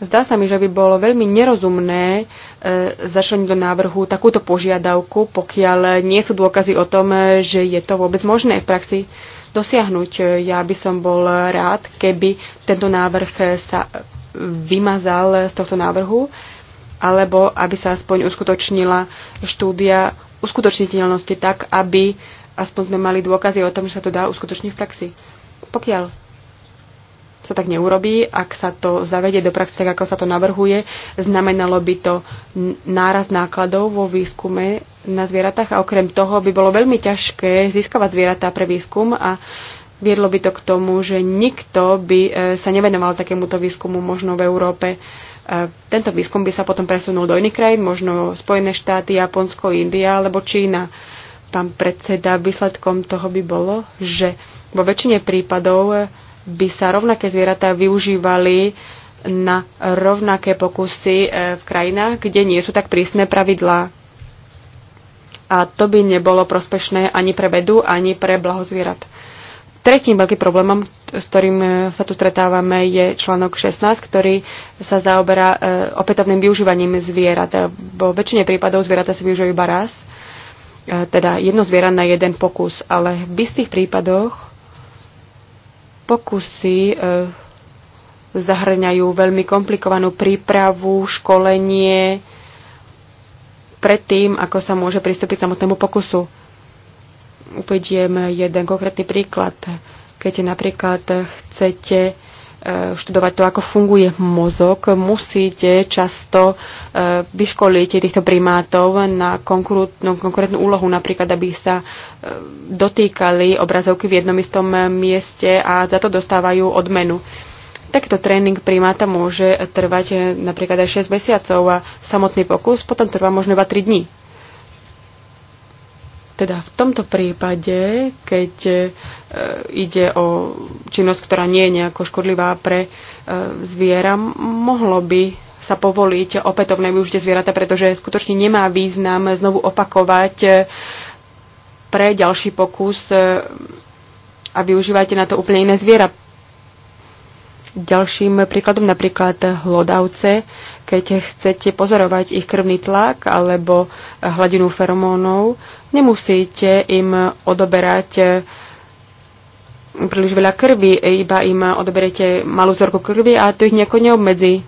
Zdá sa mi, že by bolo veľmi nerozumné e, začleniť do návrhu takúto požiadavku, pokiaľ nie sú dôkazy o tom, e, že je to vôbec možné v praxi dosiahnuť. E, ja by som bol rád, keby tento návrh sa vymazal z tohto návrhu, alebo aby sa aspoň uskutočnila štúdia uskutočniteľnosti tak, aby aspoň sme mali dôkazy o tom, že sa to dá uskutočniť v praxi. Pokiaľ sa tak neurobí. Ak sa to zavedie do praxe, tak ako sa to navrhuje, znamenalo by to náraz nákladov vo výskume na zvieratách a okrem toho by bolo veľmi ťažké získavať zvieratá pre výskum a viedlo by to k tomu, že nikto by e, sa nevenoval takémuto výskumu možno v Európe. E, tento výskum by sa potom presunul do iných krajín, možno Spojené štáty, Japonsko, India alebo Čína. Pán predseda, výsledkom toho by bolo, že vo väčšine prípadov e, by sa rovnaké zvieratá využívali na rovnaké pokusy e, v krajinách, kde nie sú tak prísne pravidlá. A to by nebolo prospešné ani pre vedu, ani pre blaho zvierat. Tretím veľkým problémom, s ktorým e, sa tu stretávame, je článok 16, ktorý sa zaoberá e, opätovným využívaním zvierat. Vo väčšine prípadov zvieratá sa využívajú iba raz, teda jedno zviera na jeden pokus, ale v istých prípadoch pokusy e, zahrňajú veľmi komplikovanú prípravu, školenie tým, ako sa môže pristúpiť samotnému pokusu. Uvediem jeden konkrétny príklad. Keď napríklad chcete Eh, študovať to, ako funguje mozog, musíte často eh, vyškoliť týchto primátov na konkrétnu konkrétnu úlohu, napríklad, aby sa eh, dotýkali obrazovky v jednom istom mieste a za to dostávajú odmenu. Takto tréning primáta môže trvať napríklad aj 6 mesiacov a samotný pokus potom trvá možno iba 3 dní. Teda v tomto prípade, keď e, ide o činnosť, ktorá nie je nejako škodlivá pre e, zviera, mohlo by sa povoliť opätovné využitie zvierata, pretože skutočne nemá význam znovu opakovať e, pre ďalší pokus a využívajte na to úplne iné zviera. Ďalším príkladom napríklad hlodavce, keď chcete pozorovať ich krvný tlak alebo hladinu feromónov, nemusíte im odoberať eh, príliš veľa krvi, iba im odoberiete malú zorku krvi a to ich nejako neobmedzí.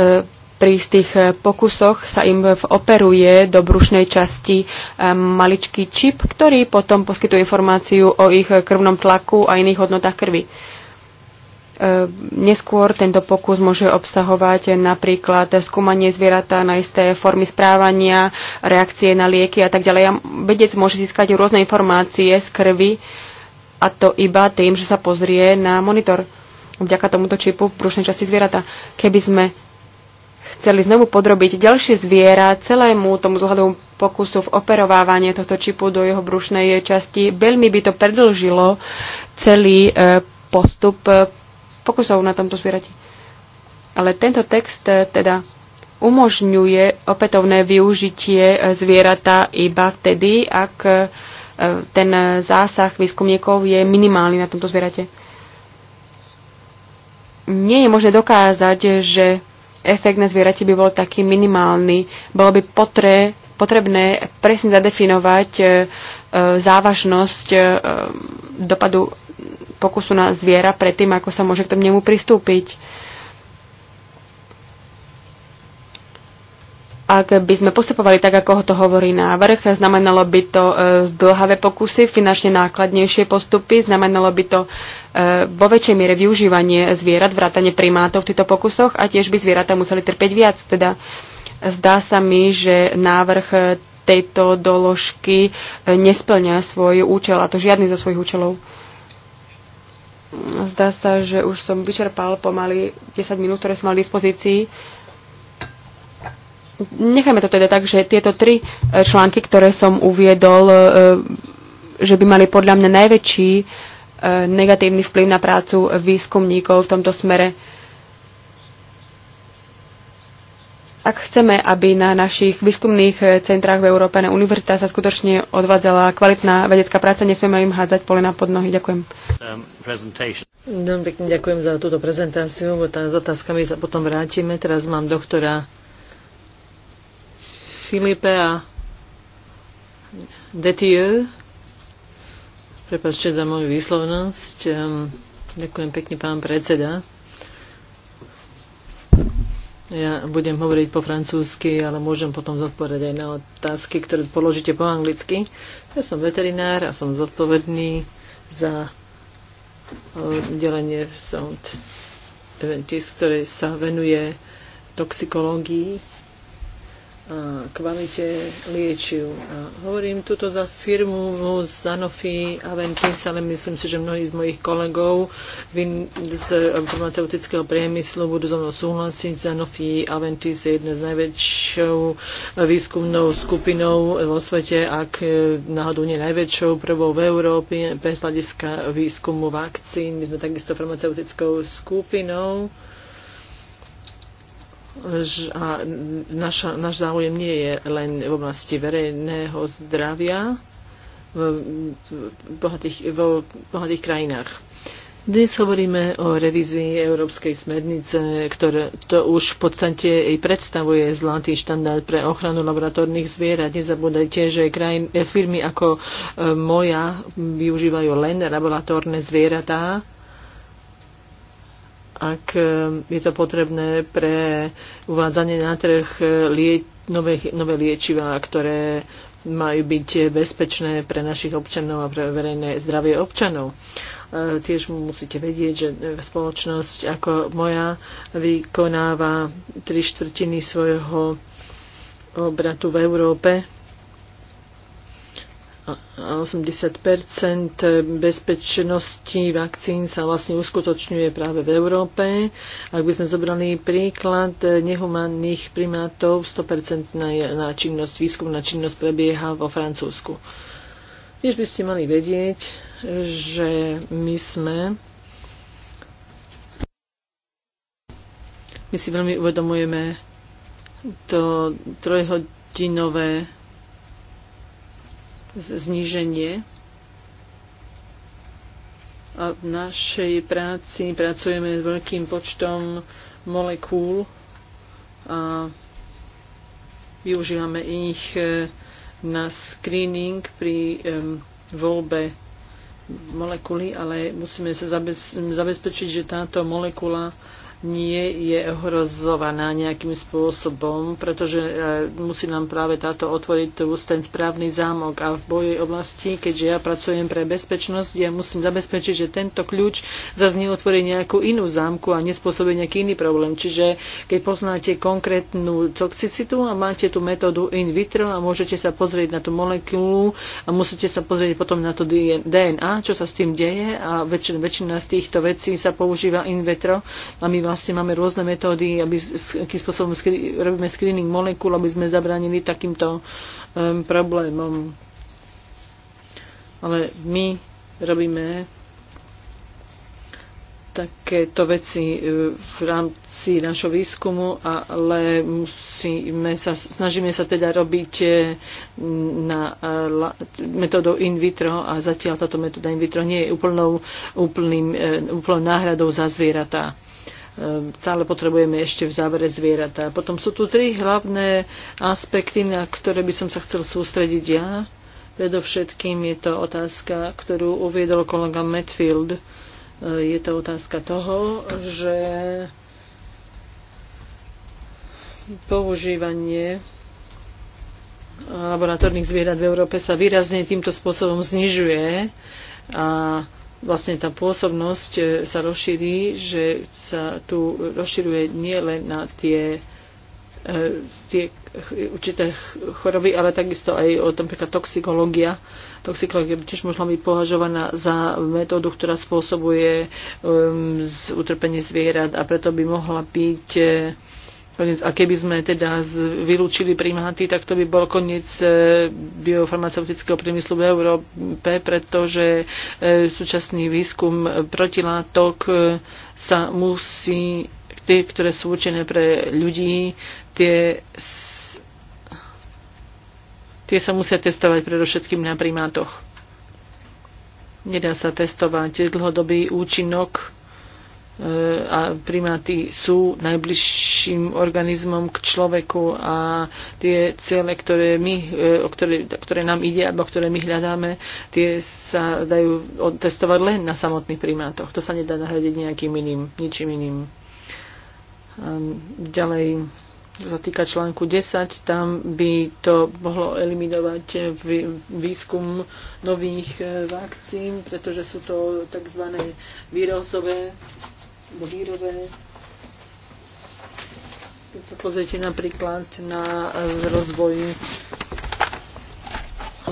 Eh, pri tých pokusoch sa im operuje do brušnej časti eh, maličký čip, ktorý potom poskytuje informáciu o ich krvnom tlaku a iných hodnotách krvi. Ehm, neskôr tento pokus môže obsahovať napríklad skúmanie zvieratá na isté formy správania, reakcie na lieky a tak ďalej. vedec môže získať rôzne informácie z krvi a to iba tým, že sa pozrie na monitor vďaka tomuto čipu v prúšnej časti zvierata. Keby sme chceli znovu podrobiť ďalšie zviera celému tomu zohľadovom pokusu v operovávanie tohto čipu do jeho brušnej časti, veľmi by to predlžilo celý eh, postup eh, pokusov na tomto zvierati. Ale tento text e, teda umožňuje opätovné využitie e, zvierata iba vtedy, ak e, ten zásah výskumníkov je minimálny na tomto zvierate. Nie je možné dokázať, že efekt na zvierate by bol taký minimálny. Bolo by potre, potrebné presne zadefinovať závažnosť dopadu pokusu na zviera predtým, ako sa môže k tomu nemu pristúpiť. Ak by sme postupovali tak, ako ho to hovorí návrh, znamenalo by to e, zdlhavé pokusy, finančne nákladnejšie postupy, znamenalo by to e, vo väčšej miere využívanie zvierat, vrátanie primátov v týchto pokusoch a tiež by zvieratá museli trpieť viac. Teda zdá sa mi, že návrh tejto doložky e, nesplňa svoj účel a to žiadny zo svojich účelov. Zdá sa, že už som vyčerpal pomaly 10 minút, ktoré som mal v dispozícii. Nechajme to teda tak, že tieto tri e, články, ktoré som uviedol, e, že by mali podľa mňa najväčší e, negatívny vplyv na prácu výskumníkov v tomto smere Ak chceme, aby na našich výskumných centrách v Európe na univerzitách sa skutočne odvádzala kvalitná vedecká práca, nesmieme im hádzať polena pod nohy. Ďakujem. Um, Veľmi um, pekne ďakujem za túto prezentáciu, bo tá, s otázkami sa potom vrátime. Teraz mám doktora Filipea Detieu. Prepačte za moju výslovnosť. Um, ďakujem pekne, pán predseda. Ja budem hovoriť po francúzsky, ale môžem potom zodpovedať aj na otázky, ktoré položíte po anglicky. Ja som veterinár a som zodpovedný za oddelenie e, v Sound Adventist, ktoré sa venuje toxikológii a kvalite liečiv. A hovorím tuto za firmu Sanofi Aventis, ale myslím si, že mnohí z mojich kolegov z farmaceutického priemyslu budú so mnou súhlasiť. Sanofi Aventis je jedna z najväčšou výskumnou skupinou vo svete, ak náhodou nie najväčšou, prvou v Európe, bez hľadiska výskumu vakcín. My sme takisto farmaceutickou skupinou a naša, náš záujem nie je len v oblasti verejného zdravia v bohatých, v bohatých krajinách. Dnes hovoríme o revízii Európskej smernice, ktoré to už v podstate i predstavuje zlatý štandard pre ochranu laboratórnych zvierat. Nezabúdajte, že krajín, e, firmy ako e, moja využívajú len laboratórne zvieratá ak eh, je to potrebné pre uvádzanie na trh eh, lie, nové, nové liečiva, ktoré majú byť bezpečné pre našich občanov a pre verejné zdravie občanov. Eh, tiež musíte vedieť, že spoločnosť ako moja vykonáva tri štvrtiny svojho obratu v Európe 80 bezpečnosti vakcín sa vlastne uskutočňuje práve v Európe. Ak by sme zobrali príklad nehumanných primátov, 100 na činnosť, výskumná činnosť prebieha vo Francúzsku. Tiež by ste mali vedieť, že my sme my si veľmi uvedomujeme to trojhodinové zniženie. A v našej práci pracujeme s veľkým počtom molekúl a využívame ich e, na screening pri voľbe molekuly, ale musíme sa zabezpečiť, že táto molekula nie je ohrozovaná nejakým spôsobom, pretože e, musí nám práve táto otvoriť tú, ten správny zámok. A v bojej oblasti, keďže ja pracujem pre bezpečnosť, ja musím zabezpečiť, že tento kľúč zase neotvorí nejakú inú zámku a nespôsobí nejaký iný problém. Čiže keď poznáte konkrétnu toxicitu a máte tú metódu in vitro a môžete sa pozrieť na tú molekulu a musíte sa pozrieť potom na to DNA, čo sa s tým deje a väčšina, väčšina z týchto vecí sa používa in vitro a my vlastne máme rôzne metódy, aby, akým spôsobom skri, robíme screening molekúl, aby sme zabránili takýmto um, problémom. Ale my robíme takéto veci e, v rámci našho výskumu, ale musíme sa, snažíme sa teda robiť e, na e, metodou in vitro a zatiaľ táto metóda in vitro nie je úplnou, úplným, úplnou náhradou za zvieratá stále potrebujeme ešte v závere zvieratá. Potom sú tu tri hlavné aspekty, na ktoré by som sa chcel sústrediť ja. Predovšetkým je to otázka, ktorú uviedol kolega Metfield, e, Je to otázka toho, že používanie laboratórnych zvierat v Európe sa výrazne týmto spôsobom znižuje a vlastne tá pôsobnosť e, sa rozšíri, že sa tu rozširuje nie len na tie, e, tie určité choroby, ale takisto aj o príklad toxikológia. Toxikológia by tiež mohla byť považovaná za metódu, ktorá spôsobuje um, utrpenie zvierat a preto by mohla byť um, a keby sme teda vylúčili primáty, tak to by bol koniec e, biofarmaceutického priemyslu v Európe, pretože e, súčasný výskum protilátok e, sa musí, tie, ktoré sú určené pre ľudí, tie, tie sa musia testovať predovšetkým na primátoch. Nedá sa testovať dlhodobý účinok E, a primáty sú najbližším organizmom k človeku a tie ciele, ktoré, my, e, o ktoré, ktoré nám ide alebo ktoré my hľadáme, tie sa dajú testovať len na samotných primátoch. To sa nedá nahradiť nejakým iným, ničím iným. Ehm, ďalej sa týka článku 10, tam by to mohlo eliminovať výskum nových e, vakcín, pretože sú to tzv. vírusové vo výrobe. Keď sa pozriete napríklad na e, rozvoj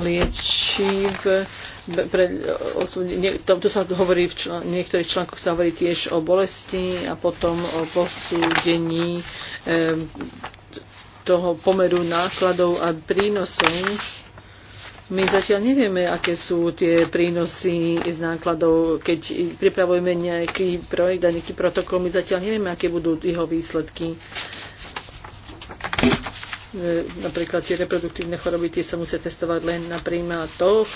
liečiv, pre, e, to, to sa hovorí v, čl- v niektorých článkoch sa hovorí tiež o bolesti a potom o posúdení e, toho pomeru nákladov a prínosov my zatiaľ nevieme, aké sú tie prínosy z nákladov, keď pripravujeme nejaký projekt a nejaký protokol, my zatiaľ nevieme, aké budú jeho výsledky. E, napríklad tie reproduktívne choroby, tie sa musia testovať len na primátoch,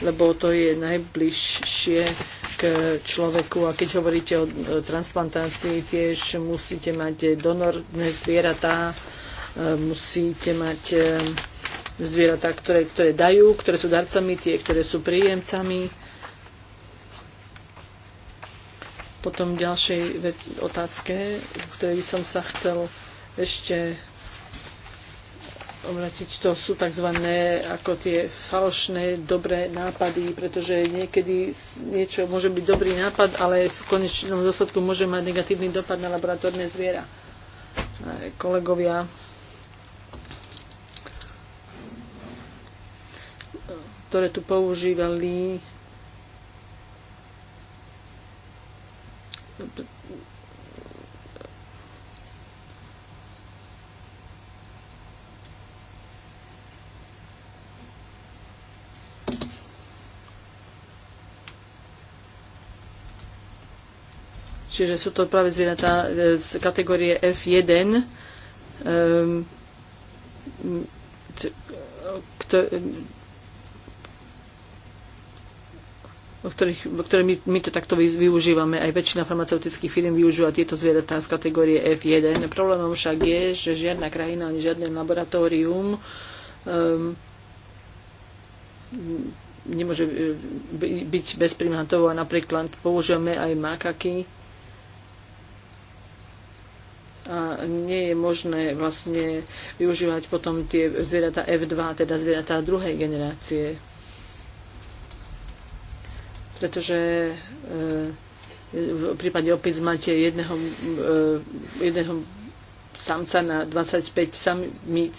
lebo to je najbližšie k človeku. A keď hovoríte o transplantácii, tiež musíte mať donorné zvieratá, e, musíte mať e, zvieratá, ktoré, ktoré dajú, ktoré sú darcami, tie, ktoré sú príjemcami. Potom ďalšej otázke, ktorej by som sa chcel ešte obratiť, to sú tzv. ako tie falošné dobré nápady, pretože niekedy niečo môže byť dobrý nápad, ale v konečnom dôsledku môže mať negatívny dopad na laboratórne zviera. Kolegovia, ktoré tu používali Čiže sú to práve zvieratá e, z kategórie F1, um, ktorých, ktoré my, my to takto využívame. Aj väčšina farmaceutických firm využíva tieto zvieratá z kategórie F1. Problémom však je, že žiadna krajina ani žiadne laboratórium um, nemôže e, byť bez primátov a napríklad používame aj makaky a nie je možné vlastne využívať potom tie zvieratá F2, teda zvieratá druhej generácie pretože e, v prípade opic máte jedného, e, jedného samca na 25 samíc.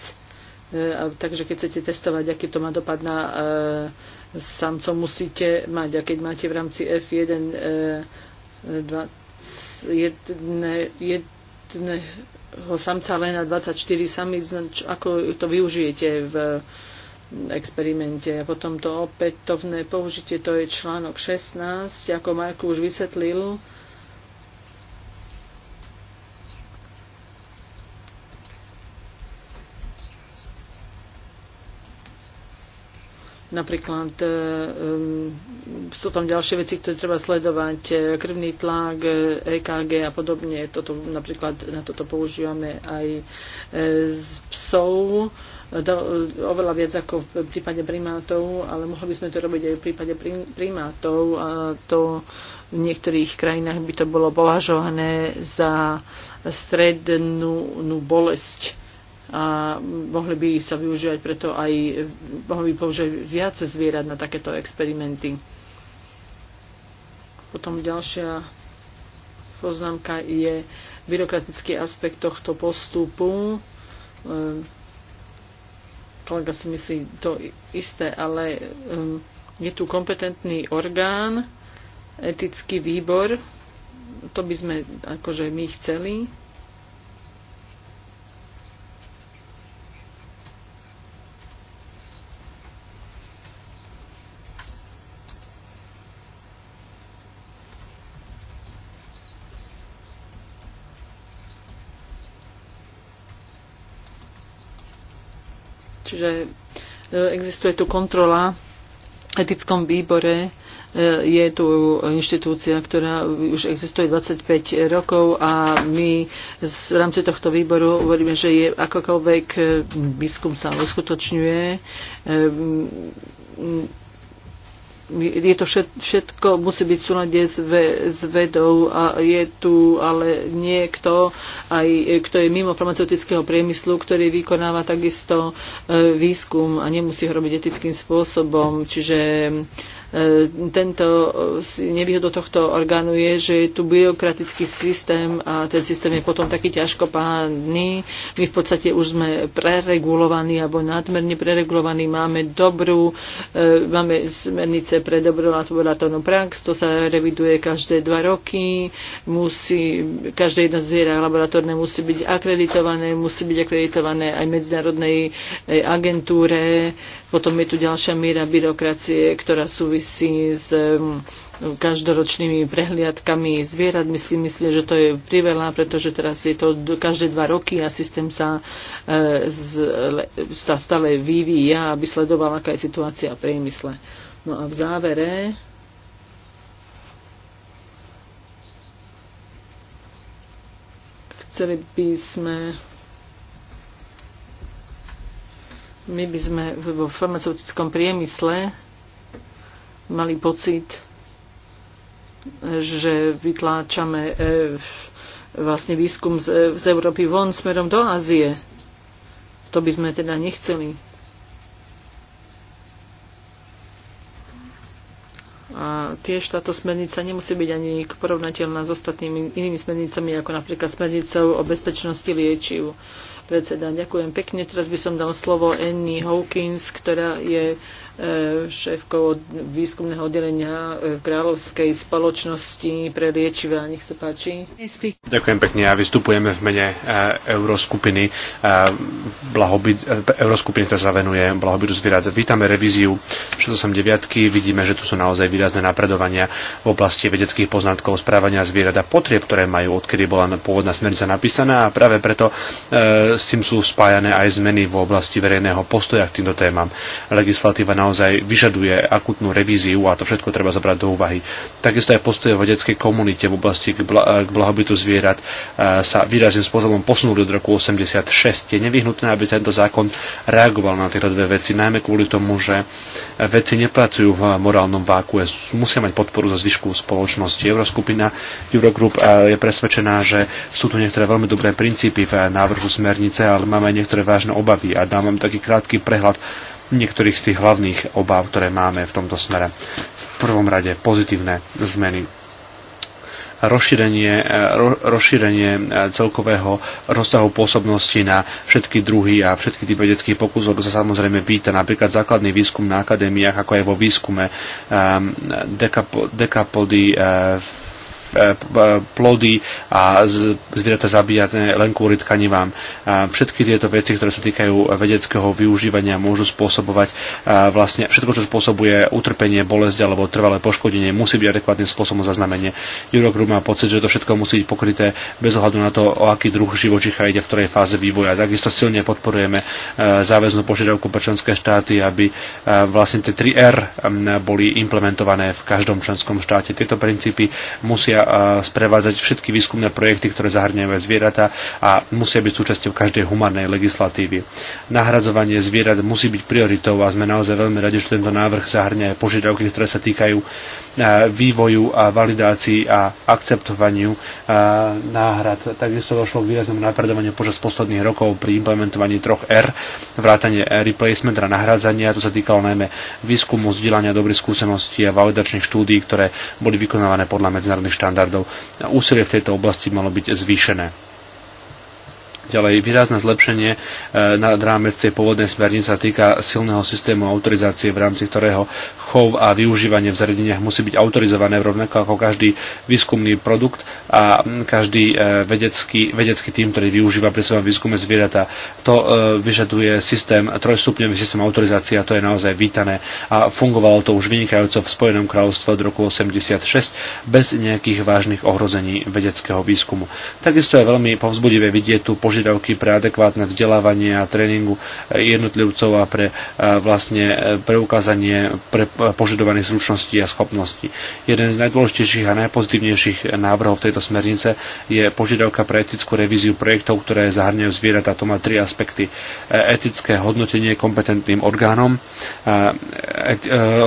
E, takže keď chcete testovať, aký to má dopad na samcov, musíte mať. A keď máte v rámci F1 jedne, jedného samca len na 24 samíc, no ako to využijete v experimente. A potom to opätovné použitie, to je článok 16, ako Marko už vysvetlil, Napríklad um, sú tam ďalšie veci, ktoré treba sledovať, e, krvný tlak, EKG a podobne. Toto, napríklad na toto používame aj z psov do, oveľa viac ako v prípade primátov, ale mohli by sme to robiť aj v prípade primátov a to v niektorých krajinách by to bolo považované za strednú bolesť a mohli by sa využívať preto aj, mohli by použiť viac zvierat na takéto experimenty. Potom ďalšia poznámka je byrokratický aspekt tohto postupu. Ehm, kolega si myslí to isté, ale ehm, je tu kompetentný orgán, etický výbor, to by sme akože my chceli, že e, existuje tu kontrola v etickom výbore e, je tu inštitúcia, ktorá už existuje 25 rokov a my v rámci tohto výboru hovoríme, že je akokoľvek e, výskum sa uskutočňuje je to všetko, musí byť súlade s, ve, s vedou a je tu ale niekto, aj, kto je mimo farmaceutického priemyslu, ktorý vykonáva takisto e, výskum a nemusí ho robiť etickým spôsobom. Čiže E, tento e, nevýhodou tohto orgánu je, že je tu byrokratický systém a ten systém je potom taký ťažko pánny. My v podstate už sme preregulovaní alebo nadmerne preregulovaní. Máme dobrú, e, máme smernice pre dobrovoľatvorátonu prax, to sa reviduje každé dva roky, musí, každé jedno zviera laboratórne musí byť akreditované, musí byť akreditované aj medzinárodnej agentúre, potom je tu ďalšia miera byrokracie, ktorá súvisí súvisí s každoročnými prehliadkami zvierat. Myslím, myslím, že to je priveľa, pretože teraz je to každé dva roky a systém sa, e, z, sa stále vyvíja, aby sledoval, aká je situácia v priemysle. No a v závere chceli by sme my by sme vo farmaceutickom priemysle mali pocit, že vytláčame e, vlastne výskum z, e, z Európy von smerom do Ázie. To by sme teda nechceli. A tiež táto smernica nemusí byť ani porovnateľná s ostatnými inými smernicami, ako napríklad smernicou o bezpečnosti liečiv. Predseda, ďakujem pekne. Teraz by som dal slovo Annie Hawkins, ktorá je E, šéfkou výskumného oddelenia e, Kráľovskej spoločnosti pre liečivá. Nech sa páči. Ďakujem pekne. Ja vystupujeme v mene e, Euroskupiny, blahobyt, Euroskupiny, ktorá sa venuje blahobytu zvierat. Vítame revíziu 689. Vidíme, že tu sú naozaj výrazné napredovania v oblasti vedeckých poznatkov správania zvierat a potrieb, ktoré majú, odkedy bola pôvodná smernica napísaná a práve preto e, s tým sú spájané aj zmeny v oblasti verejného postoja k týmto témam. Legislatíva naozaj vyžaduje akutnú revíziu a to všetko treba zobrať do úvahy. Takisto aj postoje v vedeckej komunite v oblasti k, k blahobytu zvierat e, sa výrazným spôsobom posunuli od roku 86. Je nevyhnutné, aby tento zákon reagoval na tieto dve veci, najmä kvôli tomu, že veci nepracujú v morálnom váku, musia mať podporu za zvyšku spoločnosti. Euroskupina Eurogroup e, je presvedčená, že sú tu niektoré veľmi dobré princípy v návrhu smernice, ale máme aj niektoré vážne obavy a dám vám taký krátky prehľad niektorých z tých hlavných obáv, ktoré máme v tomto smere. V prvom rade pozitívne zmeny rozšírenie, e, ro, rozšírenie e, celkového rozsahu pôsobnosti na všetky druhy a všetky typy detských pokusov sa samozrejme pýta napríklad základný výskum na akadémiách, ako aj vo výskume um, dekapody uh, E, e, plody a zvieratá zabíjať len kvôli tkanivám. E, všetky tieto veci, ktoré sa týkajú vedeckého využívania, môžu spôsobovať vlastne všetko, čo spôsobuje utrpenie, bolesť alebo trvalé poškodenie, musí byť adekvátnym spôsobom zaznamenie. Eurogroup má pocit, že to všetko musí byť pokryté bez ohľadu na to, o aký druh živočicha ide v ktorej fáze vývoja. Takisto silne podporujeme záväznú požiadavku pre členské štáty, aby vlastne tie 3R boli implementované v každom členskom štáte. Tieto princípy musia sprevádzať všetky výskumné projekty, ktoré zahrňajú aj zvieratá a musia byť súčasťou každej humannej legislatívy. Nahradzovanie zvierat musí byť prioritou a sme naozaj veľmi radi, že tento návrh zahrňa aj požiadavky, ktoré sa týkajú vývoju a validácii a akceptovaniu náhrad. Takisto došlo k výraznému napredovaniu počas posledných rokov pri implementovaní troch R, vrátanie replacement a nahradzania, to sa týkalo najmä výskumu, vzdelania dobrých skúseností a validačných štúdí, ktoré boli vykonávané podľa medzinárodných štandardov štandardov. Úsilie v tejto oblasti malo byť zvýšené. Ďalej, výrazné zlepšenie e, nad rámec tej pôvodnej smernice sa týka silného systému autorizácie, v rámci ktorého chov a využívanie v zariadeniach musí byť autorizované rovnako ako každý výskumný produkt a každý e, vedecký, vedecký tým, ktorý využíva pri svojom výskume zvieratá. To e, vyžaduje systém, trojstupňový systém autorizácie a to je naozaj vítané a fungovalo to už vynikajúco v Spojenom kráľovstve od roku 86 bez nejakých vážnych ohrození vedeckého výskumu. Takisto je veľmi povzbudivé vidieť tú požiadavky pre adekvátne vzdelávanie a tréningu jednotlivcov a pre vlastne e, preukázanie pre e, požadovaných zručností a schopností. Jeden z najdôležitejších a najpozitívnejších návrhov tejto smernice je požiadavka pre etickú revíziu projektov, ktoré zahrňajú zvieratá. To má tri aspekty. E, etické hodnotenie kompetentným orgánom,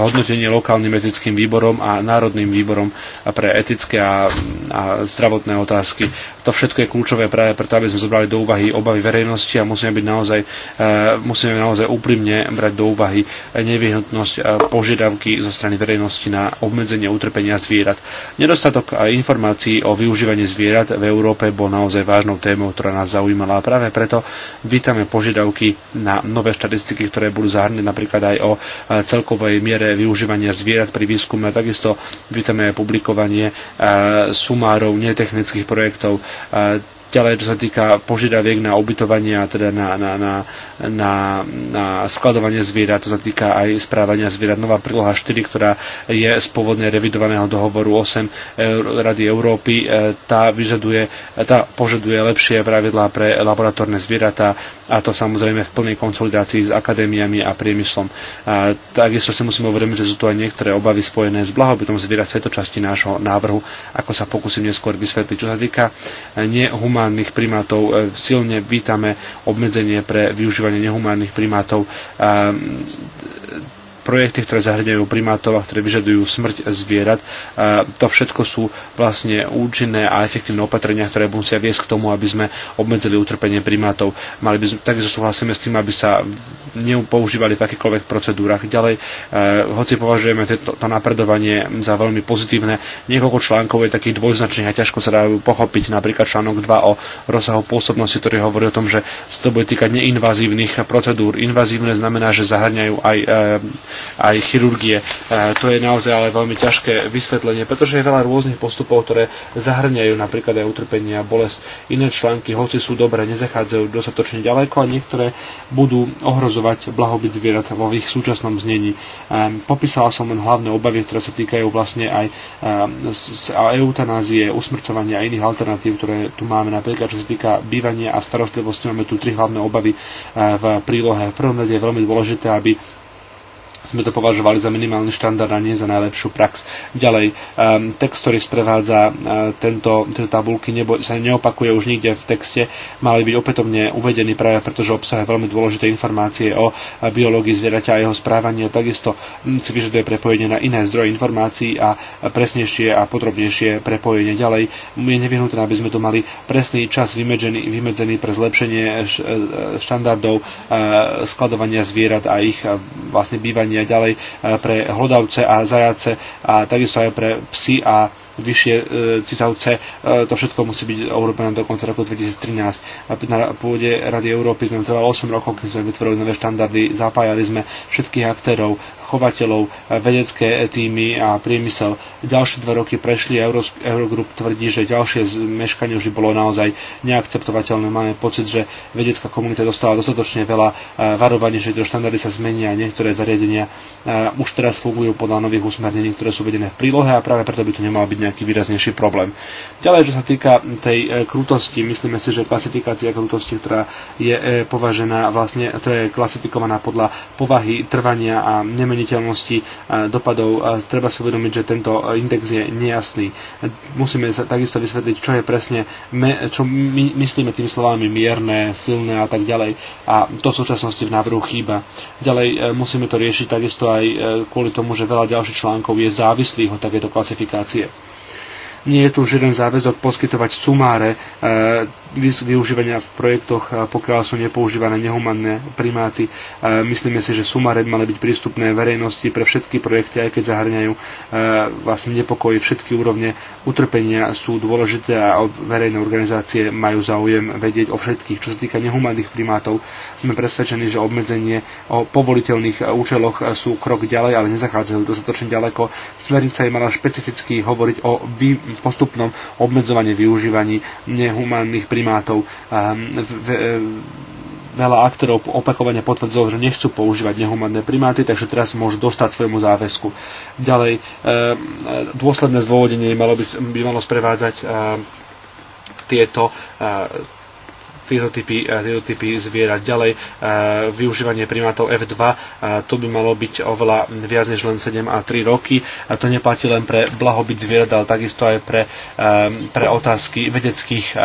hodnotenie lokálnym etickým výborom a národným výborom pre etické a, a zdravotné otázky. To všetko je kľúčové práve preto, aby sme zobrali do do úvahy obavy verejnosti a musíme byť naozaj, eh, musíme naozaj úprimne brať do úvahy nevyhnutnosť eh, požiadavky zo strany verejnosti na obmedzenie utrpenia zvierat. Nedostatok eh, informácií o využívaní zvierat v Európe bol naozaj vážnou témou, ktorá nás zaujímala a práve preto vítame požiadavky na nové štatistiky, ktoré budú zahrnúť napríklad aj o celkovej miere využívania zvierat pri výskume a takisto vítame aj publikovanie sumárov netechnických projektov Ďalej, čo sa týka požiadaviek na ubytovanie a teda na, na, na, na, na skladovanie zvierat, to sa týka aj správania zvierat. Nová príloha 4, ktorá je z pôvodne revidovaného dohovoru 8 e, Rady Európy, e, tá, vyžaduje, tá požaduje lepšie pravidlá pre laboratórne zvieratá a to samozrejme v plnej konsolidácii s akadémiami a priemyslom. A, takisto si musíme uvedomiť, že sú tu aj niektoré obavy spojené s blahobytom zvierat v tejto časti nášho návrhu, ako sa pokúsim neskôr vysvetliť. Čo sa týka nehumánnych humánnych primátov. E, silne vítame obmedzenie pre využívanie nehumánnych primátov e, projekty, ktoré zahrňajú primátov a ktoré vyžadujú smrť zvierat. To všetko sú vlastne účinné a efektívne opatrenia, ktoré musia viesť k tomu, aby sme obmedzili utrpenie primátov. Mali by sme, takisto súhlasíme s tým, aby sa neupoužívali v akýchkoľvek procedúrach. Ďalej, e, hoci považujeme tieto to napredovanie za veľmi pozitívne, niekoľko článkov je takých dvojznačných a ťažko sa dajú pochopiť. Napríklad článok 2 o rozsahu pôsobnosti, ktorý hovorí o tom, že sa to bude týkať neinvazívnych procedúr. Invazívne znamená, že zahrňajú aj e, aj chirurgie. To je naozaj ale veľmi ťažké vysvetlenie, pretože je veľa rôznych postupov, ktoré zahrňajú napríklad aj utrpenie a bolesť. Iné články, hoci sú dobré, nezachádzajú dostatočne ďaleko a niektoré budú ohrozovať blahobyt zvierat vo ich súčasnom znení. Popísala som len hlavné obavy, ktoré sa týkajú vlastne aj eutanázie, usmrcovania a iných alternatív, ktoré tu máme napríklad, čo sa týka bývania a starostlivosti. Máme tu tri hlavné obavy v prílohe. V prvom rade je veľmi dôležité, aby sme to považovali za minimálny štandard a nie za najlepšiu prax. Ďalej, ehm, text, ktorý sprevádza e, tento, tieto tabulky, nebo, sa neopakuje už nikde v texte, mali byť opätovne uvedený práve pretože obsahuje veľmi dôležité informácie o e, biológii zvieraťa a jeho správanie. Takisto hm, si vyžaduje prepojenie na iné zdroje informácií a e, presnejšie a podrobnejšie prepojenie ďalej. Je nevyhnutné, aby sme tu mali presný čas vymedzený, vymedzený pre zlepšenie štandardov skladovania zvierat a ich vlastne bývanie potravín ďalej e, pre hlodavce a zajace a takisto aj pre psy a vyššie e, cicavce. E, to všetko musí byť urobené do konca roku 2013. Na pôde Rady Európy sme trvalo 8 rokov, keď sme vytvorili nové štandardy, zapájali sme všetkých aktérov, chovateľov, eh, vedecké eh, týmy a priemysel. Ďalšie dva roky prešli a Eurogroup tvrdí, že ďalšie meškanie už bolo naozaj neakceptovateľné. Máme pocit, že vedecká komunita dostala dostatočne veľa eh, varovaní, že do štandardy sa zmenia a niektoré zariadenia už teraz fungujú podľa nových usmernení, ktoré sú vedené v prílohe a práve preto by to nemal byť nejaký výraznejší problém. Ďalej, čo sa týka tej krutosti, myslíme si, že klasifikácia krutosti, ktorá je považená vlastne, ktorá je klasifikovaná podľa povahy trvania a nemení zmeniteľnosti e, dopadov. Treba si uvedomiť, že tento index je nejasný. Musíme sa takisto vysvetliť, čo je presne, čo my myslíme tými slovami mierne, silné a tak ďalej. A to v súčasnosti v návrhu chýba. Ďalej e, musíme to riešiť takisto aj e, kvôli tomu, že veľa ďalších článkov je závislých od takéto klasifikácie nie je tu už jeden záväzok poskytovať sumáre e, využívania v projektoch, pokiaľ sú nepoužívané nehumanné primáty. Myslíme si, že sumaret mali byť prístupné verejnosti pre všetky projekty, aj keď zahrňajú e, vlastne nepokoje. Všetky úrovne utrpenia sú dôležité a verejné organizácie majú záujem vedieť o všetkých. Čo sa týka nehumánnych primátov, sme presvedčení, že obmedzenie o povoliteľných e, účeloch sú krok ďalej, ale nezachádzajú dostatočne ďaleko. Smernica je mala špecificky hovoriť o postupnom obmedzovaní využívaní nehumánnych primátov primátov. E, veľa aktorov opakovane potvrdzilo, že nechcú používať nehumanné primáty, takže teraz môžu dostať svojmu záväzku. Ďalej, e, e, dôsledné zdôvodenie by malo, by, by malo sprevádzať tieto tieto typy, e, tieto typy zvierat. Ďalej e, využívanie primátov F2, e, to by malo byť oveľa viac než len 7 a 3 roky. A to neplatí len pre blahobyt zvierat, ale takisto aj pre, pre otázky vedeckých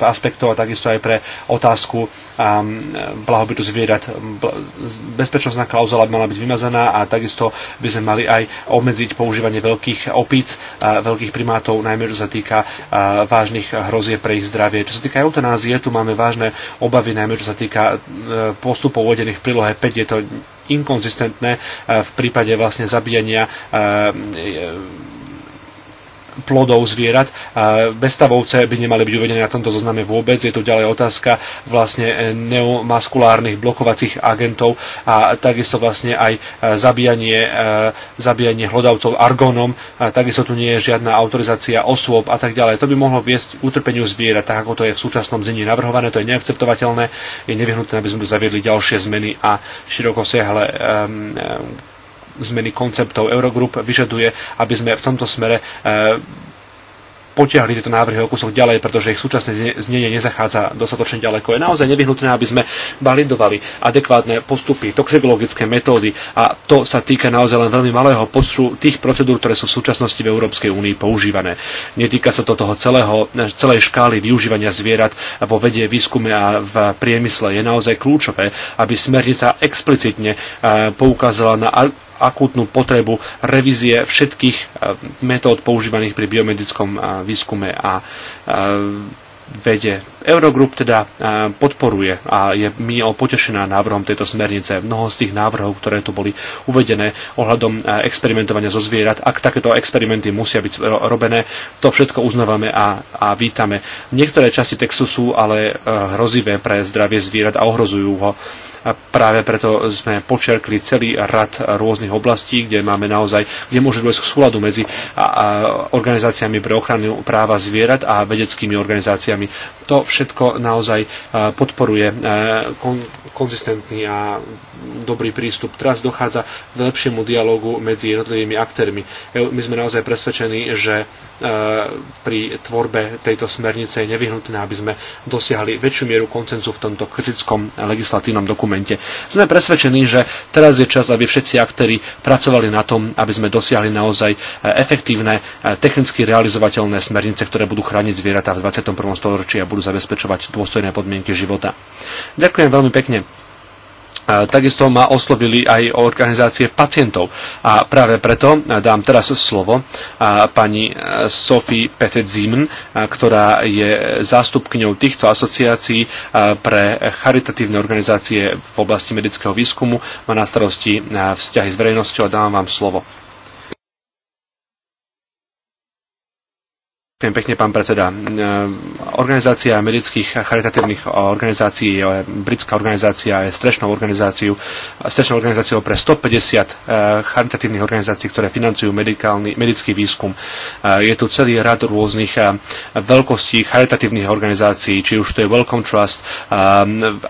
aspektov a takisto aj pre otázku blahobytu zvierat. Bezpečnostná klauzula by mala byť vymazaná a takisto by sme mali aj obmedziť používanie veľkých opíc, veľkých primátov, najmä čo sa týka vážnych hrozieb pre ich zdravie. Čo sa týka eutanázie, tu mám veľmi vážne obavy, najmä čo sa týka e, postupov uvedených v prílohe 5. Je to inkonzistentné e, v prípade vlastne zabíjania e, plodov zvierat. Bestavovce by nemali byť uvedené na tomto zozname vôbec. Je tu ďalej otázka vlastne eh, neomaskulárnych blokovacích agentov a takisto vlastne aj eh, zabíjanie, eh, zabíjanie hlodavcov argonom. A takisto tu nie je žiadna autorizácia osôb a tak ďalej. To by mohlo viesť k utrpeniu zvierat, tak ako to je v súčasnom znení navrhované. To je neakceptovateľné. Je nevyhnutné, aby sme tu zaviedli ďalšie zmeny a širokosiahle um, zmeny konceptov. Eurogroup vyžaduje, aby sme v tomto smere eh, potiahli tieto návrhy o kúsok ďalej, pretože ich súčasné znenie nezachádza dostatočne ďaleko. Je naozaj nevyhnutné, aby sme validovali adekvátne postupy, toxikologické metódy a to sa týka naozaj len veľmi malého počtu tých procedúr, ktoré sú v súčasnosti v Európskej únii používané. Netýka sa to toho celého, celej škály využívania zvierat vo vede, výskume a v priemysle. Je naozaj kľúčové, aby smernica explicitne eh, poukázala na akútnu potrebu revízie všetkých eh, metód používaných pri biomedickom eh, výskume a eh, vede. Eurogroup teda podporuje a je mi potešená návrhom tejto smernice. Mnoho z tých návrhov, ktoré tu boli uvedené ohľadom experimentovania zo zvierat, ak takéto experimenty musia byť robené, to všetko uznávame a, a vítame. Niektoré časti textu sú ale hrozivé pre zdravie zvierat a ohrozujú ho a práve preto sme počerkli celý rad rôznych oblastí, kde máme naozaj, kde môže dôjsť k súladu medzi organizáciami pre ochranu práva zvierat a vedeckými organizáciami. To všetko naozaj podporuje kon, konzistentný a dobrý prístup. Teraz dochádza k lepšiemu dialogu medzi jednotlivými aktérmi. E, my sme naozaj presvedčení, že e, pri tvorbe tejto smernice je nevyhnutné, aby sme dosiahli väčšiu mieru koncenzu v tomto kritickom legislatívnom dokumente parlamente. Sme presvedčení, že teraz je čas, aby všetci aktéri pracovali na tom, aby sme dosiahli naozaj e, efektívne, e, technicky realizovateľné smernice, ktoré budú chrániť zvieratá v 21. storočí a budú zabezpečovať dôstojné podmienky života. Ďakujem veľmi pekne Takisto ma oslovili aj organizácie pacientov. A práve preto dám teraz slovo pani e, Sophie Petet-Zimn, ktorá je zástupkňou týchto asociácií pre charitatívne organizácie v oblasti medického výskumu. Má na starosti vzťahy s verejnosťou a dám vám slovo. Ďakujem pekne, pán predseda. Ehm, organizácia amerických charitatívnych organizácií, eh, britská organizácia je strešnou organizáciou, eh, strešnou organizáciou pre 150 eh, charitatívnych organizácií, ktoré financujú medikálny, medický výskum. Je tu celý rad rôznych veľkostí charitatívnych organizácií, či už to je Welcome Trust,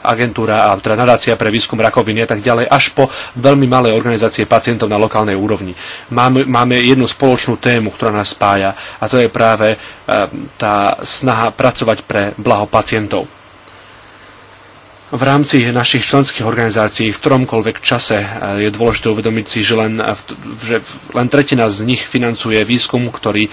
agentúra, teda nadácia pre výskum rakoviny a tak ďalej, až po veľmi malé organizácie pacientov na lokálnej úrovni. Máme, máme jednu spoločnú tému, ktorá nás spája a to je práve Eh, tá snaha pracovať pre blaho pacientov. V rámci našich členských organizácií v ktoromkoľvek čase eh, je dôležité uvedomiť si, že len, že len tretina z nich financuje výskum, ktorý eh,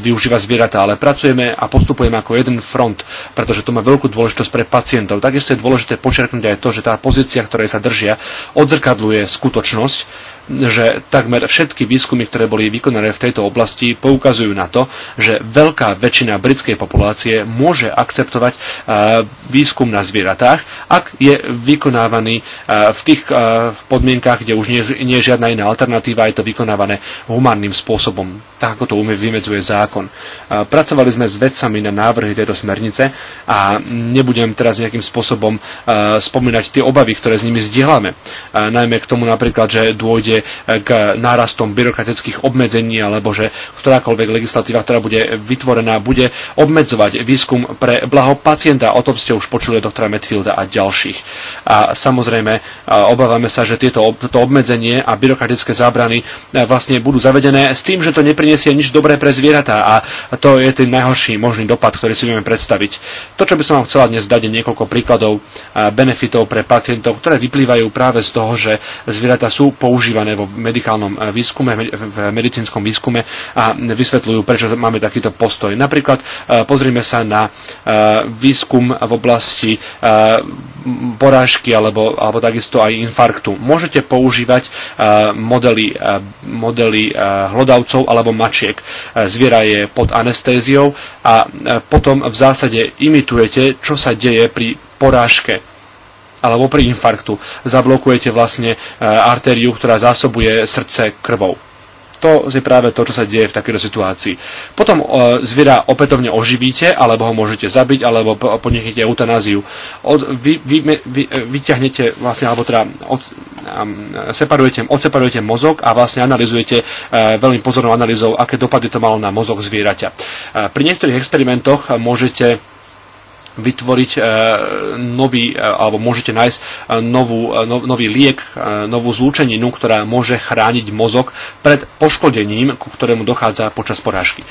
využíva zvieratá, ale pracujeme a postupujeme ako jeden front, pretože to má veľkú dôležitosť pre pacientov. Takisto je dôležité počerknúť aj to, že tá pozícia, ktorej sa držia, odzrkadluje skutočnosť, že takmer všetky výskumy, ktoré boli vykonané v tejto oblasti, poukazujú na to, že veľká väčšina britskej populácie môže akceptovať eh, výskum na zvieratách, ak je vykonávaný eh, v tých eh, podmienkach, kde už nie, nie je žiadna iná alternatíva, je to vykonávané humánnym spôsobom, tak ako to vymedzuje zákon. Pracovali sme s vedcami na návrhy tejto smernice a nebudem teraz nejakým spôsobom spomínať tie obavy, ktoré s nimi zdieľame. Najmä k tomu napríklad, že dôjde dôjde eh, k nárastom byrokratických obmedzení alebo že ktorákoľvek legislatíva, ktorá bude vytvorená, bude obmedzovať výskum pre blaho pacienta. O tom ste už počuli doktora Medfielda a ďalších. A samozrejme, eh, obávame sa, že tieto, to obmedzenie a byrokratické zábrany eh, vlastne budú zavedené s tým, že to neprinesie nič dobré pre zvieratá a to je ten najhorší možný dopad, ktorý si vieme predstaviť. To, čo by som vám chcela dnes dať, je niekoľko príkladov benefitov pre pacientov, ktoré vyplývajú práve z toho, že zvieratá sú používané používané vo medikálnom eh, výskume, v medicínskom výskume a vysvetľujú, prečo máme takýto postoj. Napríklad eh, pozrime sa na eh, výskum v oblasti porážky alebo, alebo takisto aj infarktu. Môžete používať modely, modely hlodavcov alebo mačiek. Zviera je pod anestéziou a potom v zásade imitujete, čo sa deje pri porážke alebo pri infarktu zablokujete vlastne e, artériu, ktorá zásobuje srdce krvou. To je práve to, čo sa deje v takejto situácii. Potom e, zviera opätovne oživíte, alebo ho môžete zabiť, alebo podniknete eutanáziu. Od, vy, vy, vy, e, vyťahnete vlastne, alebo teda od, separujete, odseparujete mozog a vlastne analizujete veľmi pozornou analýzou, aké dopady to malo na mozog zvieraťa. Pri niektorých experimentoch môžete vytvoriť e, nový, e, alebo môžete nájsť e, novú, nov, nový liek, novú zlúčeninu, ktorá môže chrániť mozog pred poškodením, ku ktorému dochádza počas porážky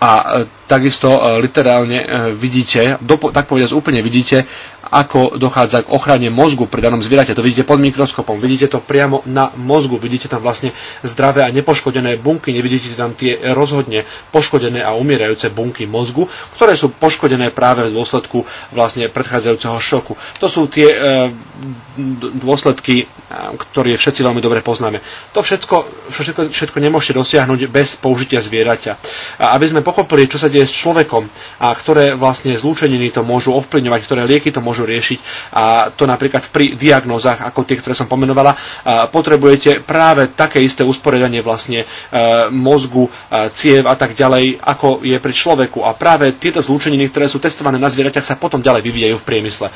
a e, takisto e, literálne e, vidíte, tak povediať úplne vidíte, ako dochádza k ochrane mozgu pri danom zvierate. To vidíte pod mikroskopom, vidíte to priamo na mozgu, vidíte tam vlastne zdravé a nepoškodené bunky, nevidíte tam tie rozhodne poškodené a umierajúce bunky mozgu, ktoré sú poškodené práve v dôsledku vlastne predchádzajúceho šoku. To sú tie e, dôsledky, ktoré všetci veľmi dobre poznáme. To všetko, všetko, všetko nemôžete dosiahnuť bez použitia zvieraťa. A aby sme pochopili, čo sa deje s človekom a ktoré vlastne zlúčeniny to môžu ovplyvňovať, ktoré lieky to môžu riešiť a to napríklad pri diagnózach, ako tie, ktoré som pomenovala, potrebujete práve také isté usporiadanie vlastne e, mozgu, e, ciev a tak ďalej, ako je pri človeku. A práve tieto zlúčeniny, ktoré sú testované na zvieratách, sa potom ďalej vyvíjajú v priemysle. E,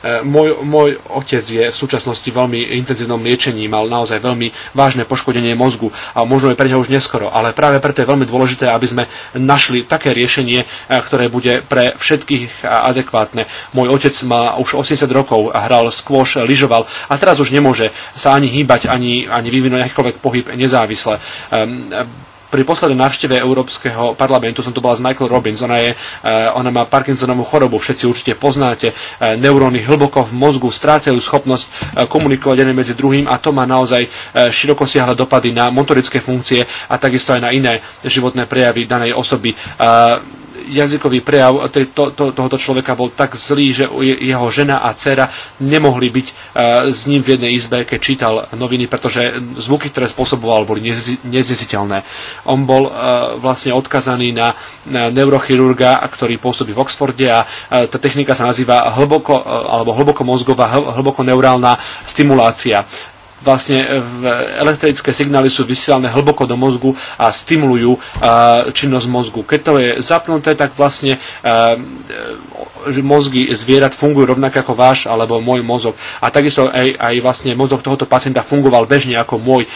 E, môj, môj otec je v súčasnosti veľmi intenzívnom liečení, mal naozaj veľmi vážne poškodenie mozgu a možno je pre neho už neskoro, ale práve preto je veľmi dôležité, aby sme našli také riešenie, e, ktoré bude pre všetkých adekvátne. Môj otec má už 80 rokov, a hral skôš, lyžoval a teraz už nemôže sa ani hýbať, ani, ani vyvinúť akýkoľvek pohyb nezávisle. Ehm, pri poslednej návšteve Európskeho parlamentu som tu bola s Michael Robbins. Ona, je, eh, ona má Parkinsonovú chorobu, všetci určite poznáte. Eh, neuróny hlboko v mozgu strácajú schopnosť eh, komunikovať jeden medzi druhým a to má naozaj široko siahle dopady na motorické funkcie a takisto aj na iné životné prejavy danej osoby jazykový prejav tohoto človeka bol tak zlý, že jeho žena a dcera nemohli byť e, s ním v jednej izbe, keď čítal noviny, pretože zvuky, ktoré spôsoboval, boli neznesiteľné. On bol e, vlastne odkazaný na neurochirurga, ktorý pôsobí v Oxforde a e, tá technika sa nazýva hlboko, alebo hlboko mozgová, hlboko neurálna stimulácia vlastne elektrické signály sú vysielané hlboko do mozgu a stimulujú činnosť mozgu. Keď to je zapnuté, tak vlastne e, e, mozgy zvierat fungujú rovnako ako váš alebo môj mozog. A takisto aj, aj vlastne mozog tohoto pacienta fungoval bežne ako môj e,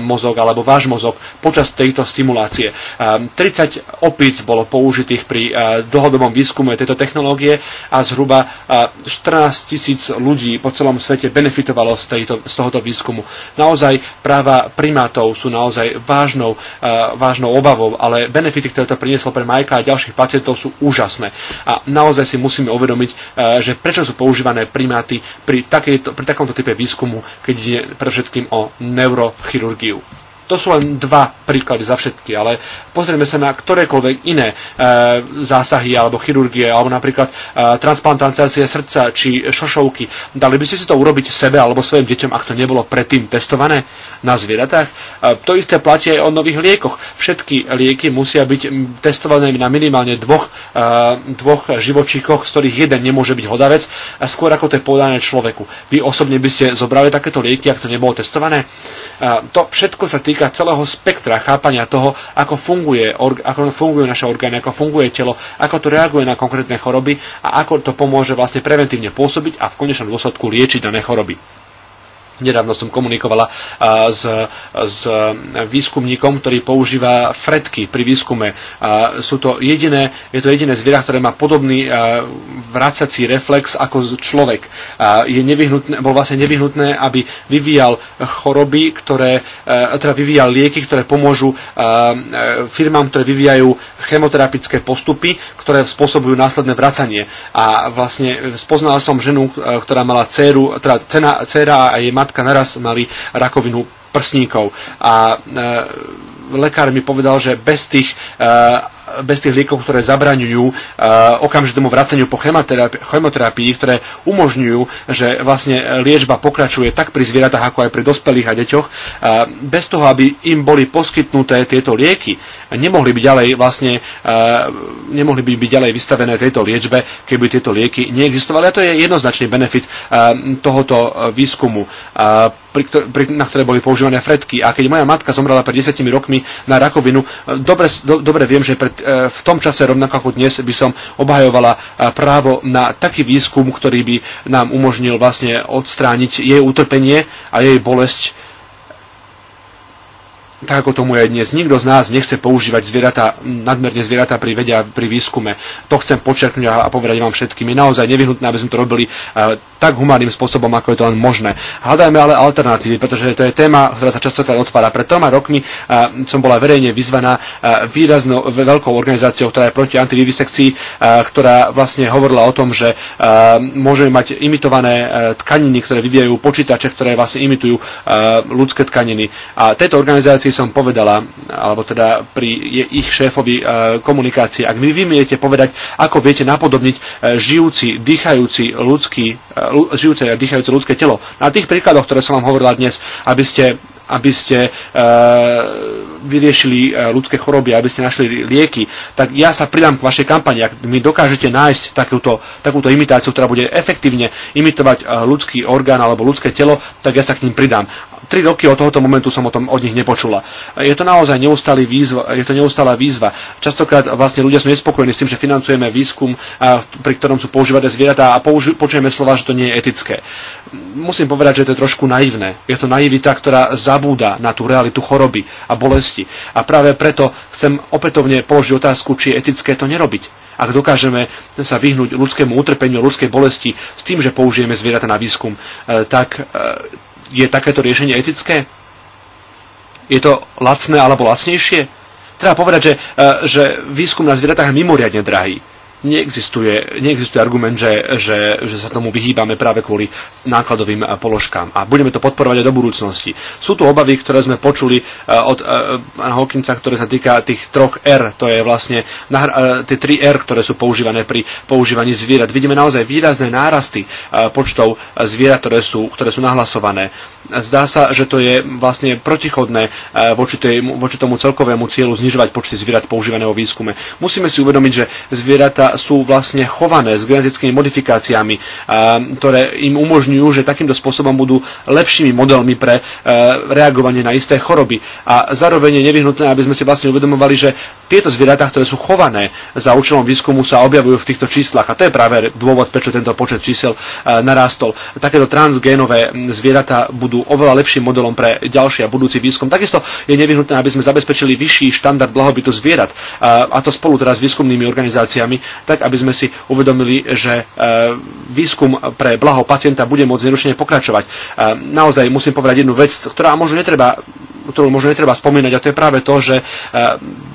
mozog alebo váš mozog počas tejto stimulácie. 30 opíc bolo použitých pri dlhodobom výskume tejto technológie a zhruba 14 tisíc ľudí po celom svete benefitovalo z, tejto, z tohoto výskumu výskumu. Naozaj práva primátov sú naozaj vážnou, eh, vážnou obavou, ale benefity, ktoré to prinieslo pre Majka a ďalších pacientov sú úžasné. A naozaj si musíme uvedomiť, eh, že prečo sú používané primáty pri, takejto, pri takomto type výskumu, keď ide predovšetkým o neurochirurgiu. To sú len dva príklady za všetky, ale pozrieme sa na ktorékoľvek iné e, zásahy alebo chirurgie, alebo napríklad e, transplantácia srdca či šošovky. Dali by ste si to urobiť sebe alebo svojim deťom, ak to nebolo predtým testované na zvieratách? E, to isté platí aj o nových liekoch. Všetky lieky musia byť testované na minimálne dvoch, e, dvoch živočíkoch, z ktorých jeden nemôže byť hodavec, a skôr ako to je podané človeku. Vy osobne by ste zobrali takéto lieky, ak to nebolo testované? E, to všetko sa tý týka celého spektra chápania toho, ako, funguje, ako fungujú naše orgány, ako funguje telo, ako to reaguje na konkrétne choroby a ako to pomôže vlastne preventívne pôsobiť a v konečnom dôsledku liečiť dané choroby. Nedávno som komunikovala s, s výskumníkom, ktorý používa fretky pri výskume. Sú to jediné, je to jediné zviera, ktoré má podobný vracací reflex ako človek. Je nevyhnutné, bol vlastne nevyhnutné, aby vyvíjal choroby, ktoré, e, teda vyvíjal lieky, ktoré pomôžu e, firmám, ktoré vyvíjajú chemoterapické postupy, ktoré spôsobujú následné vracanie. A vlastne spoznala som ženu, e, ktorá mala dceru, teda cena, dcera a jej matka naraz mali rakovinu prsníkov. A e, lekár mi povedal, že bez tých e, bez tých liekov, ktoré zabraňujú e, okamžitému vraceniu po chemoterapii, ktoré umožňujú, že vlastne liečba pokračuje tak pri zvieratách, ako aj pri dospelých a deťoch, e, bez toho, aby im boli poskytnuté tieto lieky, nemohli by ďalej vlastne e, nemohli by byť ďalej vystavené tejto liečbe, keby tieto lieky neexistovali. A to je jednoznačný benefit tohoto výskumu na ktoré boli používané fretky. A keď moja matka zomrela pred 10 rokmi na rakovinu, dobre, do, dobre viem, že pred E, v tom čase, rovnako ako dnes, by som obhajovala e, právo na taký výskum, ktorý by nám umožnil vlastne odstrániť jej utrpenie a jej bolesť tak ako tomu je dnes. Nikto z nás nechce používať zvieratá, nadmerne zvieratá pri vede a pri výskume. To chcem počerknúť a povedať vám všetkým. Je naozaj nevyhnutné, aby sme to robili eh, tak humánnym spôsobom, ako je to len možné. Hľadajme ale alternatívy, pretože to je téma, ktorá sa častokrát otvára. Pred troma rokmi eh, som bola verejne vyzvaná eh, výraznou veľkou organizáciou, ktorá je proti antivivisekcii, ktorá vlastne hovorila o tom, že môžeme mať imitované tkaniny, ktoré vyvíjajú počítače, ktoré vlastne imitujú ľudské tkaniny. A tejto organizácii som povedala, alebo teda pri ich šéfovi eh, komunikácie, ak mi vy viete povedať, ako viete napodobniť eh, žijúci, dýchajúci ľudský, eh, žijúce a dýchajúce ľudské telo. Na tých príkladoch, ktoré som vám hovorila dnes, aby ste aby ste e, vyriešili ľudské choroby, aby ste našli lieky, tak ja sa pridám k vašej kampani. Ak mi dokážete nájsť takúto, takúto imitáciu, ktorá bude efektívne imitovať ľudský orgán alebo ľudské telo, tak ja sa k ním pridám tri roky od tohoto momentu som o tom od nich nepočula. Je to naozaj neustály výzva, je to neustála výzva. Častokrát vlastne ľudia sú nespokojní s tým, že financujeme výskum, pri ktorom sú používané zvieratá a použi- počujeme slova, že to nie je etické. Musím povedať, že to je trošku naivné. Je to naivita, ktorá zabúda na tú realitu choroby a bolesti. A práve preto chcem opätovne položiť otázku, či je etické to nerobiť ak dokážeme sa vyhnúť ľudskému utrpeniu, ľudskej bolesti s tým, že použijeme zvieratá na výskum, e, tak e, je takéto riešenie etické? Je to lacné alebo lacnejšie? Treba povedať, že, e, že výskum na zvieratách je mimoriadne drahý neexistuje, neexistuje argument, že, že, že sa tomu vyhýbame práve kvôli nákladovým eh, položkám. A budeme to podporovať aj do budúcnosti. Sú tu obavy, ktoré sme počuli eh, od eh, Hawkinsa, ktoré sa týka tých troch R, to je vlastne tie tri R, ktoré sú používané pri používaní zvierat. Vidíme naozaj výrazné nárasty počtov zvierat, ktoré sú, ktoré sú nahlasované. Zdá sa, že to je vlastne protichodné voči, tej, voči tomu celkovému cieľu znižovať počty zvierat používaného výskume. Musíme si uvedomiť, že zvieratá sú vlastne chované s genetickými modifikáciami, eh, ktoré im umožňujú, že takýmto spôsobom budú lepšími modelmi pre eh, reagovanie na isté choroby. A zároveň je nevyhnutné, aby sme si vlastne uvedomovali, že tieto zvieratá, ktoré sú chované za účelom výskumu, sa objavujú v týchto číslach. A to je práve dôvod, prečo tento počet čísel eh, narástol. Takéto transgénové hm, zvieratá budú oveľa lepším modelom pre ďalší a budúci výskum. Takisto je nevyhnutné, aby sme zabezpečili vyšší štandard blahobytu zvierat. A to spolu teraz s výskumnými organizáciami tak aby sme si uvedomili, že e, výskum pre blaho pacienta bude môcť nerušene pokračovať. E, naozaj musím povedať jednu vec, ktorá možno netreba ktorú možno netreba spomínať, a to je práve to, že e,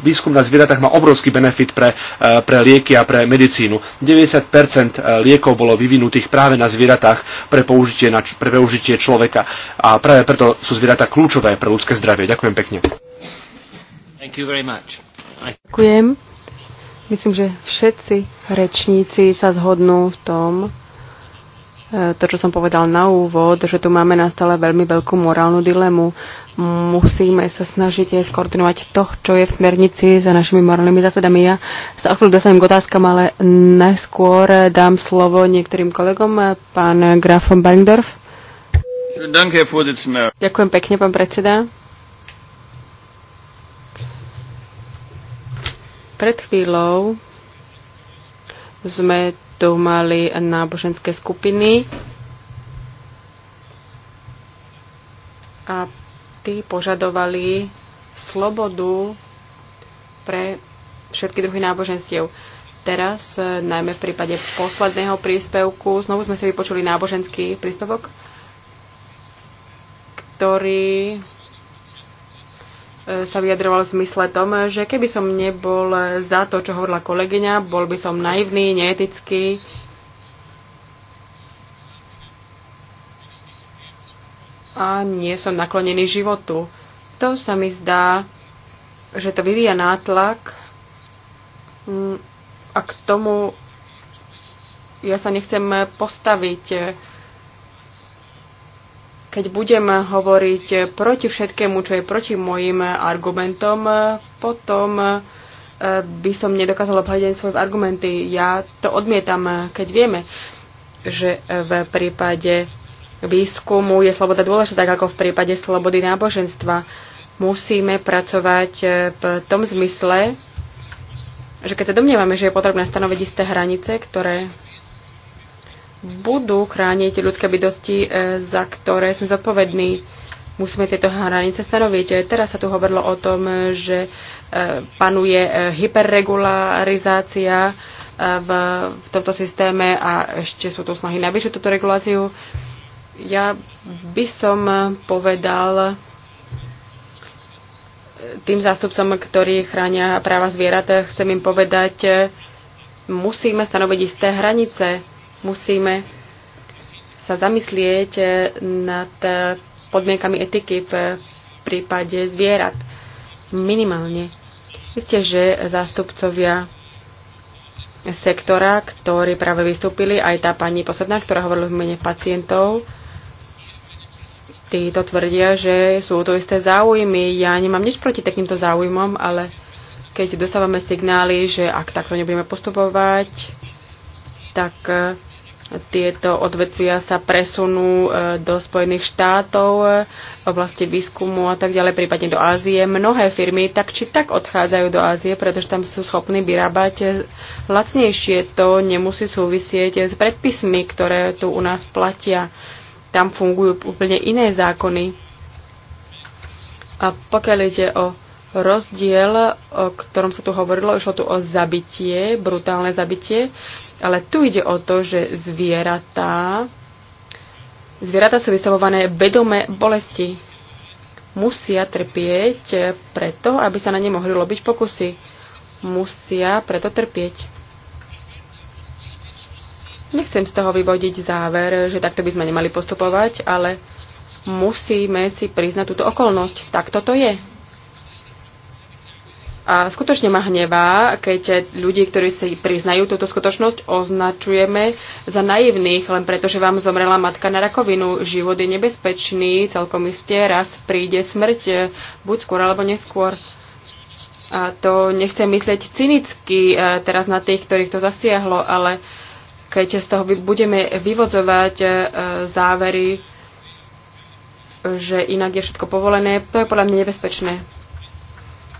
výskum na zvieratách má obrovský benefit pre, pre lieky a pre medicínu. 90% liekov bolo vyvinutých práve na zvieratách pre použitie, na, pre použitie človeka a práve preto sú zvieratá kľúčové pre ľudské zdravie. Ďakujem pekne. Thank you very much. Ďakujem. Myslím, že všetci rečníci sa zhodnú v tom, e, to, čo som povedal na úvod, že tu máme na stole veľmi veľkú morálnu dilemu. Musíme sa snažiť skoordinovať to, čo je v smernici za našimi morálnymi zásadami. Ja sa o chvíľu dostanem k otázkam, ale najskôr dám slovo niektorým kolegom, pán Graf von Bergdorf. Ďakujem pekne, pán predseda. Pred chvíľou sme tu mali náboženské skupiny a tí požadovali slobodu pre všetky druhy náboženstiev. Teraz, eh, najmä v prípade posledného príspevku, znovu sme si vypočuli náboženský príspevok, ktorý sa vyjadroval v zmysle tom, že keby som nebol za to, čo hovorila kolegyňa, bol by som naivný, neetický. A nie som naklonený životu. To sa mi zdá, že to vyvíja nátlak mm, a k tomu ja sa nechcem postaviť keď budem hovoriť proti všetkému, čo je proti mojim argumentom, potom e, by som nedokázala obhajdeť svoje argumenty. Ja to odmietam, keď vieme, že v prípade výskumu je sloboda dôležitá, tak ako v prípade slobody náboženstva. Musíme pracovať e, v tom zmysle, že keď sa domnievame, že je potrebné stanoviť isté hranice, ktoré budú chrániť ľudské bytosti, e, za ktoré sú zodpovední. Musíme tieto hranice stanoviť. Teraz sa tu hovorilo o tom, že e, panuje e, hyperregularizácia v, v tomto systéme a ešte sú tu snahy navýšiť túto reguláciu. Ja by som povedal, tým zástupcom, ktorí chránia práva zvierat, chcem im povedať, musíme stanoviť isté hranice musíme sa zamyslieť nad podmienkami etiky v prípade zvierat. Minimálne. Isté, že zástupcovia sektora, ktorí práve vystúpili, aj tá pani posledná, ktorá hovorila v mene pacientov, títo tvrdia, že sú to isté záujmy. Ja nemám nič proti takýmto záujmom, ale keď dostávame signály, že ak takto nebudeme postupovať, tak tieto odvetvia sa presunú e, do Spojených štátov, e, oblasti výskumu a tak ďalej, prípadne do Ázie. Mnohé firmy tak či tak odchádzajú do Ázie, pretože tam sú schopní vyrábať e, lacnejšie. To nemusí súvisieť s predpismi, ktoré tu u nás platia. Tam fungujú úplne iné zákony. A pokiaľ ide o rozdiel, o ktorom sa tu hovorilo, išlo tu o zabitie, brutálne zabitie. Ale tu ide o to, že zvieratá, zvieratá sú vystavované vedome bolesti. Musia trpieť preto, aby sa na ne mohli lobiť pokusy. Musia preto trpieť. Nechcem z toho vyvodiť záver, že takto by sme nemali postupovať, ale musíme si priznať túto okolnosť. Tak toto je. A skutočne ma hnevá, keď ľudí, ktorí si priznajú túto skutočnosť, označujeme za naivných, len preto, že vám zomrela matka na rakovinu. Život je nebezpečný, celkom iste raz príde smrť, buď skôr alebo neskôr. A to nechcem myslieť cynicky e, teraz na tých, ktorých to zasiahlo, ale keď z toho budeme vyvodzovať e, závery, že inak je všetko povolené, to je podľa mňa nebezpečné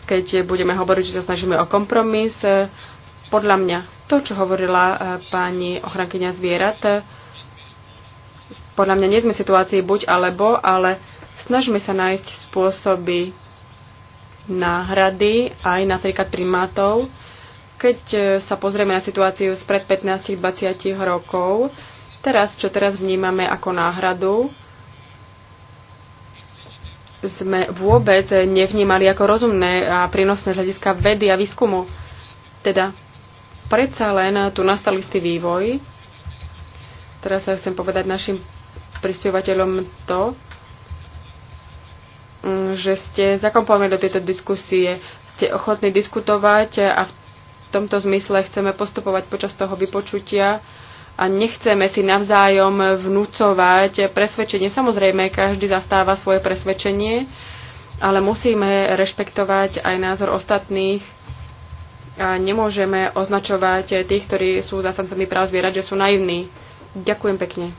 keď budeme hovoriť, že sa snažíme o kompromis. Podľa mňa to, čo hovorila e, pani ochrankyňa zvierat, e, podľa mňa nie sme v situácii buď alebo, ale snažíme sa nájsť spôsoby náhrady aj napríklad primátov. Keď e, sa pozrieme na situáciu spred 15-20 rokov, teraz, čo teraz vnímame ako náhradu, sme vôbec nevnímali ako rozumné a prínosné z hľadiska vedy a výskumu. Teda predsa len tu nastal istý vývoj. Teraz sa chcem povedať našim prispievateľom to, mm, že ste zakomponovali do tejto diskusie, ste ochotní diskutovať a v tomto zmysle chceme postupovať počas toho vypočutia a nechceme si navzájom vnúcovať presvedčenie. Samozrejme, každý zastáva svoje presvedčenie, ale musíme rešpektovať aj názor ostatných a nemôžeme označovať tých, ktorí sú zastancami práv zvierat, že sú naivní. Ďakujem pekne.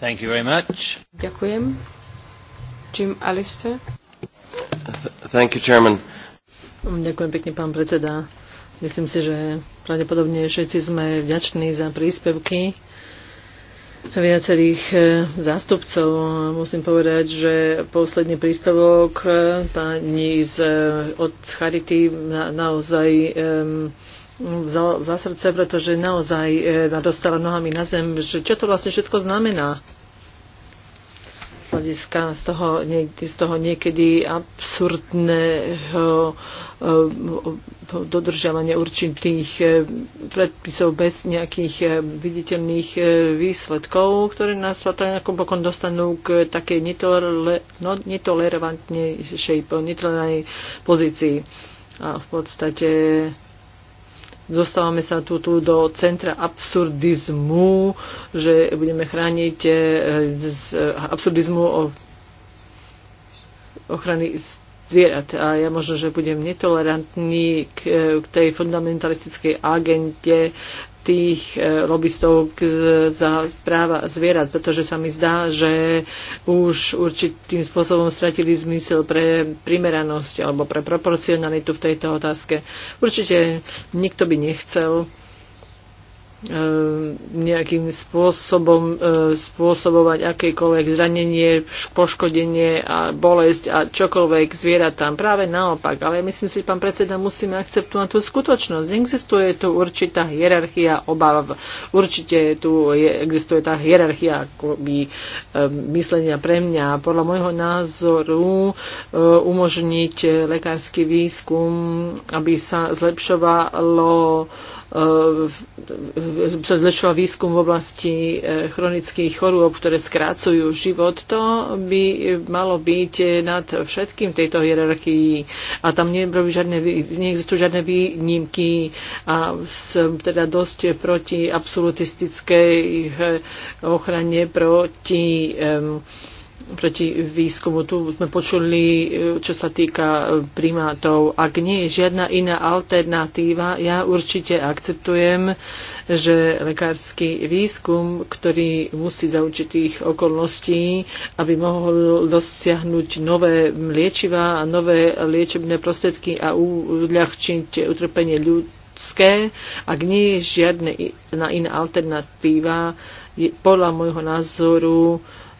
Thank you very much. Ďakujem. Jim Alistair. Th- thank you, Chairman. Ďakujem pekne, pán predseda. Myslím si, že pravdepodobne všetci sme vďační za príspevky viacerých e, zástupcov. Musím povedať, že posledný príspevok e, pani z, e, od Charity na, naozaj um, za, za srdce, pretože naozaj e, dostala nohami na zem, že čo to vlastne všetko znamená z hľadiska z toho, z toho niekedy absurdného eh, eh, dodržiavania určitých eh, predpisov bez nejakých viditeľných výsledkov, ktoré nás napokon dostanú k takej netole, no, netolerantnejšej, netolerantnej pozícii. A v podstate dostávame sa tu, tu do centra absurdizmu, že budeme chrániť e, z e, absurdizmu o ochrany zvierat. A ja možno, že budem netolerantný k, e, k tej fundamentalistickej agente tých e, lobbystov za práva zvierat, pretože sa mi zdá, že už určitým spôsobom stratili zmysel pre primeranosť alebo pre proporcionalitu v tejto otázke. Určite nikto by nechcel E, nejakým spôsobom e, spôsobovať akékoľvek zranenie, poškodenie a bolesť a čokoľvek zviera tam Práve naopak. Ale myslím si, pán predseda, musíme akceptovať tú skutočnosť. Existuje tu určitá hierarchia obav. Určite tu je, existuje tá hierarchia akoby, e, myslenia pre mňa. Podľa môjho názoru umožniť lekársky výskum, aby sa zlepšovalo sa e, výskum v oblasti e, chronických chorôb, ktoré skrácujú život, to by malo byť nad všetkým tejto hierarchii a tam žiadne, neexistujú žiadne výnimky a som teda dosť proti absolutistickej e, ochrane proti um, proti výskumu. Tu sme počuli, e, čo sa týka e, primátov. Ak nie je žiadna iná alternatíva, ja určite akceptujem, že lekársky výskum, ktorý musí za určitých okolností, aby mohol dosiahnuť nové liečiva a nové liečebné prostriedky a uľahčiť utrpenie ľudské, ak nie je žiadna iná alternatíva, podľa môjho názoru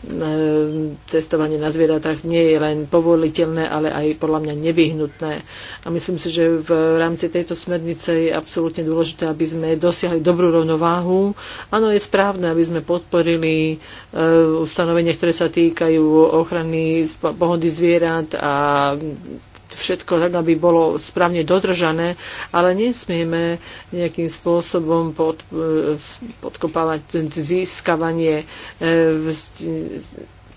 E, testovanie na zvieratách nie je len povoliteľné, ale aj podľa mňa nevyhnutné. A myslím si, že v rámci tejto smernice je absolútne dôležité, aby sme dosiahli dobrú rovnováhu. Áno, je správne, aby sme podporili e, ustanovenia, ktoré sa týkajú ochrany pohody zvierat a všetko tak, aby bolo správne dodržané, ale nesmieme nejakým spôsobom pod, e, podkopávať získavanie e,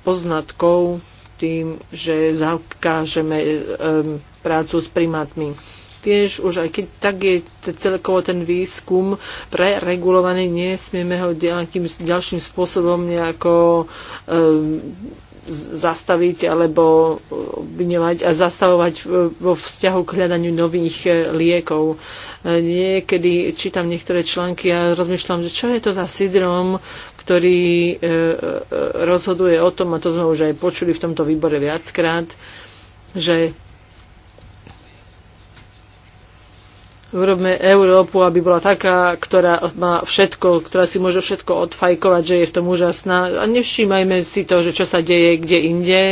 poznatkov tým, že zakážeme e, prácu s primátmi tiež už aj keď tak je celkovo ten výskum preregulovaný, nesmieme ho nejakým ďalším spôsobom nejako um, zastaviť alebo obviňovať a zastavovať vo vzťahu k hľadaniu nových e, liekov. E, niekedy čítam niektoré články a rozmýšľam, že čo je to za syndrom, ktorý e, rozhoduje o tom, a to sme už aj počuli v tomto výbore viackrát, že urobme Európu, aby bola taká, ktorá má všetko, ktorá si môže všetko odfajkovať, že je v tom úžasná. A nevšímajme si to, že čo sa deje kde inde.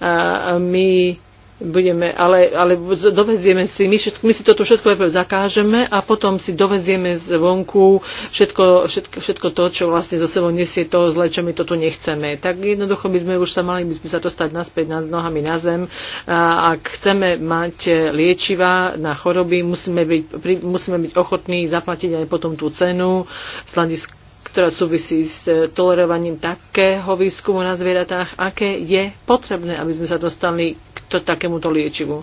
A my budeme, ale, ale dovezieme si, my, všetko, my si toto všetko zakážeme a potom si dovezieme zvonku všetko, všetko, všetko to, čo vlastne zo sebou nesie to zle, čo my toto nechceme. Tak jednoducho by sme už sa mali by sme sa dostať naspäť nad nohami na zem. A ak chceme mať liečiva na choroby, musíme byť, musíme byť ochotní zaplatiť aj potom tú cenu z hľadiska ktorá súvisí s e, tolerovaním takého výskumu na zvieratách, aké je potrebné, aby sme sa dostali to, takémuto liečivu.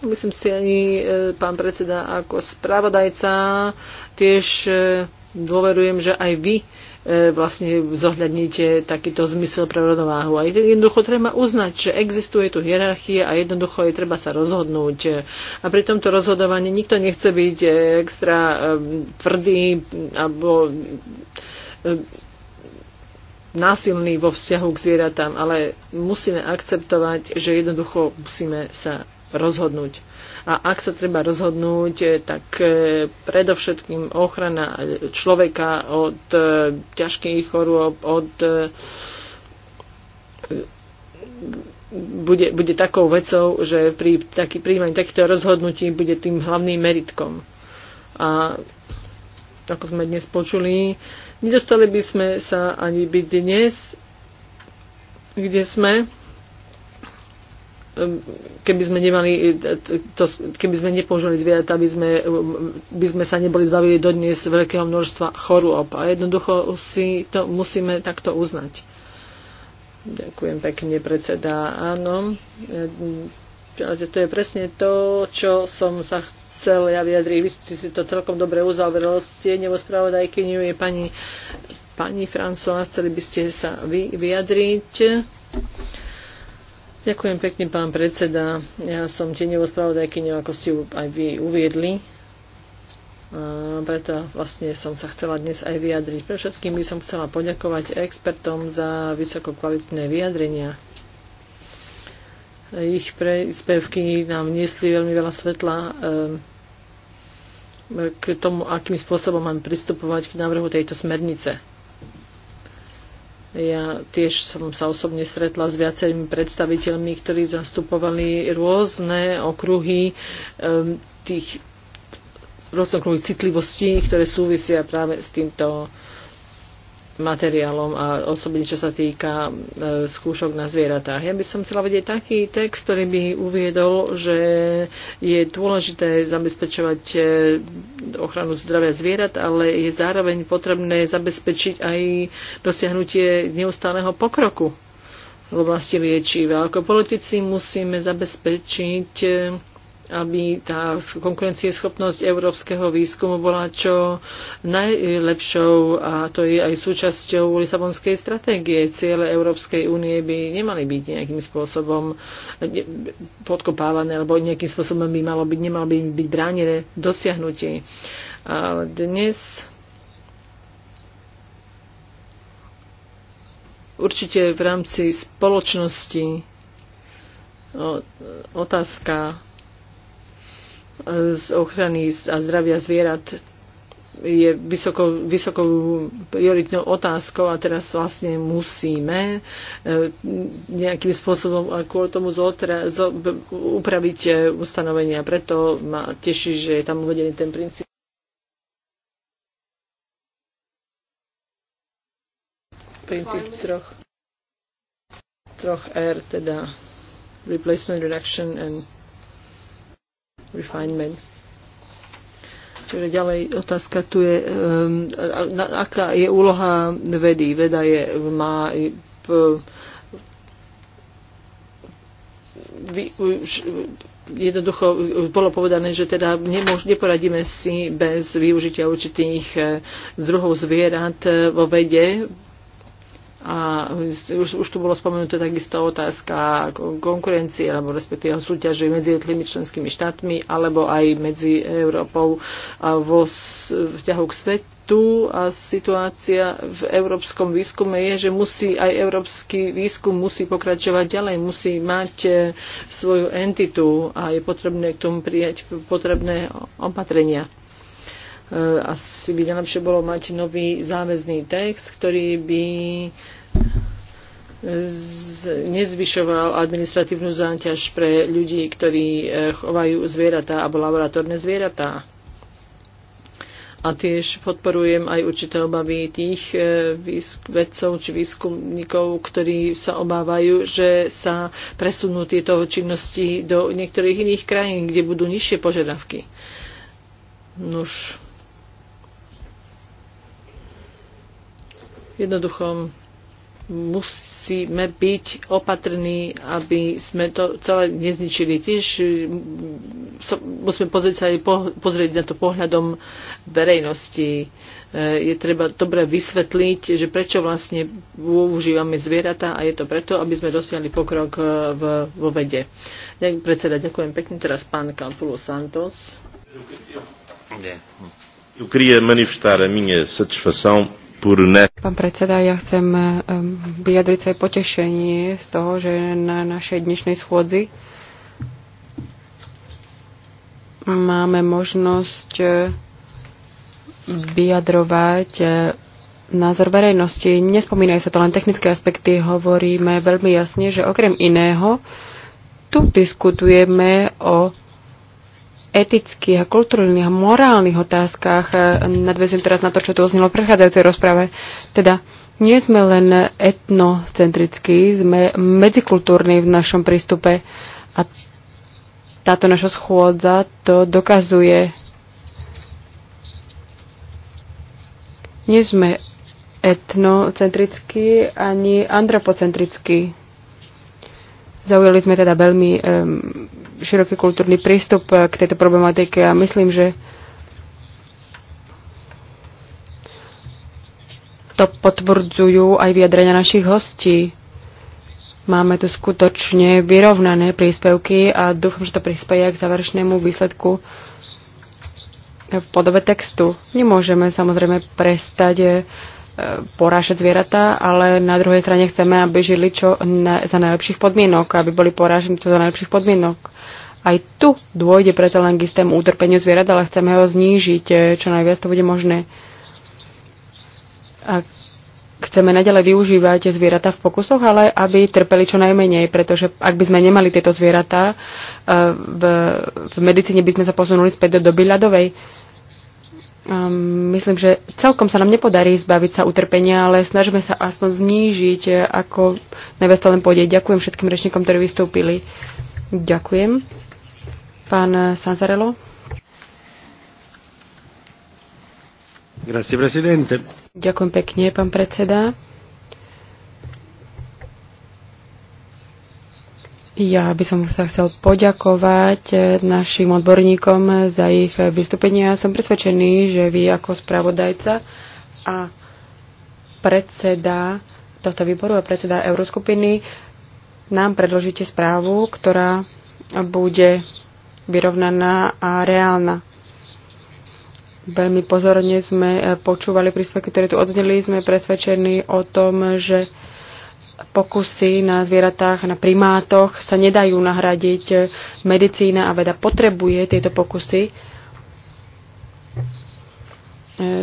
Myslím si ani e, pán predseda ako spravodajca tiež e, dôverujem, že aj vy e, vlastne zohľadníte takýto zmysel pre rovnováhu. A jednoducho treba uznať, že existuje tu hierarchia a jednoducho je treba sa rozhodnúť. A pri tomto rozhodovaní nikto nechce byť extra tvrdý alebo násilní vo vzťahu k zvieratám, ale musíme akceptovať, že jednoducho musíme sa rozhodnúť. A ak sa treba rozhodnúť, eh, tak eh, predovšetkým ochrana človeka od eh, ťažkých chorôb, od bude, bude takou vecou, že pri taký, príjmaní takýchto rozhodnutí bude tým hlavným meritkom. A ako sme dnes počuli, Nedostali by sme sa ani byť dnes, kde sme, um, keby sme nemali, e, to, keby sme nepoužili zvieratá, by sme, um, by sme sa neboli zbavili dodnes veľkého množstva chorôb. A jednoducho si to musíme takto uznať. Ďakujem pekne, predseda. Áno, e, to je presne to, čo som sa chcel chcel ja vyjadriť. Vy ste si to celkom dobre uzavrel. Ste nie je pani, pani François. Chceli by ste sa vy, vyjadriť. Ďakujem pekne, pán predseda. Ja som tieňovou spravodajkyňou, ako ste aj vy uviedli. A preto vlastne som sa chcela dnes aj vyjadriť. Pre všetkým by som chcela poďakovať expertom za kvalitné vyjadrenia. Ich príspevky nám niesli veľmi veľa svetla ehm, k tomu, akým spôsobom máme pristupovať k návrhu tejto smernice. Ja tiež som sa osobne stretla s viacerými predstaviteľmi, ktorí zastupovali rôzne okruhy um, tých rôzne okruhy citlivostí, ktoré súvisia práve s týmto materiálom a osobne čo sa týka e, skúšok na zvieratách. Ja by som chcela vedieť taký text, ktorý by uviedol, že je dôležité zabezpečovať e, ochranu zdravia zvierat, ale je zároveň potrebné zabezpečiť aj dosiahnutie neustáleho pokroku v oblasti liečiva. Ako politici musíme zabezpečiť e, aby tá konkurencieschopnosť európskeho výskumu bola čo najlepšou a to je aj súčasťou Lisabonskej stratégie. Ciele Európskej únie by nemali byť nejakým spôsobom podkopávané alebo nejakým spôsobom by malo byť, nemalo by byť bránené dosiahnutie. Ale dnes určite v rámci spoločnosti otázka z ochrany a zdravia zvierat je vysoko, vysokou prioritnou otázkou a teraz vlastne musíme e, nejakým spôsobom kvôli tomu zotra, zo, upraviť e, ustanovenia. Preto ma teší, že je tam uvedený ten princíp. princíp troch, troch R, teda replacement, reduction and refinement. Čiže ďalej otázka tu je, um, aká je úloha vedy. Veda je, má p, vy, už, jednoducho bolo povedané, že teda nemôž, neporadíme si bez využitia určitých eh, druhov zvierat eh, vo vede, a už, už tu bolo spomenuté takisto otázka konkurencie, alebo respektíve súťaže medzi jednotlivými členskými štátmi, alebo aj medzi Európou a vo vzťahu k svetu. A situácia v európskom výskume je, že musí aj európsky výskum musí pokračovať ďalej, musí mať e, svoju entitu a je potrebné k tomu prijať potrebné opatrenia. Eh, asi by najlepšie bolo mať nový záväzný text, ktorý by eh, nezvyšoval administratívnu záťaž pre ľudí, ktorí eh, chovajú zvieratá alebo laboratórne zvieratá. A tiež podporujem aj určité obavy tých vedcov či výskumníkov, ktorí sa obávajú, že sa presunú tieto činnosti do niektorých iných krajín, kde budú nižšie požiadavky. Nož. Jednoducho musíme byť opatrní, aby sme to celé nezničili. Tiež mm, musíme pozrieť sa aj po, pozrieť na to pohľadom verejnosti. E, je treba dobre vysvetliť, že prečo vlastne používame zvieratá a je to preto, aby sme dosiahli pokrok e, v, vo vede. Predseda, ďakujem pekne. Teraz pán Campulo Santos. Eu queria manifestar a minha satisfação Pán predseda, ja chcem eh, vyjadriť svoje potešenie z toho, že na našej dnešnej schôdzi máme možnosť eh, vyjadrovať eh, názor verejnosti. Nespomínajú sa to len technické aspekty, hovoríme veľmi jasne, že okrem iného tu diskutujeme o etických a kultúrnych a morálnych otázkach, e, nadvezujem teraz na to, čo tu oznelo v prechádzajúcej rozprave, teda nie sme len etnocentrickí, sme medzikultúrni v našom prístupe a táto naša schôdza to dokazuje. Nie sme etnocentrickí ani antropocentrickí. Zaujali sme teda veľmi um, široký kultúrny prístup eh, k tejto problematike a myslím, že to potvrdzujú aj vyjadrenia našich hostí. Máme tu skutočne vyrovnané príspevky a dúfam, že to prispieje k záverečnému výsledku v podobe textu. Nemôžeme samozrejme prestať eh, porášať zvieratá, ale na druhej strane chceme, aby žili čo na, za najlepších podmienok, aby boli porážení čo za najlepších podmienok. Aj tu dôjde preto len k istému utrpeniu zvierat, ale chceme ho znížiť, e, čo najviac to bude možné. A chceme naďalej využívať zvieratá v pokusoch, ale aby trpeli čo najmenej, pretože ak by sme nemali tieto zvieratá, e, v, v medicíne by sme sa posunuli späť do doby ľadovej. Um, myslím, že celkom sa nám nepodarí zbaviť sa utrpenia, ale snažíme sa aspoň znížiť, e, ako najviac to len pôjde. Ďakujem všetkým rečníkom, ktorí vystúpili. Ďakujem. Pán Sanzarello. Grazie, presidente. Ďakujem pekne, pán predseda. Ja by som sa chcel poďakovať našim odborníkom za ich vystúpenie. Ja som presvedčený, že vy ako spravodajca a predseda tohto výboru a predseda Euroskupiny nám predložíte správu, ktorá bude vyrovnaná a reálna. Veľmi pozorne sme e, počúvali príspevky, ktoré tu odzneli. Sme presvedčení o tom, že pokusy na zvieratách, na primátoch sa nedajú nahradiť. Medicína a veda potrebuje tieto pokusy. E,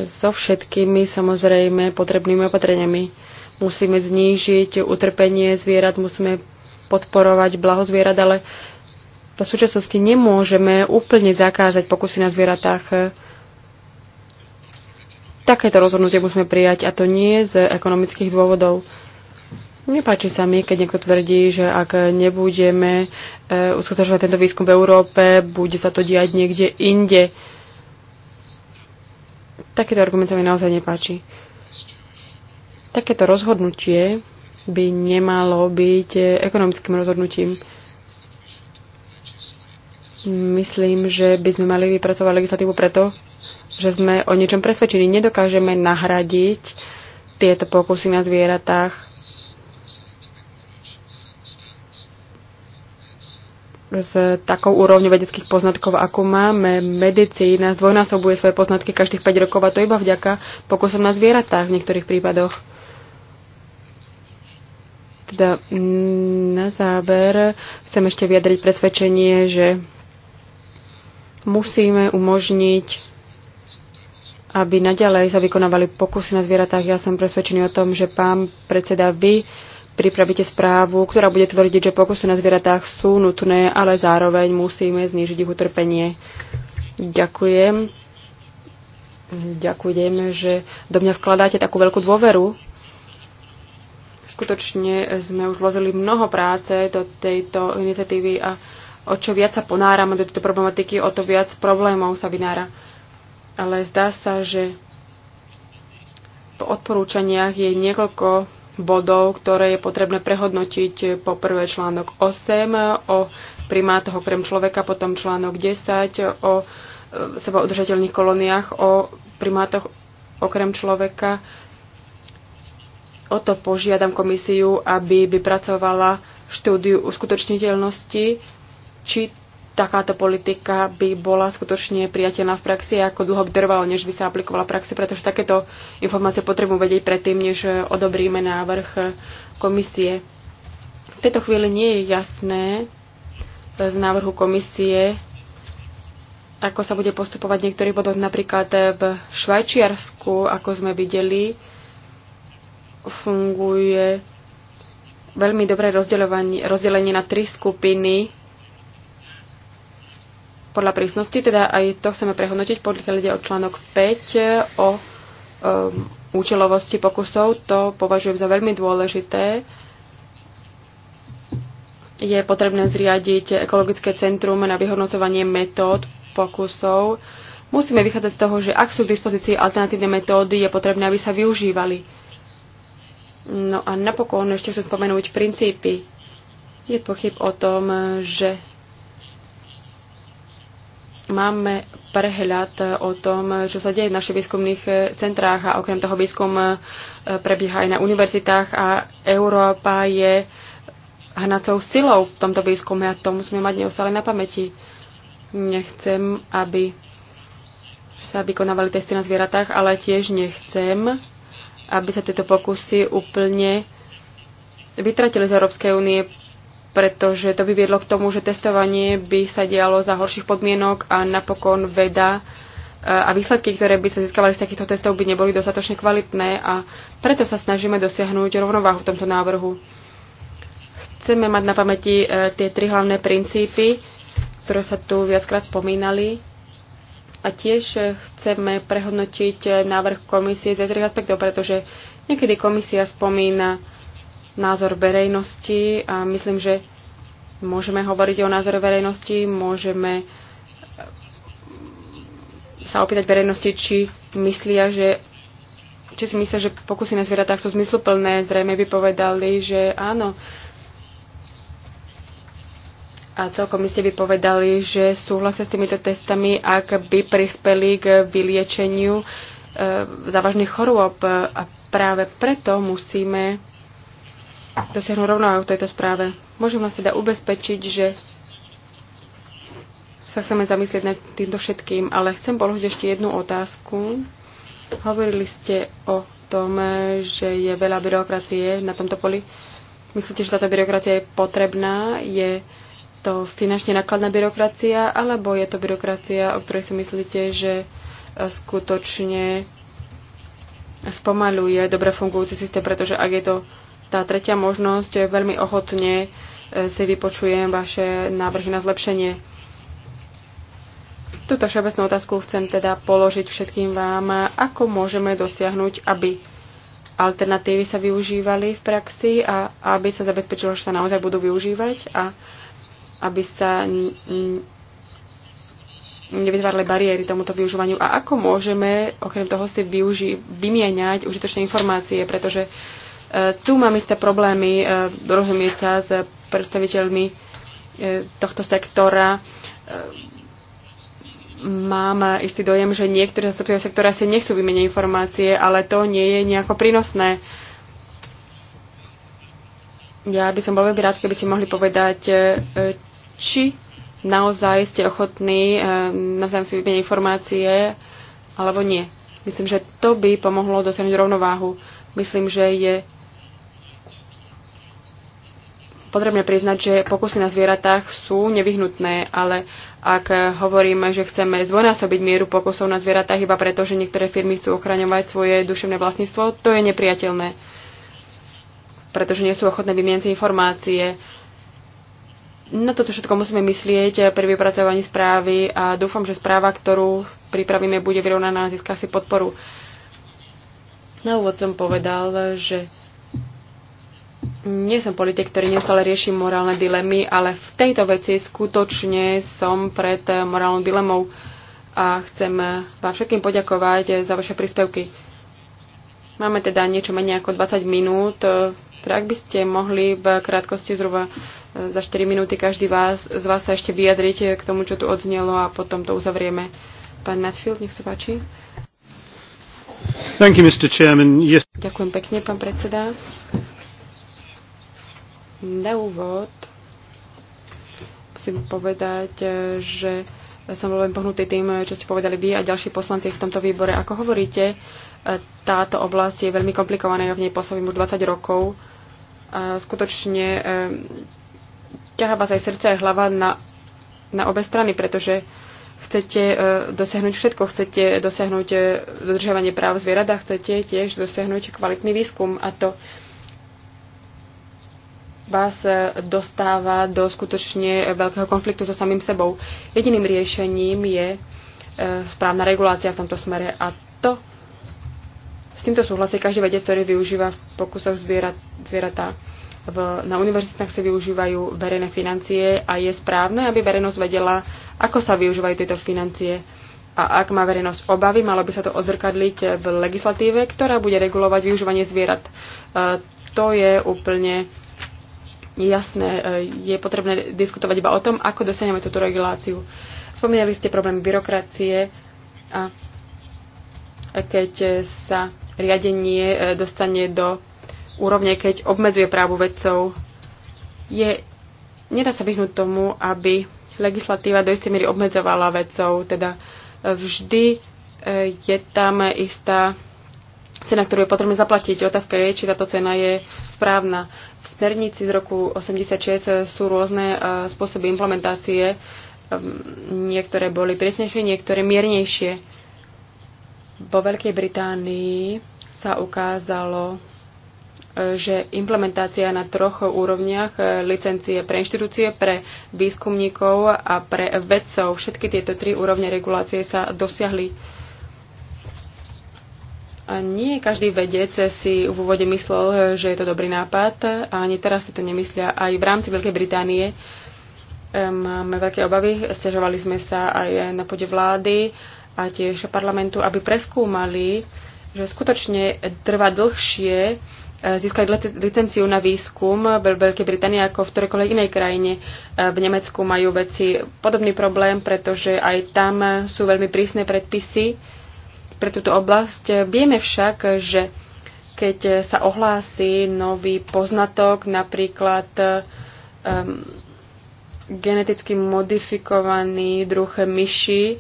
so všetkými samozrejme potrebnými opatreniami. Musíme znížiť utrpenie zvierat, musíme podporovať blaho zvierat, ale v súčasnosti nemôžeme úplne zakázať pokusy na zvieratách. Takéto rozhodnutie musíme prijať a to nie z ekonomických dôvodov. Nepáči sa mi, keď niekto tvrdí, že ak nebudeme e, uskutočovať tento výskum v Európe, bude sa to diať niekde inde. Takéto argument sa mi naozaj nepáči. Takéto rozhodnutie by nemalo byť e, ekonomickým rozhodnutím. Myslím, že by sme mali vypracovať legislatívu preto, že sme o niečom presvedčení. Nedokážeme nahradiť tieto pokusy na zvieratách. s takou úrovňou vedeckých poznatkov, ako máme. Medicína zdvojnásobuje svoje poznatky každých 5 rokov a to iba vďaka pokusom na zvieratách v niektorých prípadoch. Teda mm, na záver chcem ešte vyjadriť presvedčenie, že musíme umožniť, aby naďalej sa vykonávali pokusy na zvieratách. Ja som presvedčený o tom, že pán predseda, vy pripravíte správu, ktorá bude tvrdiť, že pokusy na zvieratách sú nutné, ale zároveň musíme znižiť ich utrpenie. Ďakujem. Ďakujem, že do mňa vkladáte takú veľkú dôveru. Skutočne sme už vložili mnoho práce do tejto iniciatívy a o čo viac sa ponárame do tejto problematiky, o to viac problémov sa vynára. Ale zdá sa, že po odporúčaniach je niekoľko bodov, ktoré je potrebné prehodnotiť. Po prvé článok 8 o primátoch okrem človeka, potom článok 10 o e, seba udržateľných kolóniách, o primátoch okrem človeka. O to požiadam komisiu, aby vypracovala štúdiu uskutočniteľnosti či takáto politika by bola skutočne priateľná v praxi a ako dlho by trvalo, než by sa aplikovala v praxi, pretože takéto informácie potrebujú vedieť predtým, než odobríme návrh komisie. V tejto chvíli nie je jasné z návrhu komisie, ako sa bude postupovať niektorý niektorých napríklad v Švajčiarsku, ako sme videli, funguje veľmi dobré rozdelenie na tri skupiny podľa prísnosti, teda aj to chceme prehodnotiť, podľa ide o článok 5 o um, účelovosti pokusov, to považujem za veľmi dôležité. Je potrebné zriadiť ekologické centrum na vyhodnocovanie metód pokusov. Musíme vychádzať z toho, že ak sú k dispozícii alternatívne metódy, je potrebné, aby sa využívali. No a napokon ešte chcem spomenúť princípy. Je pochyb o tom, že máme prehľad o tom, čo sa deje v našich výskumných centrách a okrem toho výskum e, prebieha aj na univerzitách a Európa je hnacou silou v tomto výskume a to musíme mať neustále na pamäti. Nechcem, aby sa vykonávali testy na zvieratách, ale tiež nechcem, aby sa tieto pokusy úplne vytratili z Európskej únie pretože to by viedlo k tomu, že testovanie by sa dialo za horších podmienok a napokon veda e, a výsledky, ktoré by sa získavali z takýchto testov, by neboli dostatočne kvalitné a preto sa snažíme dosiahnuť rovnováhu v tomto návrhu. Chceme mať na pamäti e, tie tri hlavné princípy, ktoré sa tu viackrát spomínali a tiež e, chceme prehodnotiť návrh komisie z tri aspektov, pretože niekedy komisia spomína názor verejnosti a myslím, že môžeme hovoriť o názore verejnosti, môžeme eh, sa opýtať verejnosti, či myslia, že či si myslia, že pokusy na zvieratách sú zmysluplné, zrejme by povedali, že áno. A celkom iste by povedali, že súhlasia s týmito testami, ak by prispeli k vyliečeniu e, závažných chorôb. A práve preto musíme dosiahnu rovnováhu v tejto správe. Môžem vás teda ubezpečiť, že sa chceme zamyslieť nad týmto všetkým, ale chcem položiť ešte jednu otázku. Hovorili ste o tom, že je veľa byrokracie na tomto poli. Myslíte, že táto byrokracia je potrebná? Je to finančne nákladná byrokracia, alebo je to byrokracia, o ktorej si myslíte, že skutočne spomaluje dobre fungujúci systém, pretože ak je to tá tretia možnosť, eh, veľmi ochotne eh, si vypočujem vaše návrhy na zlepšenie. Tuto všeobecnú otázku chcem teda položiť všetkým vám, ako môžeme dosiahnuť, aby alternatívy sa využívali v praxi a aby sa zabezpečilo, že sa naozaj budú využívať a aby sa nevytvárali bariéry tomuto využívaniu a ako môžeme okrem toho si využi- vymieňať užitočné informácie, pretože E, tu mám isté problémy e, rozumieť sa s predstaviteľmi e, tohto sektora. Mám istý dojem, že niektorí zastupcovia sektora si nechcú vymeniť informácie, ale to nie je nejako prínosné. Ja by som bol veľmi rád, keby si mohli povedať, či naozaj ste ochotní navzájom si vymeniť informácie, alebo nie. Myslím, že to by pomohlo dosiahnuť rovnováhu. Myslím, že je potrebné priznať, že pokusy na zvieratách sú nevyhnutné, ale ak hovoríme, že chceme zdvojnásobiť mieru pokusov na zvieratách iba preto, že niektoré firmy chcú ochraňovať svoje duševné vlastníctvo, to je nepriateľné, pretože nie sú ochotné vymieňať informácie. Na toto všetko musíme myslieť pri vypracovaní správy a dúfam, že správa, ktorú pripravíme, bude vyrovnaná a získa si podporu. Na úvod som povedal, že nie som politik, ktorý neustále rieši morálne dilemy, ale v tejto veci skutočne som pred morálnou dilemou a chcem vám všetkým poďakovať za vaše príspevky. Máme teda niečo menej ako 20 minút, teda ak by ste mohli v krátkosti zhruba za 4 minúty každý vás, z vás sa ešte vyjadriť k tomu, čo tu odznelo a potom to uzavrieme. Pán Matfield, nech sa páči. Thank you, Mr. Chairman. Yes. Ďakujem pekne, pán predseda. Na úvod musím povedať, že som veľmi pohnutý tým, čo ste povedali vy a ďalší poslanci v tomto výbore. Ako hovoríte, táto oblasť je veľmi komplikovaná, ja v nej pôsobím už 20 rokov. A skutočne ťahá vás aj srdce, a hlava na, na obe strany, pretože chcete e, dosiahnuť všetko. Chcete dosiahnuť e, dodržiavanie práv zvierat a chcete tiež dosiahnuť kvalitný výskum. A to vás dostáva do skutočne veľkého konfliktu so samým sebou. Jediným riešením je e, správna regulácia v tomto smere a to s týmto súhlasí každý vedec, ktorý využíva v pokusoch zvierat, zvieratá. V, na univerzitách sa využívajú verejné financie a je správne, aby verejnosť vedela, ako sa využívajú tieto financie. A ak má verejnosť obavy, malo by sa to odzrkadliť v legislatíve, ktorá bude regulovať využívanie zvierat. E, to je úplne je Jasné, e, je potrebné diskutovať iba o tom, ako dosiahneme túto reguláciu. Spomínali ste problém byrokracie a keď sa riadenie e, dostane do úrovne, keď obmedzuje právu vedcov, je, nedá sa vyhnúť tomu, aby legislatíva do istej miery obmedzovala vedcov. Teda e, vždy je tam istá cena, ktorú je potrebné zaplatiť. Otázka je, či táto cena je správna. V smernici z roku 1986 sú rôzne e, spôsoby implementácie. E, niektoré boli presnejšie, niektoré miernejšie. Vo Veľkej Británii sa ukázalo, e, že implementácia na troch úrovniach licencie pre inštitúcie, pre výskumníkov a pre vedcov, všetky tieto tri úrovne regulácie sa dosiahli nie každý vedec si v úvode myslel, že je to dobrý nápad a ani teraz si to nemyslia. Aj v rámci Veľkej Británie máme veľké obavy. Stežovali sme sa aj na pôde vlády a tiež parlamentu, aby preskúmali, že skutočne trvá dlhšie e, získať licenciu na výskum v Veľkej Británii ako v ktorejkoľvek inej krajine. E, v Nemecku majú veci podobný problém, pretože aj tam sú veľmi prísne predpisy pre túto oblasť. Vieme však, že keď sa ohlási nový poznatok, napríklad um, geneticky modifikovaný druh myši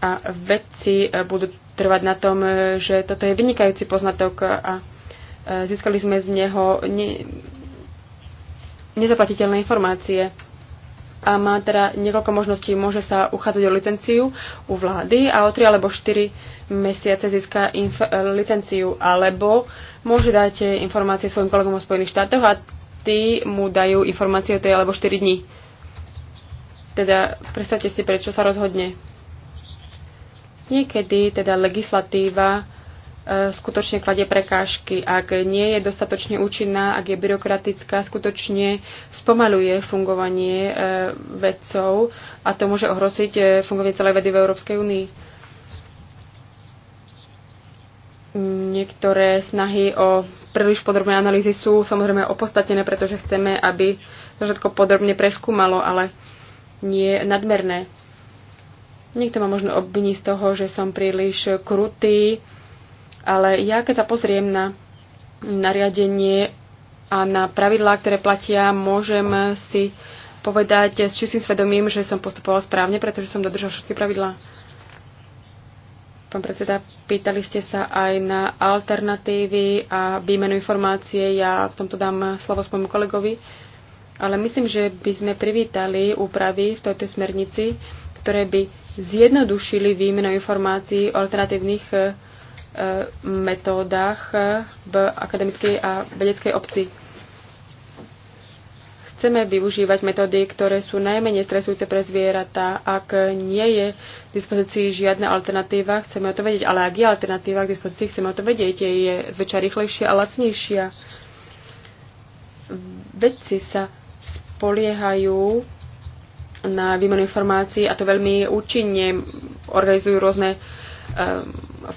a vedci eh, budú trvať na tom, že toto je vynikajúci poznatok a eh, získali sme z neho ne, nezaplatiteľné informácie a má teda niekoľko možností. Môže sa uchádzať o licenciu u vlády a o 3 alebo 4 mesiace získa licenciu, alebo môže dať informácie svojim kolegom o Spojených štátoch a tí mu dajú informácie o 3 alebo 4 dní. Teda predstavte si, prečo sa rozhodne. Niekedy teda legislatíva skutočne kladie prekážky, ak nie je dostatočne účinná, ak je byrokratická, skutočne spomaluje fungovanie e, vedcov a to môže ohroziť e, fungovanie celej vedy v Európskej únii. Niektoré snahy o príliš podrobné analýzy sú samozrejme opodstatnené, pretože chceme, aby to všetko podrobne preskúmalo, ale nie nadmerné. Niekto ma možno obviní z toho, že som príliš krutý, ale ja keď sa pozriem na nariadenie a na pravidlá, ktoré platia, môžem si povedať s čistým svedomím, že som postupoval správne, pretože som dodržal všetky pravidlá. Pán predseda, pýtali ste sa aj na alternatívy a výmenu informácie. Ja v tomto dám slovo svojmu kolegovi. Ale myslím, že by sme privítali úpravy v tejto smernici, ktoré by zjednodušili výmenu informácií o alternatívnych metódach v akademickej a vedeckej obci. Chceme využívať metódy, ktoré sú najmenej stresujúce pre zvieratá. Ak nie je k dispozícii žiadna alternatíva, chceme o to vedieť. Ale ak je alternatíva k dispozícii, chceme o to vedieť. Je zväčša rýchlejšia a lacnejšia. Vedci sa spoliehajú na výmenu informácií a to veľmi účinne organizujú rôzne Eh,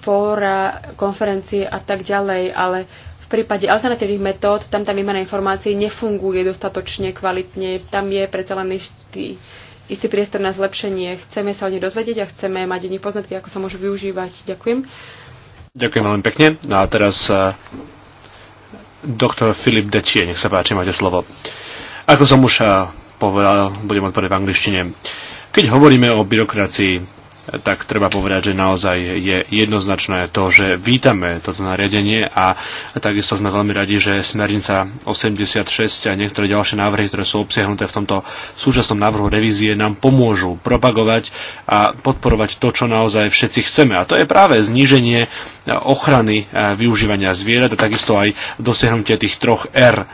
fóra, konferencie a tak ďalej, ale v prípade alternatívnych metód tam tá výmena informácií nefunguje dostatočne kvalitne. Tam je predsa len istý, istý priestor na zlepšenie. Chceme sa o nej dozvedieť a chceme mať o nej poznatky, ako sa môžu využívať. Ďakujem. Ďakujem veľmi pekne. No a teraz uh, doktor Filip Dečie, nech sa páči, máte slovo. Ako som už eh, povedal, budem odpovedať v angličtine. Keď hovoríme o byrokracii, tak treba povedať, že naozaj je jednoznačné to, že vítame toto nariadenie a takisto sme veľmi radi, že smernica 86 a niektoré ďalšie návrhy, ktoré sú obsiahnuté v tomto súčasnom návrhu revízie, nám pomôžu propagovať a podporovať to, čo naozaj všetci chceme. A to je práve zníženie ochrany e, využívania zvierat a takisto aj dosiahnutie tých troch R.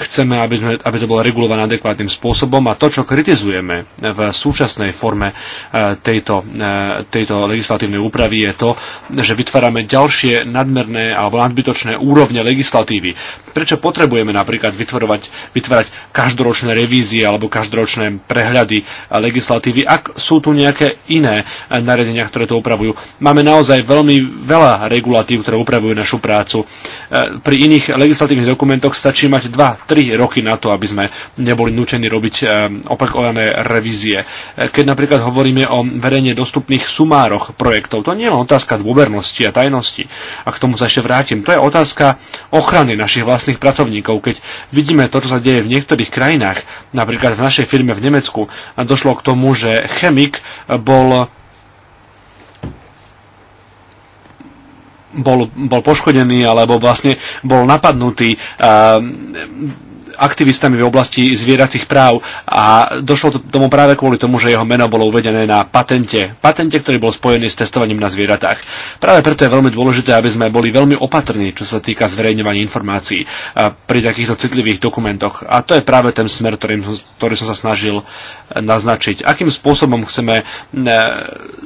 Chceme, aby, sme, aby to bolo regulované adekvátnym spôsobom a to, čo kritizujeme v súčasnej forme e, tejto e, tejto legislatívnej úpravy je to, že vytvárame ďalšie nadmerné alebo nadbytočné úrovne legislatívy. Prečo potrebujeme napríklad vytvorovať, vytvárať každoročné revízie alebo každoročné prehľady legislatívy, ak sú tu nejaké iné nariadenia, ktoré to upravujú. Máme naozaj veľmi veľa regulatív, ktoré upravujú našu prácu. E, pri iných legislatívnych dokumentoch stačí mať 2-3 roky na to, aby sme neboli nutení robiť e, opakované revízie. E, keď napríklad hovoríme o verejne dostupných samotných sumároch projektov. To nie je len otázka dôvernosti a tajnosti. A k tomu sa ešte vrátim. To je otázka ochrany našich vlastných pracovníkov. Keď vidíme to, čo sa deje v niektorých krajinách, napríklad v našej firme v Nemecku, došlo k tomu, že chemik bol bol, bol poškodený alebo vlastne bol napadnutý. Uh, aktivistami v oblasti zvieracích práv a došlo to tomu práve kvôli tomu, že jeho meno bolo uvedené na patente. Patente, ktorý bol spojený s testovaním na zvieratách. Práve preto je veľmi dôležité, aby sme boli veľmi opatrní, čo sa týka zverejňovania informácií pri takýchto citlivých dokumentoch. A to je práve ten smer, ktorým, ktorý som sa snažil naznačiť. Akým spôsobom chceme e,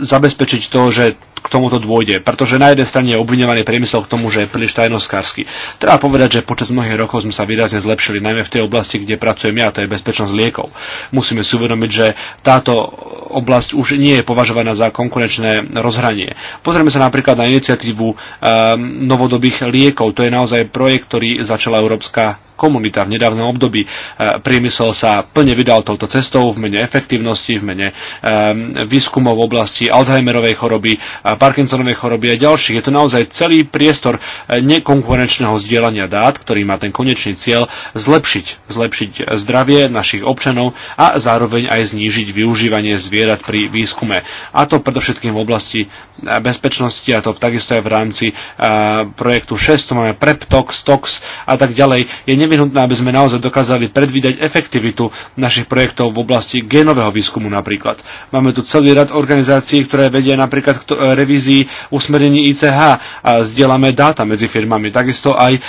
zabezpečiť to, že k tomuto dôjde, pretože na jednej strane je obviňovaný priemysel k tomu, že je príliš tajnoskársky. Treba povedať, že počas mnohých rokov sme sa výrazne zlepšili, najmä v tej oblasti, kde pracujem ja, to je bezpečnosť liekov. Musíme si uvedomiť, že táto oblasť už nie je považovaná za konkurenčné rozhranie. Pozrieme sa napríklad na iniciatívu um, novodobých liekov. To je naozaj projekt, ktorý začala Európska komunita v nedávnom období. E, priemysel sa plne vydal touto cestou v mene efektívnosti, v mene výskumov v oblasti Alzheimerovej choroby, Parkinsonovej choroby a ďalších. Je to naozaj celý priestor e, nekonkurenčného zdieľania dát, ktorý má ten konečný cieľ zlepšiť, zlepšiť zdravie našich občanov a zároveň aj znížiť využívanie zvierat pri výskume. A to predovšetkým v oblasti e, bezpečnosti a to takisto aj v rámci projektu 6, máme PrepTox, TOX a tak ďalej. Je nevyhnutné, aby sme naozaj dokázali predvídať efektivitu našich projektov v oblasti genového výskumu napríklad. Máme tu celý rad organizácií, ktoré vedia napríklad k e, revízii usmerení ICH a zdieľame dáta medzi firmami. Takisto aj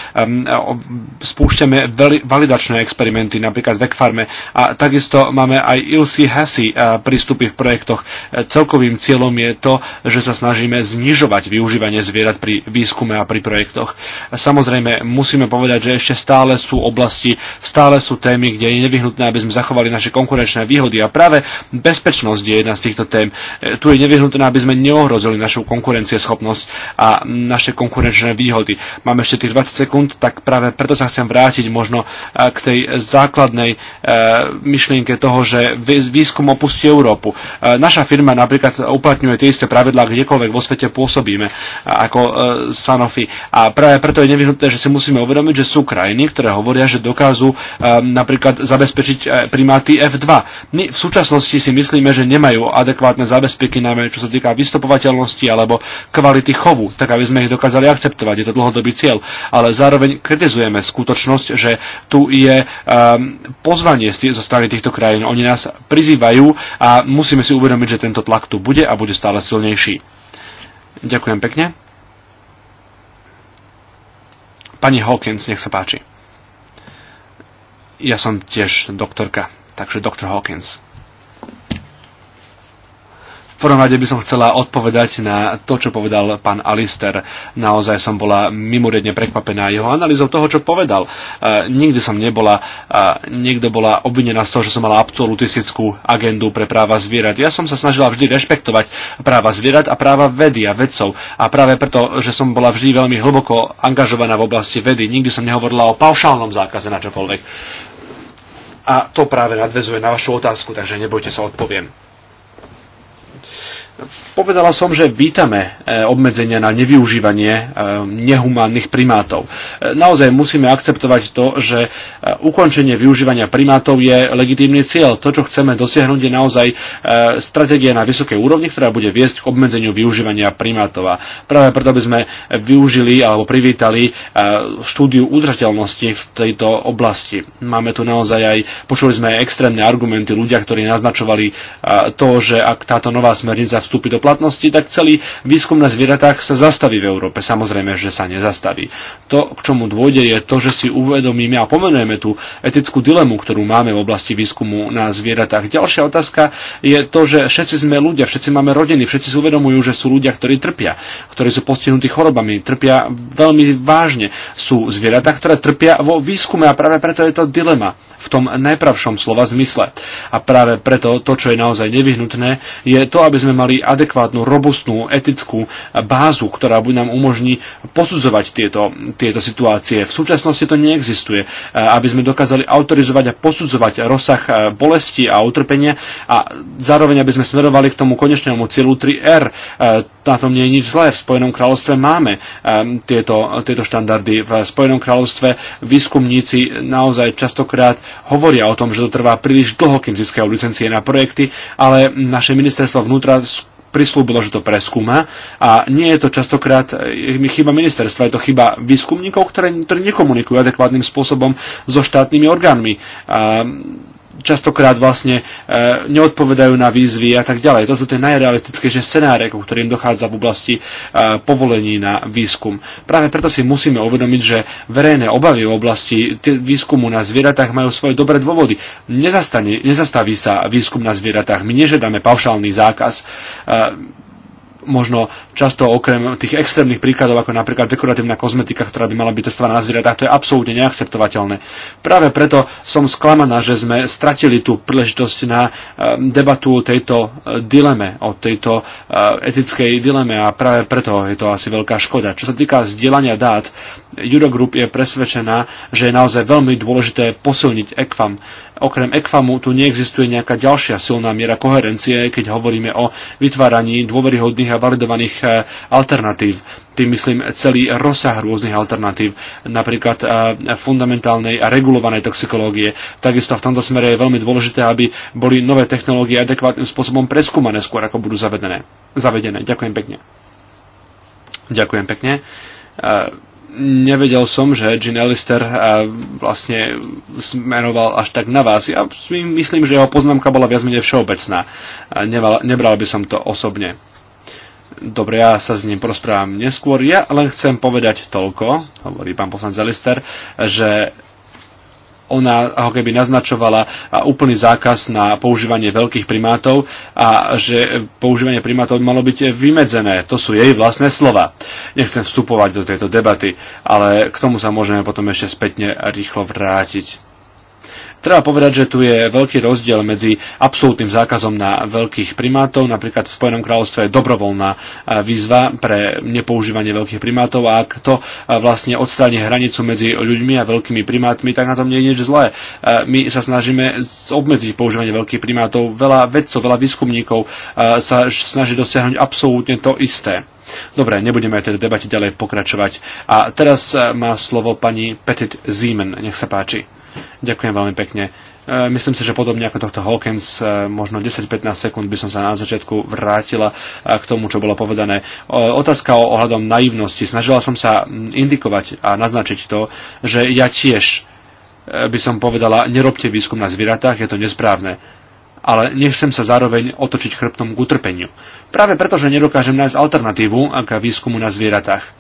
spúšťame validačné experimenty napríklad v Ekfarme a takisto máme aj ILSI HASI e, prístupy v projektoch. E, celkovým cieľom je to, že sa snažíme znižovať využívanie zvierat pri výskume a pri projektoch. Samozrejme, musíme povedať, že ešte stále sú sú oblasti, stále sú témy, kde je nevyhnutné, aby sme zachovali naše konkurenčné výhody. A práve bezpečnosť je jedna z týchto tém. E, tu je nevyhnutné, aby sme neohrozili našu konkurencieschopnosť a naše konkurenčné výhody. Máme ešte tých 20 sekúnd, tak práve preto sa chcem vrátiť možno e, k tej základnej e, myšlienke toho, že výskum opustí Európu. Naša firma napríklad uplatňuje tie isté pravidlá kdekoľvek vo svete pôsobíme ako Sanofi. A práve preto je nevyhnutné, že si musíme uvedomiť, že sú krajiny, ktoré hovoria, že dokážu eh, napríklad zabezpečiť eh, primáty F2. My v súčasnosti si myslíme, že nemajú adekvátne zabezpeky, najmä čo sa týka vystopovateľnosti alebo kvality chovu, tak aby sme ich dokázali akceptovať. Je to dlhodobý cieľ. Ale zároveň kritizujeme skutočnosť, že tu je ehm, pozvanie zo strany týchto krajín. Oni nás prizývajú a musíme si uvedomiť, že tento tlak tu bude a bude stále silnejší. Ďakujem pekne. Pani Hawkins, nech sa páči ja som tiež doktorka, takže doktor Hawkins. V prvom rade by som chcela odpovedať na to, čo povedal pán Alister. Naozaj som bola mimoriadne prekvapená jeho analýzou toho, čo povedal. E, nikdy som nebola, e, niekto bola obvinená z toho, že som mala absolutistickú agendu pre práva zvierat. Ja som sa snažila vždy rešpektovať práva zvierat a práva vedy a vedcov. A práve preto, že som bola vždy veľmi hlboko angažovaná v oblasti vedy, nikdy som nehovorila o paušálnom zákaze na čokoľvek. A to práve nadvezuje na vašu otázku, takže nebojte sa, odpoviem. Povedala som, že vítame e, obmedzenia na nevyužívanie e, nehumánnych primátov. E, naozaj musíme akceptovať to, že ukončenie využívania primátov je legitímny cieľ. To, čo chceme dosiahnuť, je naozaj stratégia na vysokej úrovni, ktorá bude viesť k obmedzeniu využívania primátov. A práve preto by sme využili alebo privítali štúdiu udržateľnosti v tejto oblasti. Máme tu naozaj aj, počuli sme extrémne argumenty ľudia, ktorí naznačovali to, že ak táto nová smernica vstúpi do platnosti, tak celý výskum na zvieratách sa zastaví v Európe. Samozrejme, že sa nezastaví. To, k čomu dôjde, je to, že si uvedomíme a pomenujeme tú etickú dilemu, ktorú máme v oblasti výskumu na zvieratách. Ďalšia otázka je to, že všetci sme ľudia, všetci máme rodiny, všetci si uvedomujú, že sú ľudia, ktorí trpia, ktorí sú postihnutí chorobami, trpia veľmi vážne. Sú zvieratá, ktoré trpia vo výskume a práve preto je to dilema v tom najpravšom slova zmysle. A práve preto to, čo je naozaj nevyhnutné, je to, aby sme mali adekvátnu, robustnú, etickú bázu, ktorá by nám umožní posudzovať tieto, tieto situácie. V súčasnosti to neexistuje, aby sme dokázali autorizovať a posudzovať rozsah e, bolesti a utrpenia a zároveň, aby sme smerovali k tomu konečnému cieľu 3R. E, na tom nie je nič zlé. V Spojenom kráľovstve máme e, tieto, tieto štandardy. V Spojenom kráľovstve výskumníci naozaj častokrát hovoria o tom, že to trvá príliš dlho, kým získajú licencie na projekty, ale naše ministerstvo vnútra prislúbilo, že to preskúma a nie je to častokrát e, chyba ministerstva, je to chyba výskumníkov, ktoré, ktorí nekomunikujú adekvátnym spôsobom so štátnymi orgánmi. A častokrát vlastne e, neodpovedajú na výzvy a tak ďalej. To sú tie najrealistickejšie scenáre, ku ktorým dochádza v oblasti e, povolení na výskum. Práve preto si musíme uvedomiť, že verejné obavy v oblasti výskumu na zvieratách majú svoje dobré dôvody. Nezastane, nezastaví sa výskum na zvieratách. My nežiadame paušálny zákaz e, možno často okrem tých extrémnych príkladov, ako napríklad dekoratívna kozmetika, ktorá by mala byť testovaná na zvieratách, to je absolútne neakceptovateľné. Práve preto som sklamaná, že sme stratili tú príležitosť na eh, debatu o tejto eh, dileme, o tejto eh, etickej dileme a práve preto je to asi veľká škoda. Čo sa týka zdieľania dát, Eurogroup je presvedčená, že je naozaj veľmi dôležité posilniť ECFAM. Okrem ECFAMu tu neexistuje nejaká ďalšia silná miera koherencie, keď hovoríme o vytváraní dôveryhodných a validovaných e, alternatív. Tým myslím celý rozsah rôznych alternatív, napríklad e, fundamentálnej a regulovanej toxikológie. Takisto v tomto smere je veľmi dôležité, aby boli nové technológie adekvátnym spôsobom preskúmané skôr, ako budú zavedené. zavedené. Ďakujem pekne. Ďakujem pekne e, nevedel som, že Jean Alistair eh, vlastne smeroval až tak na vás. Ja myslím, že jeho poznámka bola viac menej všeobecná. nebral by som to osobne. Dobre, ja sa s ním prosprávam neskôr. Ja len chcem povedať toľko, hovorí pán poslanec Alistair, že ona ako keby naznačovala úplný zákaz na používanie veľkých primátov a že používanie primátov malo byť vymedzené. To sú jej vlastné slova. Nechcem vstupovať do tejto debaty, ale k tomu sa môžeme potom ešte spätne rýchlo vrátiť. Treba povedať, že tu je veľký rozdiel medzi absolútnym zákazom na veľkých primátov, napríklad v Spojenom kráľovstve je dobrovoľná e, výzva pre nepoužívanie veľkých primátov a ak to e, vlastne odstráni hranicu medzi ľuďmi a veľkými primátmi, tak na tom nie je nič zlé. E, my sa snažíme obmedziť používanie veľkých primátov. Veľa vedcov, veľa výskumníkov sa snaží dosiahnuť absolútne to isté. Dobre, nebudeme aj teda debate ďalej pokračovať. A teraz má slovo pani Petit Ziemen. Nech sa páči. Ďakujem veľmi pekne. E, myslím si, že podobne ako tohto Hawkins, e, možno 10-15 sekúnd by som sa na začiatku vrátila e, k tomu, čo bolo povedané. Otázka o ohľadom naivnosti. Snažila som sa indikovať a naznačiť to, že ja tiež by som povedala, nerobte výskum na zvieratách, je to nesprávne ale nechcem sa zároveň otočiť chrbtom k utrpeniu. Práve preto, že nedokážem nájsť alternatívu k výskumu na zvieratách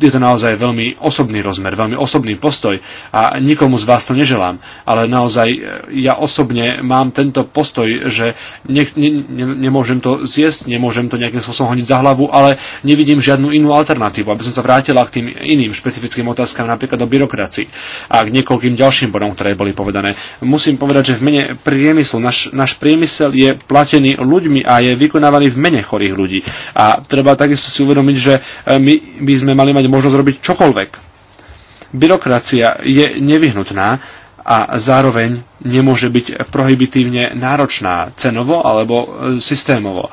je to naozaj veľmi osobný rozmer, veľmi osobný postoj a nikomu z vás to neželám, ale naozaj e, ja osobne mám tento postoj, že ne, ne, ne, nemôžem to zjesť, nemôžem to nejakým spôsobom honiť za hlavu, ale nevidím žiadnu inú alternatívu, aby som sa vrátila k tým iným špecifickým otázkam, napríklad o byrokracii a k niekoľkým ďalším bodom, ktoré boli povedané. Musím povedať, že v mene priemyslu, náš, náš priemysel je platený ľuďmi a je vykonávaný v mene chorých ľudí. A treba takisto si uvedomiť, že e, my by sme mali mať mať možnosť robiť čokoľvek. Byrokracia je nevyhnutná a zároveň nemôže byť prohibitívne náročná cenovo alebo e, systémovo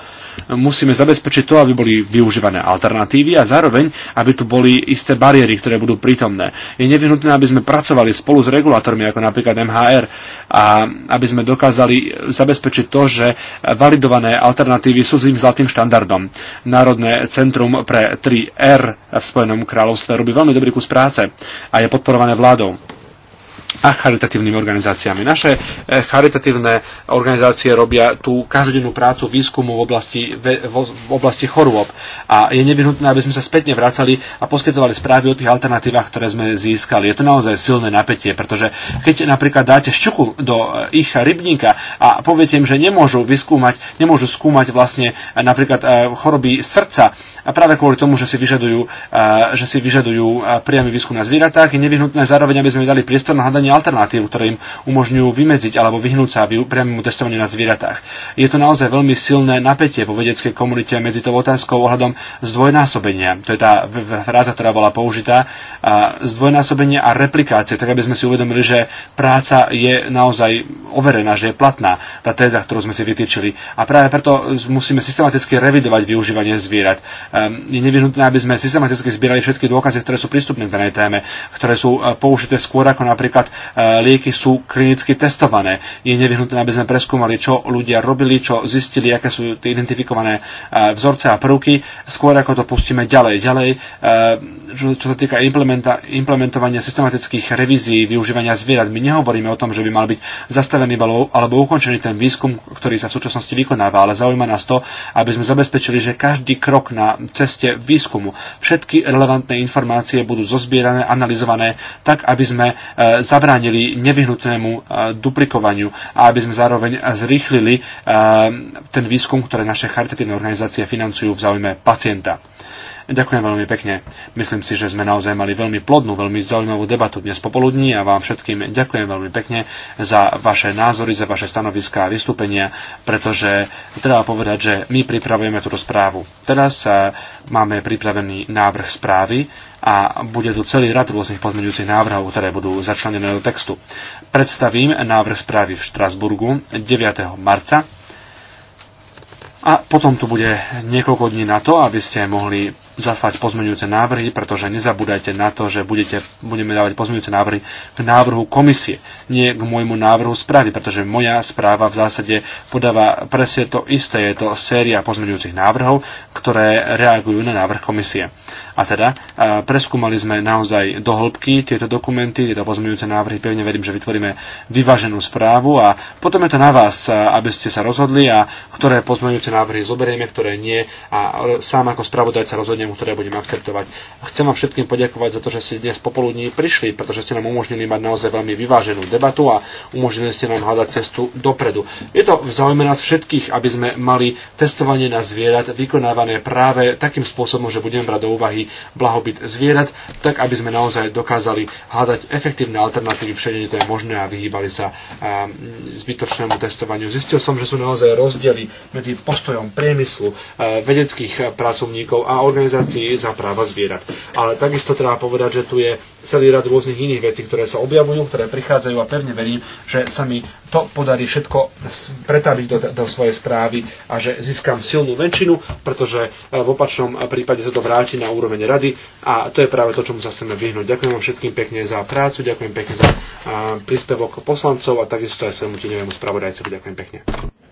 musíme zabezpečiť to, aby boli využívané alternatívy a zároveň, aby tu boli isté bariéry, ktoré budú prítomné. Je nevyhnutné, aby sme pracovali spolu s regulátormi, ako napríklad MHR, a aby sme dokázali zabezpečiť to, že validované alternatívy sú s tým zlatým štandardom. Národné centrum pre 3R v Spojenom kráľovstve robí veľmi dobrý kus práce a je podporované vládou a charitatívnymi organizáciami. Naše eh, charitatívne organizácie robia tú každodennú prácu výskumu v oblasti, v oblasti chorôb a je nevyhnutné, aby sme sa spätne vracali a poskytovali správy o tých alternatívach, ktoré sme získali. Je to naozaj silné napätie, pretože keď napríklad dáte šťuku do eh, ich rybníka a poviete im, že nemôžu vyskúmať, nemôžu skúmať vlastne eh, napríklad choroby srdca a práve kvôli tomu, že si vyžadujú, že si vyžadujú priamy výskum na zvieratách, je nevyhnutné zároveň, aby sme dali priestor na hľadanie hľadanie alternatív, ktoré im umožňujú vymedziť alebo vyhnúť sa priamému testovaniu na zvieratách. Je to naozaj veľmi silné napätie vo vedeckej komunite medzi tou otázkou ohľadom zdvojnásobenia. To je tá fráza, ktorá bola použitá. Zdvojnásobenie a replikácie, tak aby sme si uvedomili, že práca je naozaj overená, že je platná, tá téza, ktorú sme si vytýčili. A práve preto musíme systematicky revidovať využívanie zvierat. Ehm, je nevyhnutné, aby sme systematicky zbierali všetky dôkazy, ktoré sú prístupné k danej téme, ktoré sú e, použité skôr ako napríklad Eh, lieky sú klinicky testované. Je nevyhnutné, aby sme preskúmali, čo ľudia robili, čo zistili, aké sú tie identifikované eh, vzorce a prvky, skôr ako to pustíme ďalej. Ďalej, eh, čo sa týka implementovania systematických revízií využívania zvierat, my nehovoríme o tom, že by mal byť zastavený alebo ukončený ten výskum, ktorý sa v súčasnosti vykonáva, ale zaujíma nás to, aby sme zabezpečili, že každý krok na ceste výskumu, všetky relevantné informácie budú zozbierané, analyzované, tak aby sme zabránili nevyhnutnému e, duplikovaniu a aby sme zároveň zrýchlili e, ten výskum, ktoré naše charitatívne organizácie financujú v záujme pacienta. Ďakujem veľmi pekne. Myslím si, že sme naozaj mali veľmi plodnú, veľmi zaujímavú debatu dnes popoludní a vám všetkým ďakujem veľmi pekne za vaše názory, za vaše stanoviská a vystúpenia, pretože treba povedať, že my pripravujeme túto správu. Teraz e, máme pripravený návrh správy, a bude tu celý rad rôznych pozmeňujúcich návrhov, ktoré budú začlenené do textu. Predstavím návrh správy v Štrasburgu 9. marca a potom tu bude niekoľko dní na to, aby ste mohli zaslať pozmeňujúce návrhy, pretože nezabúdajte na to, že budete, budeme dávať pozmeňujúce návrhy k návrhu komisie, nie k môjmu návrhu správy, pretože moja správa v zásade podáva presne to isté. Je to séria pozmeňujúcich návrhov, ktoré reagujú na návrh komisie. A teda preskúmali sme naozaj do hĺbky tieto dokumenty, tieto pozmeňujúce návrhy. Pevne verím, že vytvoríme vyváženú správu a potom je to na vás, aby ste sa rozhodli a ktoré pozmeňujúce návrhy zoberieme, ktoré nie a sám ako spravodajca rozhodne riešeniu, ktoré budeme akceptovať. A chcem vám všetkým poďakovať za to, že ste dnes popoludní prišli, pretože ste nám umožnili mať naozaj veľmi vyváženú debatu a umožnili ste nám hľadať cestu dopredu. Je to v záujme nás všetkých, aby sme mali testovanie na zvierat vykonávané práve takým spôsobom, že budeme brať do úvahy blahobyt zvierat, tak aby sme naozaj dokázali hľadať efektívne alternatívy všade, kde to je možné a vyhýbali sa mm, zbytočnému testovaniu. Zistil som, že sú naozaj rozdiely medzi postojom priemyslu, vedeckých pracovníkov a organizácií organizácií za práva zvierat. Ale takisto treba povedať, že tu je celý rad rôznych iných vecí, ktoré sa objavujú, ktoré prichádzajú a pevne verím, že sa mi to podarí všetko pretaviť do, do svojej správy a že získam silnú väčšinu, pretože e, v opačnom prípade sa to vráti na úroveň rady a to je práve to, čomu sa chceme vyhnúť. Ďakujem vám všetkým pekne za prácu, ďakujem pekne za e, príspevok poslancov a takisto aj svojmu tieňovému spravodajcovi. Ďakujem pekne.